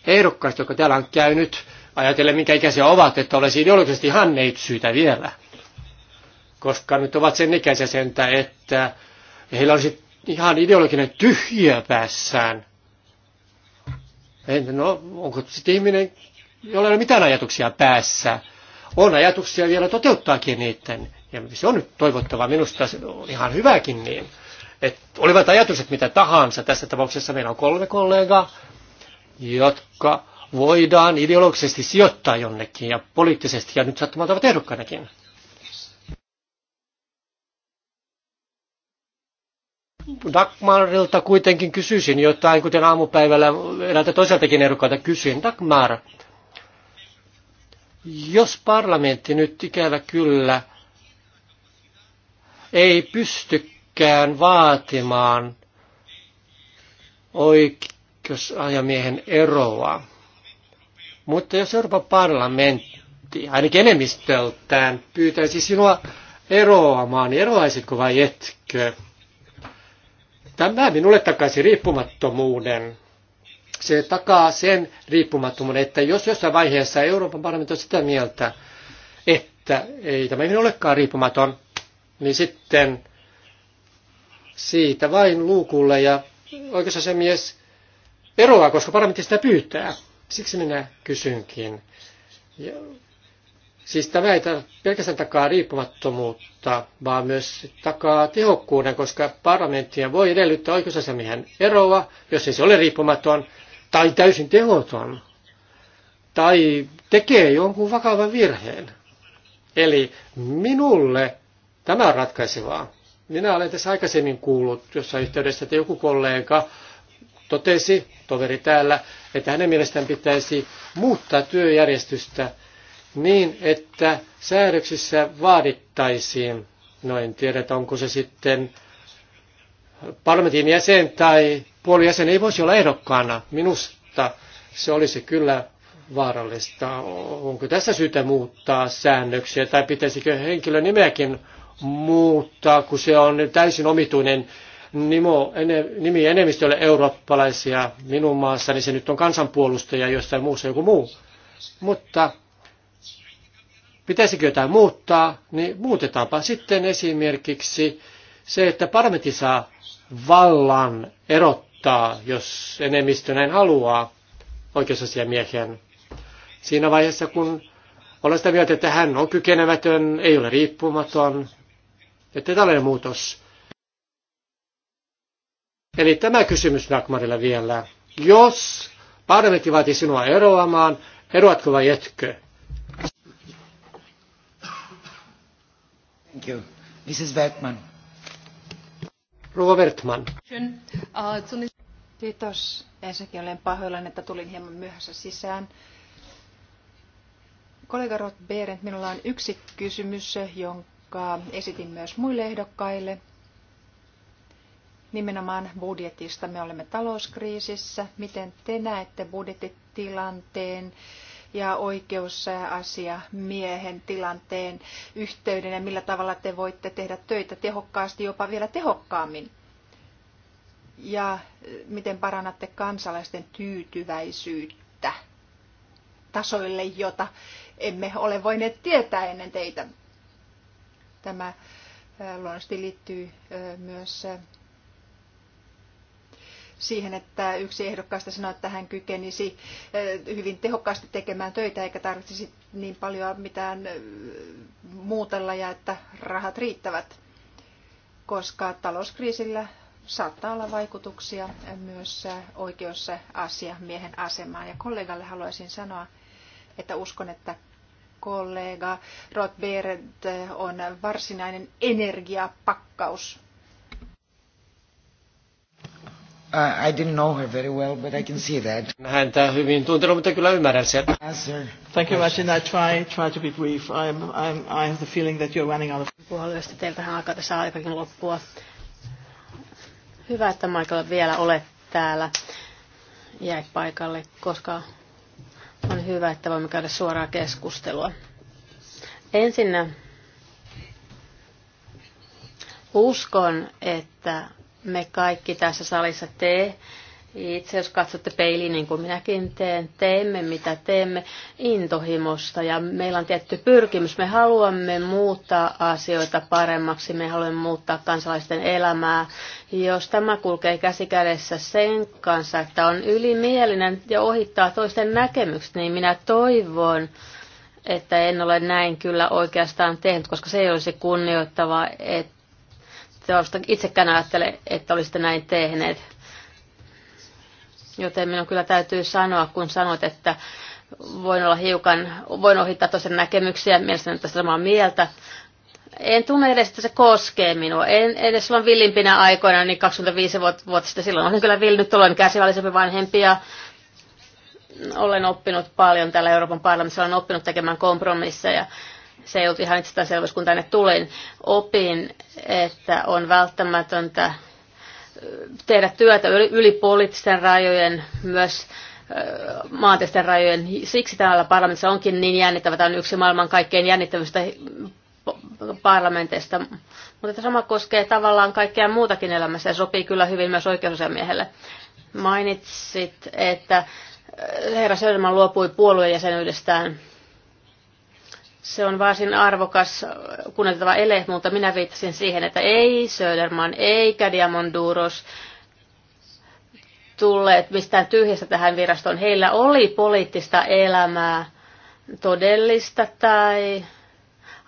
ehdokkaista, joka täällä on käynyt ajatellen minkä ikäisiä ovat, että olisi ideologisesti ihan neitsyitä vielä. Koska nyt ovat sen ikäisiä sentä, että heillä olisi ihan ideologinen tyhjiö päässään. Entä no, onko sitten ihminen, jolla ei ole mitään ajatuksia päässä? On ajatuksia vielä toteuttaakin niiden. Ja se on nyt toivottavaa minusta ihan hyväkin niin. Et olivat ajatukset mitä tahansa. Tässä tapauksessa meillä on kolme kollegaa, jotka voidaan ideologisesti sijoittaa jonnekin ja poliittisesti, ja nyt sattumalta ovat ehdokkainakin. Dagmarilta kuitenkin kysyisin jotain, kuten aamupäivällä eräältä toiseltakin ehdokkaalta kysyin. Dagmar, jos parlamentti nyt ikävä kyllä ei pystykään vaatimaan oikeusajamiehen eroa, mutta jos Euroopan parlamentti ainakin enemmistöltään pyytäisi sinua eroamaan, niin eroaisitko vai etkö? Tämä minulle takaisin riippumattomuuden. Se takaa sen riippumattomuuden, että jos jossain vaiheessa Euroopan parlamentti on sitä mieltä, että ei tämä ihminen olekaan riippumaton, niin sitten siitä vain luukulle ja oikeusasemies eroaa, koska parlamentti sitä pyytää. Siksi minä kysynkin. Ja, siis tämä ei pelkästään takaa riippumattomuutta, vaan myös takaa tehokkuuden, koska parlamenttia voi edellyttää oikeusasiamiehen eroa, jos ei se ole riippumaton tai täysin tehoton tai tekee jonkun vakavan virheen. Eli minulle tämä on ratkaisevaa. Minä olen tässä aikaisemmin kuullut jossain yhteydessä, että joku kollega totesi, toveri täällä, että hänen mielestään pitäisi muuttaa työjärjestystä niin, että säädöksissä vaadittaisiin, no en tiedä, onko se sitten parlamentin jäsen tai puolijäsen ei voisi olla ehdokkaana. Minusta se olisi kyllä vaarallista. Onko tässä syytä muuttaa säännöksiä tai pitäisikö henkilön nimeäkin muuttaa, kun se on täysin omituinen nimi enemmistölle eurooppalaisia minun maassani, se nyt on kansanpuolustaja jossain muussa joku muu. Mutta pitäisikö jotain muuttaa, niin muutetaanpa sitten esimerkiksi se, että parlamentti saa vallan erottaa, jos enemmistö näin haluaa, oikeusasiamiehen. Siinä vaiheessa, kun olen sitä mieltä, että hän on kykenemätön, ei ole riippumaton, että tällainen muutos Eli tämä kysymys Dagmarille vielä. Jos parlamentti vaatii sinua eroamaan, eroatko vai etkö? Thank you. Mrs. Bergman. Rouva Bergman. Kiitos. Ensinnäkin olen pahoillani, että tulin hieman myöhässä sisään. Kollega Roth Berend, minulla on yksi kysymys, jonka esitin myös muille ehdokkaille – nimenomaan budjetista. Me olemme talouskriisissä. Miten te näette budjettitilanteen ja oikeusasia miehen tilanteen yhteyden ja millä tavalla te voitte tehdä töitä tehokkaasti, jopa vielä tehokkaammin? Ja e, miten parannatte kansalaisten tyytyväisyyttä tasoille, jota emme ole voineet tietää ennen teitä? Tämä e, luonnollisesti liittyy e, myös siihen, että yksi ehdokkaista sanoi, että hän kykenisi eh, hyvin tehokkaasti tekemään töitä eikä tarvitsisi niin paljon mitään eh, muutella ja että rahat riittävät, koska talouskriisillä saattaa olla vaikutuksia myös eh, oikeusasiamiehen asemaan. Ja kollegalle haluaisin sanoa, että uskon, että kollega Roth Berend on varsinainen energiapakkaus I didn't know her very well, but I can see that. Häntä hyvin tuntenut, mutta kyllä ymmärrän sen. Answer. Thank you much, and I try, try to be brief. I'm, I'm, I have the feeling that you're running out of... Puolueesta teiltähän alkaa tässä aikakin loppua. Hyvä, että Michael vielä ole täällä. Jäi paikalle, koska on hyvä, että voimme käydä suoraa keskustelua. Ensinnä uskon, että me kaikki tässä salissa te itse, jos katsotte peiliin niin kuin minäkin teen, teemme mitä teemme intohimosta ja meillä on tietty pyrkimys. Me haluamme muuttaa asioita paremmaksi, me haluamme muuttaa kansalaisten elämää. Jos tämä kulkee käsikädessä sen kanssa, että on ylimielinen ja ohittaa toisten näkemykset, niin minä toivon, että en ole näin kyllä oikeastaan tehnyt, koska se ei olisi kunnioittavaa, että teosta itsekään ajattele, että olisitte näin tehneet. Joten minun kyllä täytyy sanoa, kun sanoit, että voin olla hiukan, voin ohittaa toisen näkemyksiä, mielestäni tästä samaa mieltä. En tunne edes, että se koskee minua. En edes silloin villimpinä aikoina, niin 25 vuotta, vuotta sitten silloin olen kyllä villinyt, olen kärsivällisempi vanhempi ja olen oppinut paljon täällä Euroopan parlamentissa, olen oppinut tekemään kompromisseja se ei ollut ihan itsestäänselvyys, kun tänne tulin. Opin, että on välttämätöntä tehdä työtä yli poliittisten rajojen, myös maantisten rajojen. Siksi täällä parlamentissa onkin niin jännittävä. Tämä on yksi maailman kaikkein jännittävistä parlamenteista. Mutta sama koskee tavallaan kaikkea muutakin elämässä ja sopii kyllä hyvin myös oikeusasiamiehelle. Mainitsit, että herra Söderman luopui jäsenyydestään se on varsin arvokas kunnioitettava ele, mutta minä viittasin siihen, että ei Söderman eikä Diamonduros tulleet mistään tyhjästä tähän virastoon. Heillä oli poliittista elämää todellista tai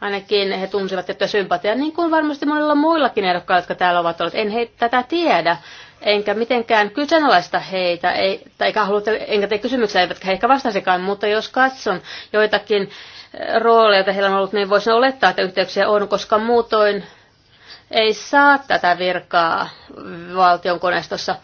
ainakin he tunsivat tiettyä sympatiaa, niin kuin varmasti monilla muillakin ehdokkailla, jotka täällä ovat olleet. En he tätä tiedä, enkä mitenkään kyseenalaista heitä, ei, tai eikä halua, enkä tee kysymyksiä, eivätkä he ehkä vastaisikaan, mutta jos katson joitakin rooleja, joita heillä on ollut, niin voisi olettaa, että yhteyksiä on, koska muutoin ei saa tätä virkaa valtion koneistossa.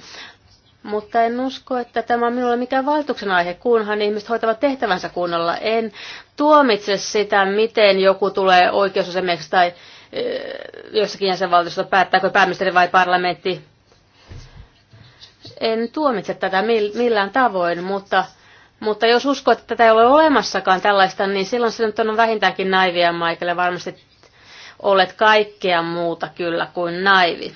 Mutta en usko, että tämä on minulle mikään valituksen aihe, kunhan ihmiset hoitavat tehtävänsä kunnolla. En tuomitse sitä, miten joku tulee oikeusasemieksi tai jossakin jäsenvaltiossa päättääkö pääministeri vai parlamentti. En tuomitse tätä millään tavoin, mutta mutta jos uskoo, että tätä ei ole olemassakaan tällaista, niin silloin se nyt on vähintäänkin naivia, Michael. Varmasti olet kaikkea muuta kyllä kuin naivi.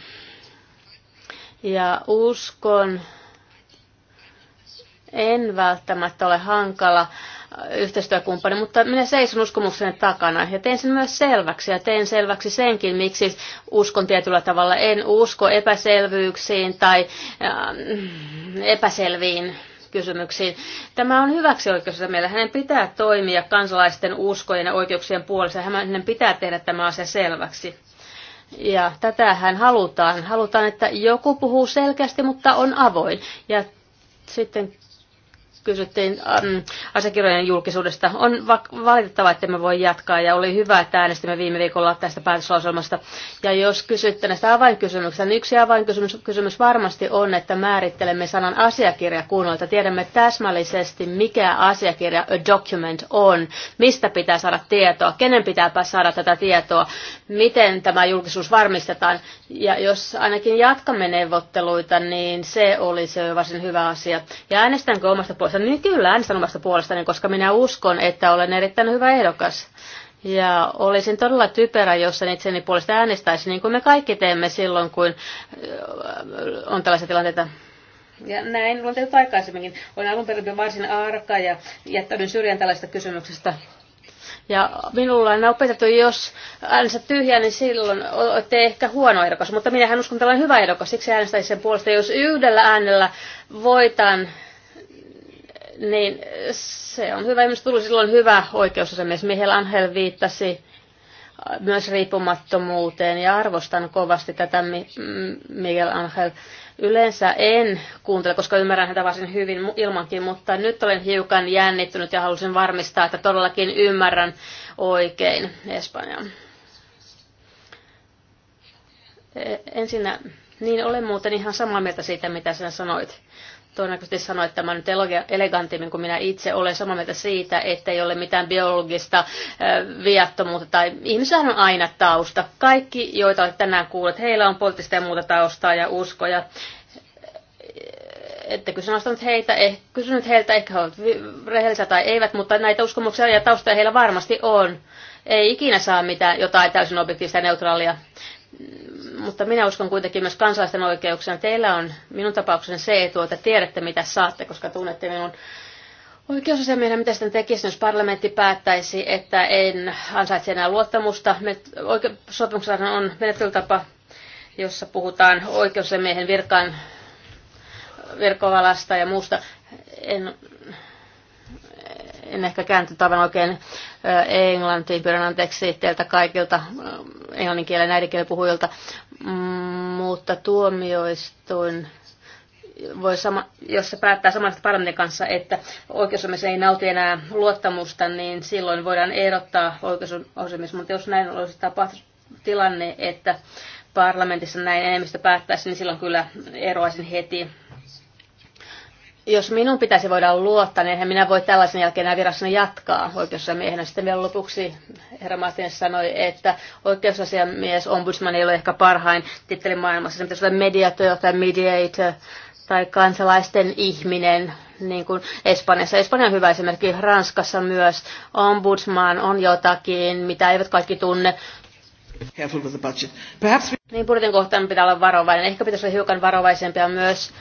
Ja uskon, en välttämättä ole hankala yhteistyökumppani, mutta minä seison uskomukseni takana ja tein sen myös selväksi ja tein selväksi senkin, miksi uskon tietyllä tavalla. En usko epäselvyyksiin tai äh, epäselviin kysymyksiin. Tämä on hyväksi että meillä. Hänen pitää toimia kansalaisten uskojen ja oikeuksien puolesta. Hänen pitää tehdä tämä asia selväksi. Ja tätähän halutaan. Halutaan, että joku puhuu selkeästi, mutta on avoin. Ja sitten kysyttiin mm, asiakirjojen julkisuudesta. On valitettava, että me voi jatkaa ja oli hyvä, että äänestimme viime viikolla tästä päätöslauselmasta. Ja jos kysytte näistä avainkysymyksistä, niin yksi avainkysymys kysymys varmasti on, että määrittelemme sanan asiakirja kunnolla. Tiedämme täsmällisesti, mikä asiakirja a document on, mistä pitää saada tietoa, kenen pitääpä saada tätä tietoa, miten tämä julkisuus varmistetaan. Ja jos ainakin jatkamme neuvotteluita, niin se olisi varsin hyvä asia. Ja äänestänkö omasta puolesta puolesta, niin kyllä äänestän omasta puolestani, koska minä uskon, että olen erittäin hyvä ehdokas. Ja olisin todella typerä, jos en itseni puolesta äänestäisi, niin kuin me kaikki teemme silloin, kun äh, on tällaisia tilanteita. Ja näin on tehnyt aikaisemminkin. Olen alun perin varsin arka ja jättänyt syrjään tällaista kysymyksestä. Ja minulla on opetettu, jos äänestät tyhjää, niin silloin olette ehkä huono ehdokas. Mutta minähän uskon tällainen hyvä ehdokas, siksi äänestäisin sen puolesta. Jos yhdellä äänellä voitan niin se on hyvä. Ihmiset tuli silloin hyvä oikeusasiamies. Mihel Angel viittasi äh, myös riippumattomuuteen ja arvostan kovasti tätä Miguel Angel. Yleensä en kuuntele, koska ymmärrän häntä varsin hyvin ilmankin, mutta nyt olen hiukan jännittynyt ja halusin varmistaa, että todellakin ymmärrän oikein Espanjan. E- ensinnä, niin olen muuten ihan samaa mieltä siitä, mitä sinä sanoit todennäköisesti sanoa että tämä nyt elegantimmin kuin minä itse olen samaa mieltä siitä, että ei ole mitään biologista viattomuutta tai ihmisillä on aina tausta. Kaikki, joita olet tänään kuullut, heillä on poliittista ja muuta taustaa ja uskoja. Että kysynyt heitä, eh, kysynyt heiltä, ehkä he ovat rehellisiä tai eivät, mutta näitä uskomuksia ja taustoja heillä varmasti on. Ei ikinä saa mitään jotain täysin objektiivista ja neutraalia mutta minä uskon kuitenkin myös kansalaisten oikeuksien Teillä on minun tapaukseni se etu, että tiedätte mitä saatte, koska tunnette minun oikeusasiamiehen, mitä sitten tekisi, jos parlamentti päättäisi, että en ansaitse enää luottamusta. Sopimuksessa on menettelytapa, jossa puhutaan oikeusasiamiehen virkaan virkovalasta ja muusta. En en ehkä kääntynyt aivan oikein englantiin, pyydän anteeksi teiltä kaikilta englanninkielen äidinkielen puhujilta, mm, mutta tuomioistuin voi sama, jos se päättää samasta parlamentin kanssa, että oikeusomis ei nauti enää luottamusta, niin silloin voidaan ehdottaa oikeusomis. mutta jos näin olisi tapahtunut tilanne, että parlamentissa näin enemmistö päättäisi, niin silloin kyllä eroaisin heti jos minun pitäisi voida luottaa, niin minä voi tällaisen jälkeen enää virassani jatkaa oikeusasiamiehenä. Sitten vielä lopuksi herra Martin sanoi, että oikeusasiamies, ombudsman ei ole ehkä parhain titteli maailmassa. Se pitäisi olla mediator tai mediator tai kansalaisten ihminen, niin kuin Espanjassa. Espanja on hyvä esimerkki, Ranskassa myös. Ombudsman on jotakin, mitä eivät kaikki tunne. Careful with the budget. Perhaps we... Niin budjetin kohtaan pitää olla varovainen. Ehkä pitäisi olla hiukan varovaisempia myös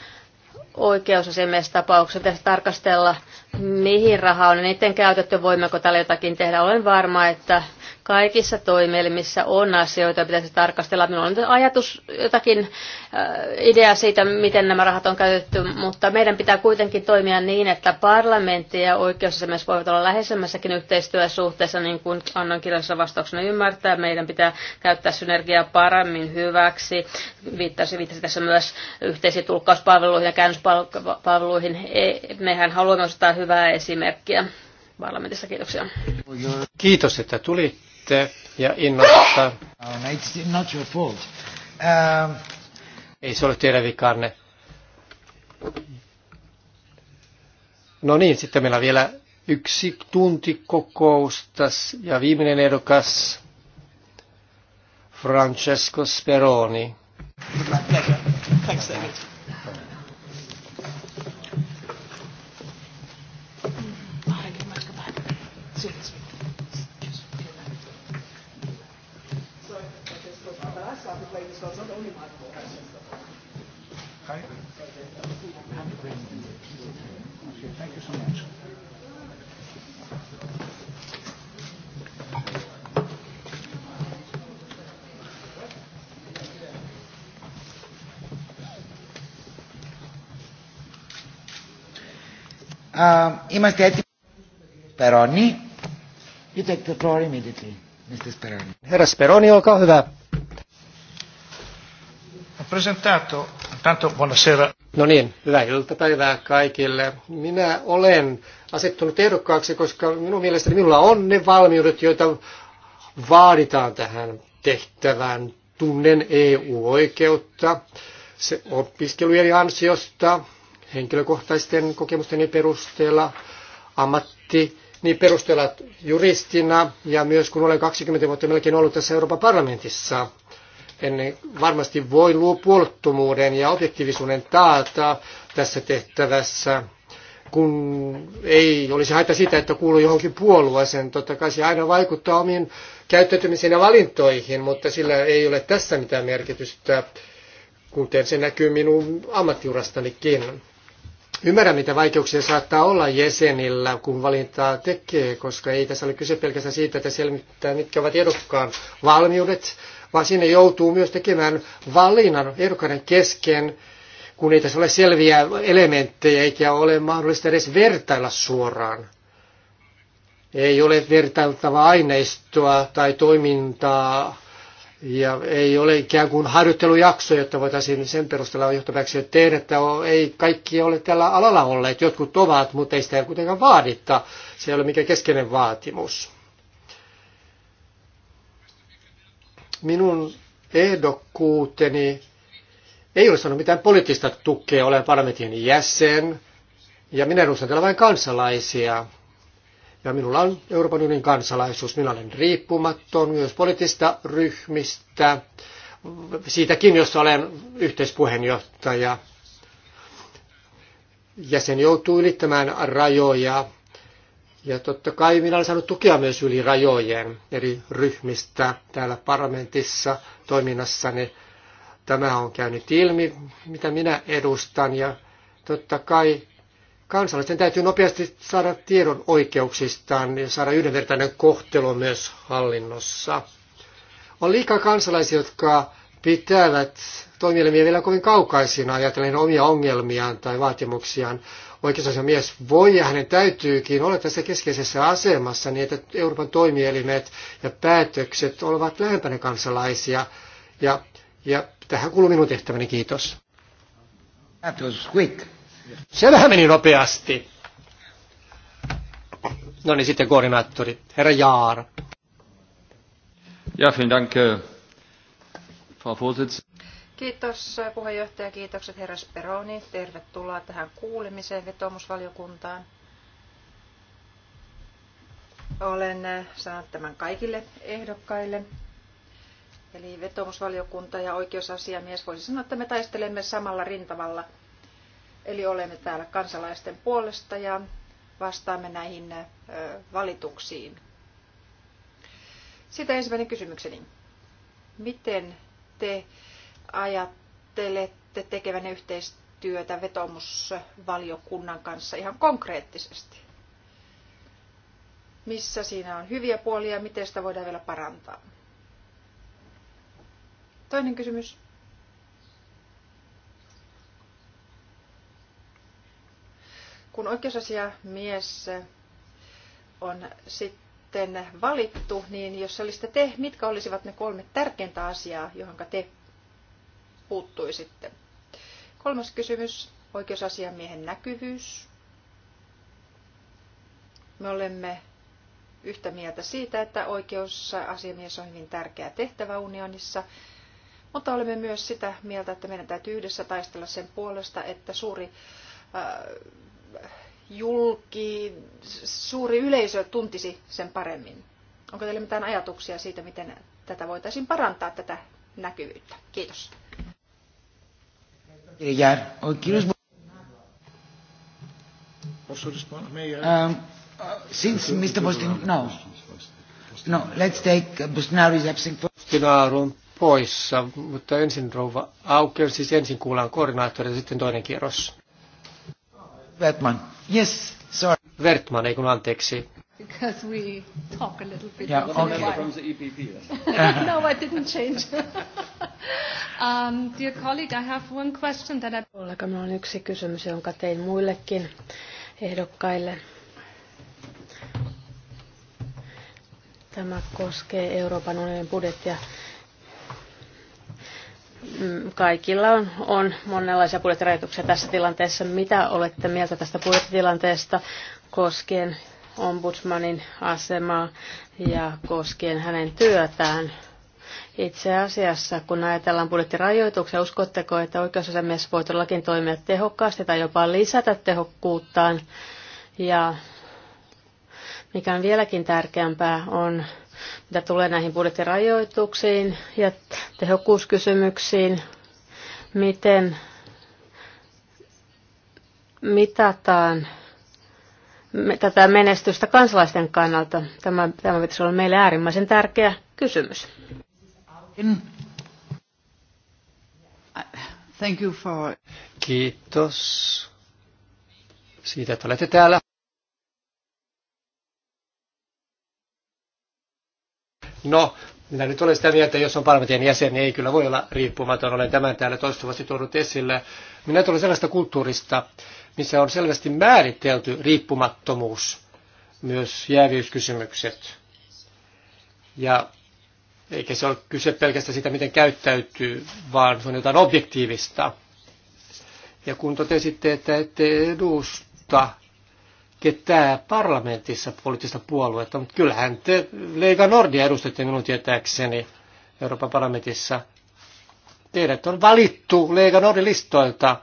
oikeusasiamies tapauksen tarkastella, mihin raha on eniten käytetty, voimmeko tällä jotakin tehdä. Olen varma, että Kaikissa toimielimissä on asioita, joita pitäisi tarkastella. Minulla on ajatus, jotakin äh, idea siitä, miten nämä rahat on käytetty, mutta meidän pitää kuitenkin toimia niin, että parlamentti ja oikeusasemies voivat olla läheisemmässäkin yhteistyösuhteessa, niin kuin annan kirjallisessa vastauksena ymmärtää. Meidän pitää käyttää synergiaa paremmin hyväksi. Viittasi, viittasi tässä myös yhteisiin tulkkauspalveluihin ja käännöspalveluihin. E, mehän haluamme ostaa hyvää esimerkkiä parlamentissa. Kiitoksia. Kiitos, että tulit tuette ja innostatte. Oh, um, no, it's not your fault. Um... Ei se ole teidän vikanne. No niin, sitten meillä on vielä yksi tunti kokousta ja viimeinen ehdokas Francesco Speroni. Thanks, David. Thanks. Thank you um, so much. Είμαστε έτοιμοι. Περώνει. You take the floor immediately, Mr. Speroni. Herra Speroni, olkaa hyvä presentato. Tanto buonasera. No niin, hyvää iltapäivää kaikille. Minä olen asettunut ehdokkaaksi, koska minun mielestäni minulla on ne valmiudet, joita vaaditaan tähän tehtävään. Tunnen EU-oikeutta se opiskelujen ansiosta, henkilökohtaisten kokemusten perusteella, ammatti niin perusteella juristina ja myös kun olen 20 vuotta melkein ollut tässä Euroopan parlamentissa – ennen varmasti voi luo puolettomuuden ja objektiivisuuden taata tässä tehtävässä, kun ei olisi haita sitä, että kuuluu johonkin puolueeseen. Totta kai se aina vaikuttaa omiin käyttäytymisiin ja valintoihin, mutta sillä ei ole tässä mitään merkitystä, kuten se näkyy minun ammattiurastanikin. Ymmärrän, mitä vaikeuksia saattaa olla jäsenillä, kun valintaa tekee, koska ei tässä ole kyse pelkästään siitä, että selvittää, mitkä ovat ehdokkaan valmiudet, vaan sinne joutuu myös tekemään valinnan ehdokkaiden kesken, kun ei tässä ole selviä elementtejä eikä ole mahdollista edes vertailla suoraan. Ei ole vertailtavaa aineistoa tai toimintaa ja ei ole ikään kuin harjoittelujakso, jotta voitaisiin sen perusteella johtopäätöksiä tehdä, että ei kaikki ole tällä alalla olleet. Jotkut ovat, mutta ei sitä kuitenkaan vaadita. Se ei ole mikään keskeinen vaatimus. minun ehdokkuuteni ei ole saanut mitään poliittista tukea, olen parlamentin jäsen ja minä edustan täällä vain kansalaisia. Ja minulla on Euroopan unionin kansalaisuus, minä olen riippumaton myös poliittista ryhmistä, siitäkin jos olen yhteispuheenjohtaja. Jäsen joutuu ylittämään rajoja ja totta kai minä olen saanut tukea myös yli rajojen eri ryhmistä täällä parlamentissa toiminnassani. Tämä on käynyt ilmi, mitä minä edustan ja totta kai kansalaisten täytyy nopeasti saada tiedon oikeuksistaan ja saada yhdenvertainen kohtelu myös hallinnossa. On liikaa kansalaisia, jotka pitävät toimielimiä vielä kovin kaukaisina ajatellen omia ongelmiaan tai vaatimuksiaan oikeusasiamies voi ja hänen täytyykin olla tässä keskeisessä asemassa niin, että Euroopan toimielimet ja päätökset ovat lähempänä kansalaisia. Ja, ja tähän kuuluu minun tehtäväni, kiitos. That was quick. Se vähän meni nopeasti. No niin, sitten koordinaattori, herra Jaar. Ja, vielen Dank, äh, Frau Kiitos puheenjohtaja, kiitokset herra Speroni. Tervetuloa tähän kuulemiseen vetomusvaliokuntaan. Olen äh, saanut tämän kaikille ehdokkaille. Eli vetomusvaliokunta ja oikeusasiamies voisi sanoa, että me taistelemme samalla rintavalla. Eli olemme täällä kansalaisten puolesta ja vastaamme näihin äh, valituksiin. Sitä ensimmäinen kysymykseni. Miten te ajattelette tekevänne yhteistyötä vetomusvaliokunnan kanssa ihan konkreettisesti? Missä siinä on hyviä puolia ja miten sitä voidaan vielä parantaa? Toinen kysymys. Kun oikeusasiamies on sitten valittu, niin jos olisitte te, mitkä olisivat ne kolme tärkeintä asiaa, johon te puuttuisitte? Kolmas kysymys, oikeusasiamiehen näkyvyys. Me olemme yhtä mieltä siitä, että oikeusasiamies on hyvin tärkeä tehtävä unionissa, mutta olemme myös sitä mieltä, että meidän täytyy yhdessä taistella sen puolesta, että suuri äh, julki, suuri yleisö tuntisi sen paremmin. Onko teillä mitään ajatuksia siitä, miten tätä voitaisiin parantaa, tätä näkyvyyttä? Kiitos. Ο κύριος... Also since Mr. Bostin, no. No, let's take uh, Bostinaru's absent. Bostinaru on poissa, mutta ensin rouva Auker, siis ensin kuullaan koordinaattori ja sitten toinen kierros. Vertman, yes, sorry. Vertman, ei kun anteeksi. Because we talk a little bit. Yeah, okay. from the EPP. E (laughs) (laughs) no, I didn't change. (laughs) um, dear colleague, I have one question that I... Kollega, on yksi kysymys, jonka tein muillekin ehdokkaille. Tämä koskee Euroopan unionin budjettia. Mm, kaikilla on, on monenlaisia budjettirajoituksia tässä tilanteessa. Mitä olette mieltä tästä budjettitilanteesta koskien ombudsmanin asemaa ja koskien hänen työtään. Itse asiassa, kun ajatellaan budjettirajoituksia, uskotteko, että oikeusasiamies voi todellakin toimia tehokkaasti tai jopa lisätä tehokkuuttaan? Ja mikä on vieläkin tärkeämpää, on mitä tulee näihin budjettirajoituksiin ja tehokkuuskysymyksiin, miten mitataan tätä menestystä kansalaisten kannalta? Tämä, tämä pitäisi olla meille äärimmäisen tärkeä kysymys. Thank you for... Kiitos siitä, että olette täällä. No, minä nyt olen sitä mieltä, että jos on parlamentin jäsen, niin ei kyllä voi olla riippumaton. Olen tämän täällä toistuvasti tuonut esille. Minä tulen sellaista kulttuurista, missä on selvästi määritelty riippumattomuus, myös jääviyskysymykset. Ja eikä se ole kyse pelkästään siitä, miten käyttäytyy, vaan se on jotain objektiivista. Ja kun totesitte, että ette edusta ketään parlamentissa poliittista puoluetta, mutta kyllähän te Leiga Nordia edustatte minun tietääkseni Euroopan parlamentissa. Teidät on valittu Leiga Nordin listoilta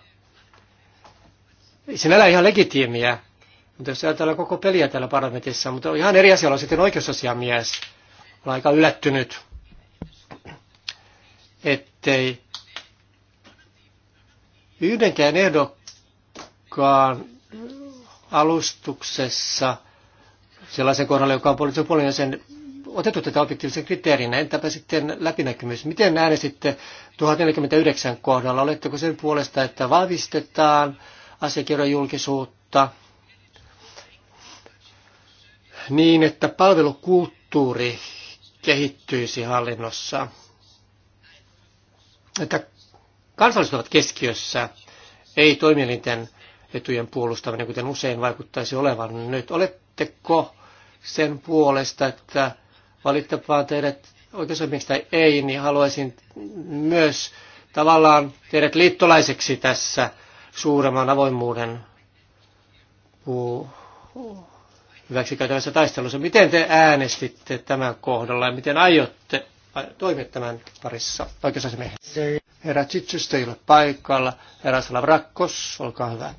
sinällään ihan legitiimiä, mutta jos ajatellaan koko peliä täällä parlamentissa, mutta on ihan eri asia on sitten oikeusasiamies. Olen aika yllättynyt, ettei yhdenkään ehdokkaan alustuksessa sellaisen kohdalla, joka on poliittisen puolen sen otettu tätä objektiivisen kriteerinä. Entäpä sitten läpinäkymys? Miten äänestitte 1049 kohdalla? Oletteko sen puolesta, että vahvistetaan asiakirjajulkisuutta niin, että palvelukulttuuri kehittyisi hallinnossa. Että kansalliset ovat keskiössä, ei toimielinten etujen puolustaminen, kuten usein vaikuttaisi olevan nyt. Oletteko sen puolesta, että valittavaan teidät oikeusasiamies tai ei, niin haluaisin myös tavallaan teidät liittolaiseksi tässä – suuremman avoimuuden hyväksikäytävässä taistelussa. Miten te äänestitte tämän kohdalla ja miten aiotte toimia tämän parissa oikeusasiamiehen? Herra Tsitsys ei paikalla. Herra Salavrakkos, olkaa hyvä.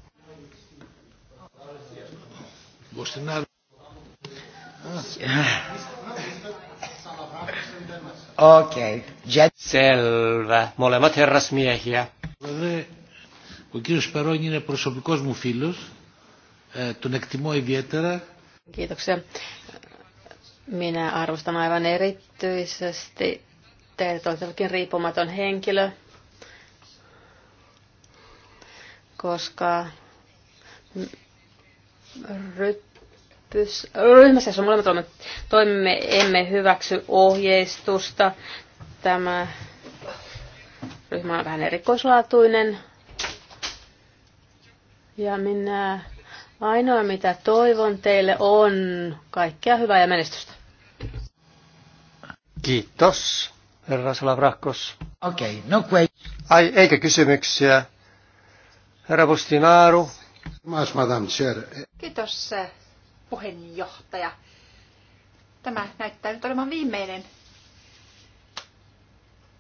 Okei. Okay. Selvä. Molemmat herrasmiehiä. Ο κύριος Σπερόν είναι προσωπικός μου φίλος. Ε, τον εκτιμώ ιδιαίτερα. Kiitoksia. Minä arvostan aivan erityisesti teitä olette riippumaton henkilö, koska ryppys, ryhmässä, jossa molemmat olemme, toimimme, emme hyväksy ohjeistusta. Tämä ryhmä on vähän erikoislaatuinen, ja minä ainoa mitä toivon teille on kaikkea hyvää ja menestystä. Kiitos, herra Salavrakos. Okei, okay, no kuin. Ai, eikä kysymyksiä. Herra Bustinaaru. Mas, madam chair. Kiitos, eh, puheenjohtaja. Tämä näyttää nyt olevan viimeinen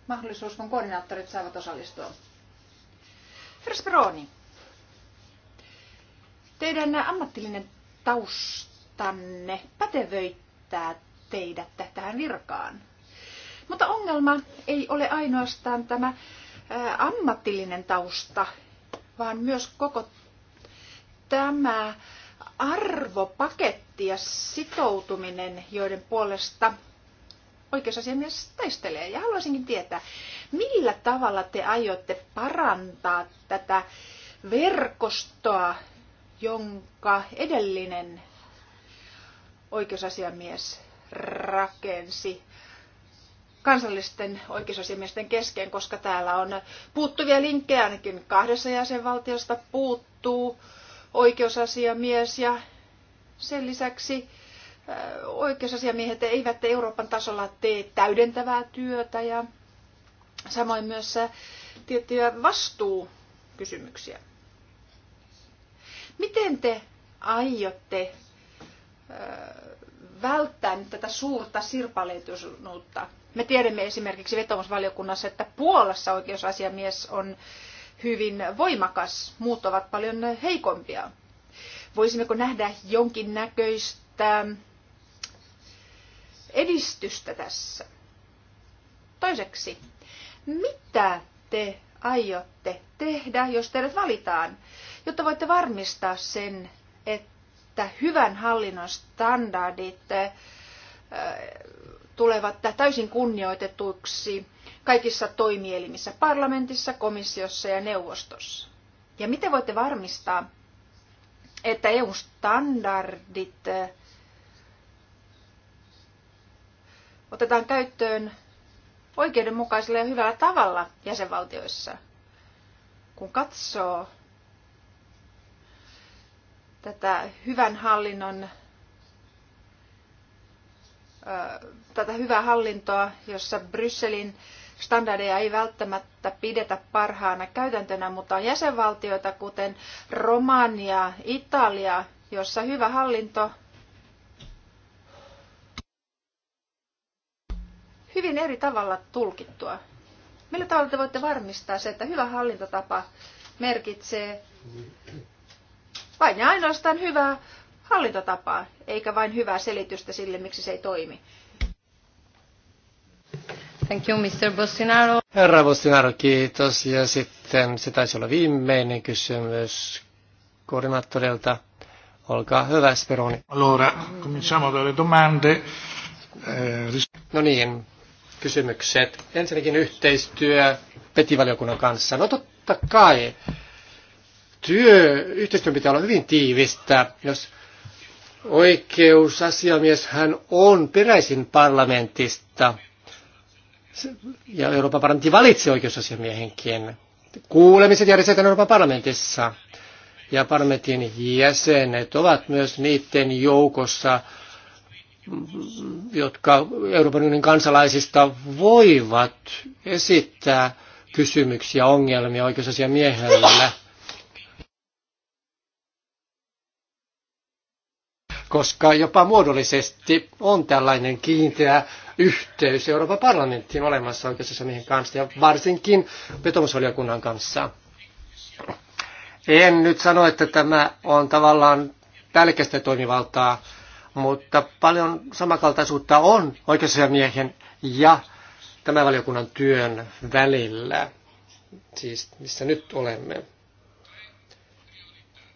mahdollisuus, kun koordinaattorit saavat osallistua. First Browning. Teidän ammattillinen taustanne pätevöittää teidät tähän virkaan. Mutta ongelma ei ole ainoastaan tämä ammattillinen tausta, vaan myös koko tämä arvopaketti ja sitoutuminen, joiden puolesta oikeusasiamies taistelee. Ja haluaisinkin tietää, millä tavalla te aiotte parantaa tätä verkostoa, jonka edellinen oikeusasiamies rakensi kansallisten oikeusasiamiesten kesken, koska täällä on puuttuvia linkkejä, ainakin kahdessa jäsenvaltiosta puuttuu oikeusasiamies ja sen lisäksi oikeusasiamiehet eivät Euroopan tasolla tee täydentävää työtä ja samoin myös tiettyjä vastuukysymyksiä. Miten te aiotte välttää nyt tätä suurta sirpaleitunuutta? Me tiedämme esimerkiksi vetomusvaliokunnassa, että Puolassa oikeusasiamies on hyvin voimakas, muut ovat paljon heikompia. Voisimmeko nähdä jonkin näköistä edistystä tässä? Toiseksi, mitä te aiotte tehdä, jos teidät valitaan? jotta voitte varmistaa sen, että hyvän hallinnon standardit tulevat täysin kunnioitetuiksi kaikissa toimielimissä, parlamentissa, komissiossa ja neuvostossa. Ja miten voitte varmistaa, että EU-standardit otetaan käyttöön oikeudenmukaisella ja hyvällä tavalla jäsenvaltioissa, kun katsoo tätä hyvän hallinnon tätä hyvää hallintoa, jossa Brysselin standardeja ei välttämättä pidetä parhaana käytäntönä, mutta on jäsenvaltioita, kuten Romania, Italia, jossa hyvä hallinto hyvin eri tavalla tulkittua. Millä tavalla te voitte varmistaa se, että hyvä hallintotapa merkitsee vain ja ainoastaan hyvää hallintotapaa, eikä vain hyvää selitystä sille, miksi se ei toimi. Thank you, Mr. Bossinaro. Herra Bossinaro, kiitos. Ja sitten se taisi olla viimeinen kysymys koordinaattorilta. Olkaa hyvä, Speroni. Allora, cominciamo dalle domande. Eh, no niin, kysymykset. Ensinnäkin yhteistyö petivaliokunnan kanssa. No totta kai työ, yhteistyön pitää olla hyvin tiivistä. Jos oikeusasiamies hän on peräisin parlamentista ja Euroopan parlamentti valitsi oikeusasiamiehenkin. Kuulemiset järjestetään Euroopan parlamentissa ja parlamentin jäsenet ovat myös niiden joukossa, jotka Euroopan unionin kansalaisista voivat esittää kysymyksiä, ongelmia oikeusasiamiehelle. koska jopa muodollisesti on tällainen kiinteä yhteys Euroopan parlamenttiin olemassa mihin kanssa ja varsinkin vetomusvaliokunnan kanssa. En nyt sano, että tämä on tavallaan tälkeistä toimivaltaa, mutta paljon samankaltaisuutta on oikeusasiamiehen ja tämän valiokunnan työn välillä, siis missä nyt olemme.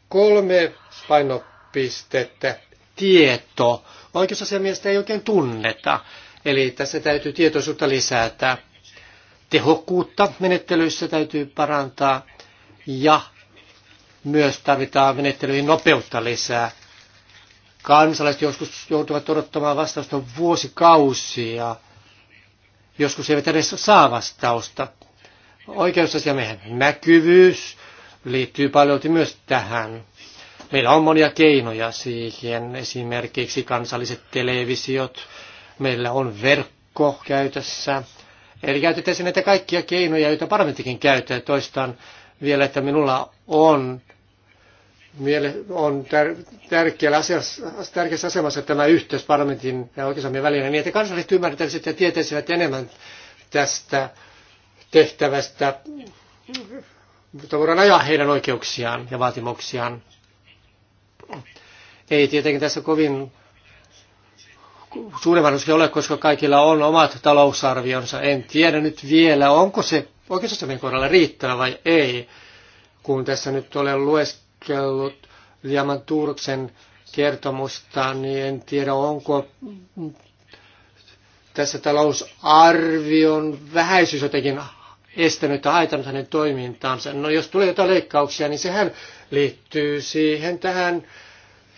Kolme painopistettä tieto. Oikeusasiamiestä ei oikein tunneta. Eli tässä täytyy tietoisuutta lisätä. Tehokkuutta menettelyissä täytyy parantaa ja myös tarvitaan menettelyihin nopeutta lisää. Kansalaiset joskus joutuvat odottamaan vastausta vuosikausia. Joskus eivät edes saa vastausta. Oikeusasiamiehen näkyvyys liittyy paljon myös tähän. Meillä on monia keinoja siihen, esimerkiksi kansalliset televisiot, meillä on verkko käytössä. Eli käytetään näitä kaikkia keinoja, joita parlamenttikin käyttää. Toistan vielä, että minulla on, on tärkeällä asiassa, tärkeässä asemassa tämä yhteys parlamentin ja oikeusamme välillä, niin että kansalliset ymmärtäisivät ja tietäisivät enemmän tästä tehtävästä, mutta voidaan ajaa heidän oikeuksiaan ja vaatimuksiaan. Ei tietenkin tässä kovin suuri mahdollisuus ole, koska kaikilla on omat talousarvionsa. En tiedä nyt vielä, onko se oikeusasemien kohdalla riittävä vai ei, kun tässä nyt olen lueskellut Liaman Turksen kertomusta, niin en tiedä, onko tässä talousarvion vähäisyys jotenkin estänyt tai haitannut hänen toimintaansa. No jos tulee jotain leikkauksia, niin sehän liittyy siihen tähän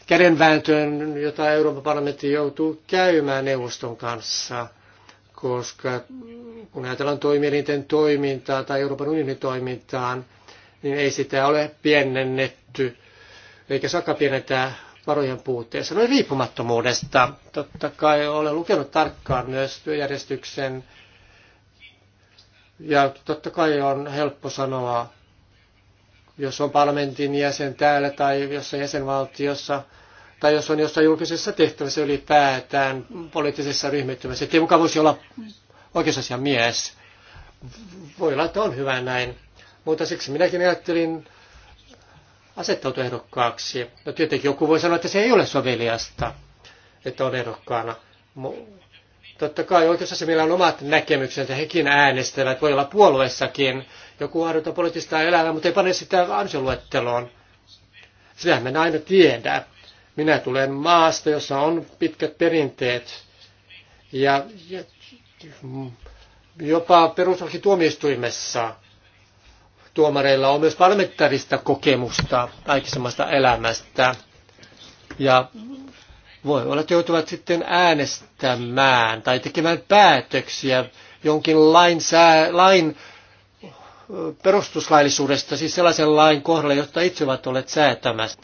kädenvääntöön, jota Euroopan parlamentti joutuu käymään neuvoston kanssa, koska kun ajatellaan toimielinten toimintaa tai Euroopan unionin toimintaa, niin ei sitä ole pienennetty, eikä saakka pienentää varojen puutteessa. No riippumattomuudesta. Totta kai olen lukenut tarkkaan myös työjärjestyksen ja totta kai on helppo sanoa, jos on parlamentin jäsen täällä tai jossain jäsenvaltiossa, tai jos on jossain julkisessa tehtävässä ylipäätään poliittisessa ryhmittymässä. Ettei mukaan voisi olla mies Voi olla, että on hyvä näin. Mutta siksi minäkin ajattelin asettautua ehdokkaaksi. No tietenkin joku voi sanoa, että se ei ole soveliasta, että on ehdokkaana. Totta kai oikeusasiamilla on omat näkemyksensä, hekin äänestävät, voi olla puolueessakin. Joku harjoittaa poliittista elämää, mutta ei pane sitä ansioluetteloon. Sitähän me aina tiedä. Minä tulen maasta, jossa on pitkät perinteet. Ja, ja jopa perustuslakituomioistuimessa tuomareilla on myös parlamentaarista kokemusta aikaisemmasta elämästä. Ja voi olla, että joutuvat sitten äänestämään tai tekemään päätöksiä jonkin lain, sää, lain perustuslaillisuudesta, siis sellaisen lain kohdalla, josta itse ovat olleet säätämässä.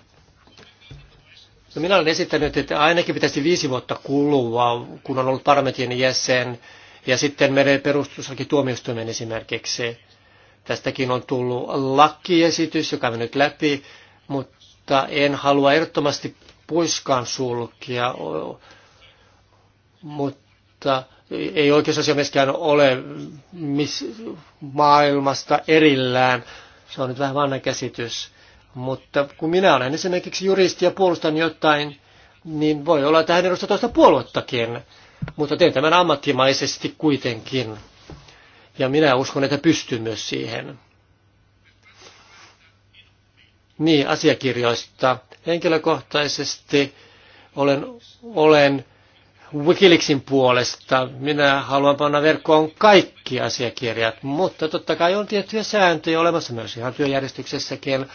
No minä olen esittänyt, että ainakin pitäisi viisi vuotta kulua, kun on ollut parlamentin jäsen, ja sitten menee perustuslaki tuomioistuimen esimerkiksi. Tästäkin on tullut lakiesitys, joka on nyt läpi, mutta en halua ehdottomasti poiskaan sulkia, mutta ei myöskään ole mis, maailmasta erillään. Se on nyt vähän vanha käsitys. Mutta kun minä olen esimerkiksi juristi ja puolustan jotain, niin voi olla, että hän edustaa toista puoluettakin. Mutta teen tämän ammattimaisesti kuitenkin. Ja minä uskon, että pystyn myös siihen. Niin, asiakirjoista. Henkilökohtaisesti olen, olen Wikileaksin puolesta. Minä haluan panna verkkoon kaikki asiakirjat, mutta totta kai on tiettyjä sääntöjä olemassa myös ihan työjärjestyksessäkin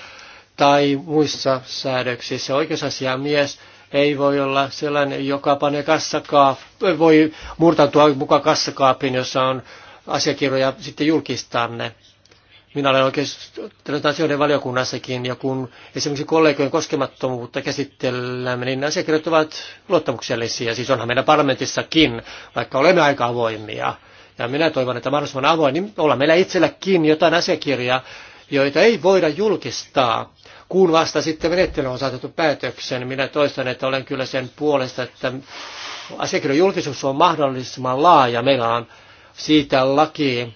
tai muissa säädöksissä. Oikeusasiamies ei voi olla sellainen, joka panee kassakaap- voi murtautua mukaan kassakaapin, jossa on asiakirjoja sitten julkistaa ne. Minä olen oikeastaan asioiden valiokunnassakin, ja kun esimerkiksi kollegojen koskemattomuutta käsittelemme, niin asiakirjat ovat luottamuksellisia. Siis onhan meidän parlamentissakin, vaikka olemme aika avoimia. Ja minä toivon, että mahdollisimman avoin, niin olla meillä itselläkin jotain asiakirjaa, joita ei voida julkistaa, kun vasta sitten menettely on saatettu päätöksen. Minä toistan, että olen kyllä sen puolesta, että asiakirjan julkisuus on mahdollisimman laaja. Meillä on siitä laki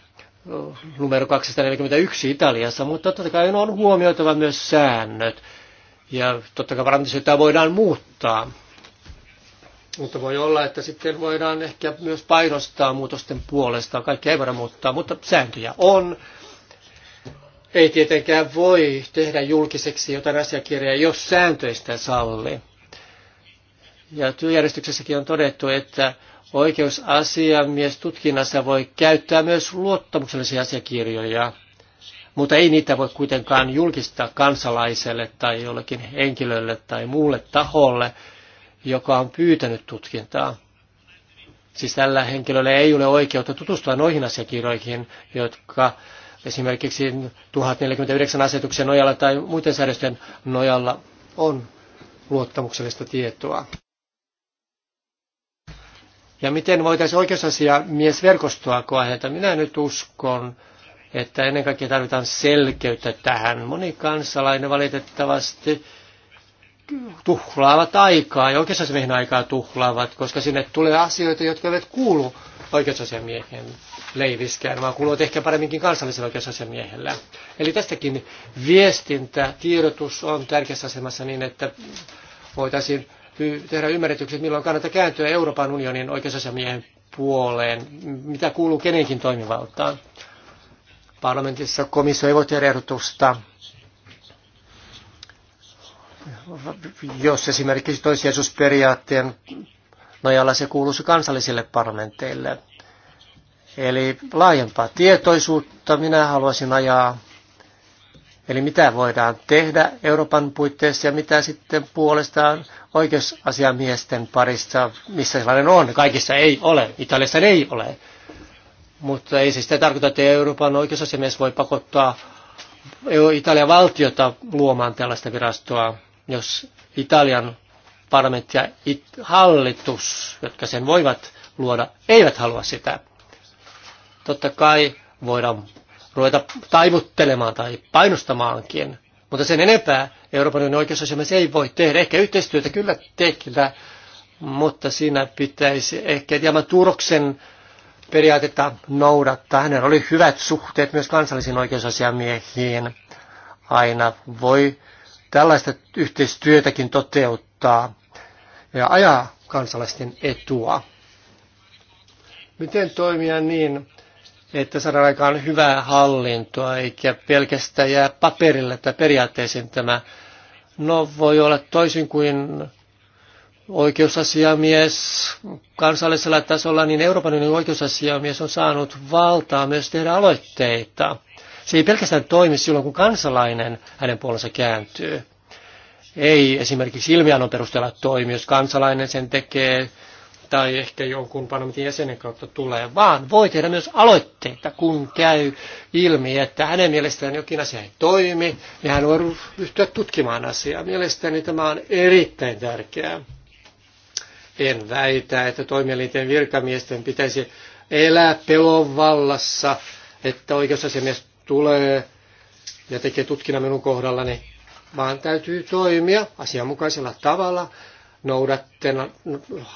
numero 241 Italiassa, mutta totta kai on huomioitava myös säännöt. Ja totta kai varmasti sitä voidaan muuttaa. Mutta voi olla, että sitten voidaan ehkä myös painostaa muutosten puolesta. Kaikki ei voida muuttaa, mutta sääntöjä on. Ei tietenkään voi tehdä julkiseksi jotain asiakirjaa, jos sääntöistä salli. Ja työjärjestyksessäkin on todettu, että Oikeusasiamies tutkinnassa voi käyttää myös luottamuksellisia asiakirjoja, mutta ei niitä voi kuitenkaan julkistaa kansalaiselle tai jollekin henkilölle tai muulle taholle, joka on pyytänyt tutkintaa. Siis tällä henkilöllä ei ole oikeutta tutustua noihin asiakirjoihin, jotka esimerkiksi 1049 asetuksen nojalla tai muiden säädösten nojalla on luottamuksellista tietoa. Ja miten voitaisiin oikeusasia miesverkostoa kohdata? Minä nyt uskon, että ennen kaikkea tarvitaan selkeyttä tähän. Moni kansalainen valitettavasti tuhlaavat aikaa ja oikeusasiamiehen aikaa tuhlaavat, koska sinne tulee asioita, jotka eivät kuulu oikeusasiamiehen leiviskään, vaan kuuluvat ehkä paremminkin kansallisella oikeusasiamiehelle. Eli tästäkin viestintä, tiedotus on tärkeässä asemassa niin, että voitaisiin tehdä että milloin kannattaa kääntyä Euroopan unionin oikeusasiamiehen puoleen, mitä kuuluu kenenkin toimivaltaan. Parlamentissa komissio ei voi tehdä ehdotusta, jos esimerkiksi toissijaisuusperiaatteen nojalla se kuuluisi kansallisille parlamenteille. Eli laajempaa tietoisuutta minä haluaisin ajaa Eli mitä voidaan tehdä Euroopan puitteissa ja mitä sitten puolestaan oikeusasiamiesten parissa, missä sellainen on. Kaikissa ei ole, Italiassa ei ole. Mutta ei se sitä tarkoita, että Euroopan oikeusasiamies voi pakottaa Italian valtiota luomaan tällaista virastoa, jos Italian parlamentti ja hallitus, jotka sen voivat luoda, eivät halua sitä. Totta kai voidaan ruveta taivuttelemaan tai painostamaankin. Mutta sen enempää Euroopan unionin oikeusasiamies ei voi tehdä. Ehkä yhteistyötä kyllä tehdä, mutta siinä pitäisi ehkä hieman Turoksen periaatetta noudattaa. Hänellä oli hyvät suhteet myös kansallisiin oikeusasiamiehiin. Aina voi tällaista yhteistyötäkin toteuttaa ja ajaa kansalaisten etua. Miten toimia niin, että saadaan aikaan hyvää hallintoa, eikä pelkästään jää paperille tai periaatteeseen tämä. No voi olla toisin kuin oikeusasiamies kansallisella tasolla, niin Euroopan unionin oikeusasiamies on saanut valtaa myös tehdä aloitteita. Se ei pelkästään toimi silloin, kun kansalainen hänen puolensa kääntyy. Ei esimerkiksi ilmiannon perusteella toimi, jos kansalainen sen tekee tai ehkä jonkun parlamentin jäsenen kautta tulee, vaan voi tehdä myös aloitteita, kun käy ilmi, että hänen mielestään jokin asia ei toimi, niin hän voi ryhtyä tutkimaan asiaa. Mielestäni tämä on erittäin tärkeää. En väitä, että toimielinten virkamiesten pitäisi elää pelon vallassa, että oikeusasiamies tulee ja tekee tutkinnan minun kohdallani, vaan täytyy toimia asianmukaisella tavalla – noudattena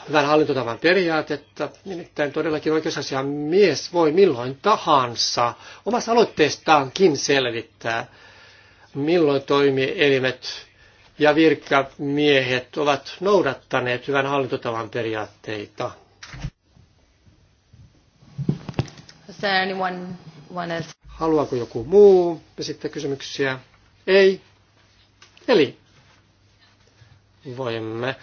hyvän hallintotavan periaatetta. Nimittäin todellakin oikeusasian mies voi milloin tahansa omassa aloitteestaankin selvittää, milloin toimielimet ja virkamiehet ovat noudattaneet hyvän hallintotavan periaatteita. Haluaako joku muu esittää kysymyksiä? Ei. Eli voimme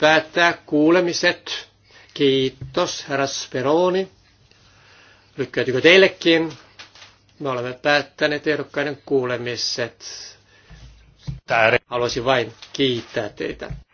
päättää kuulemiset. Kiitos, herra Speroni. Lykkäytykö teillekin? Me olemme päättäneet ehdokkaiden kuulemiset. Haluaisin vain kiittää teitä.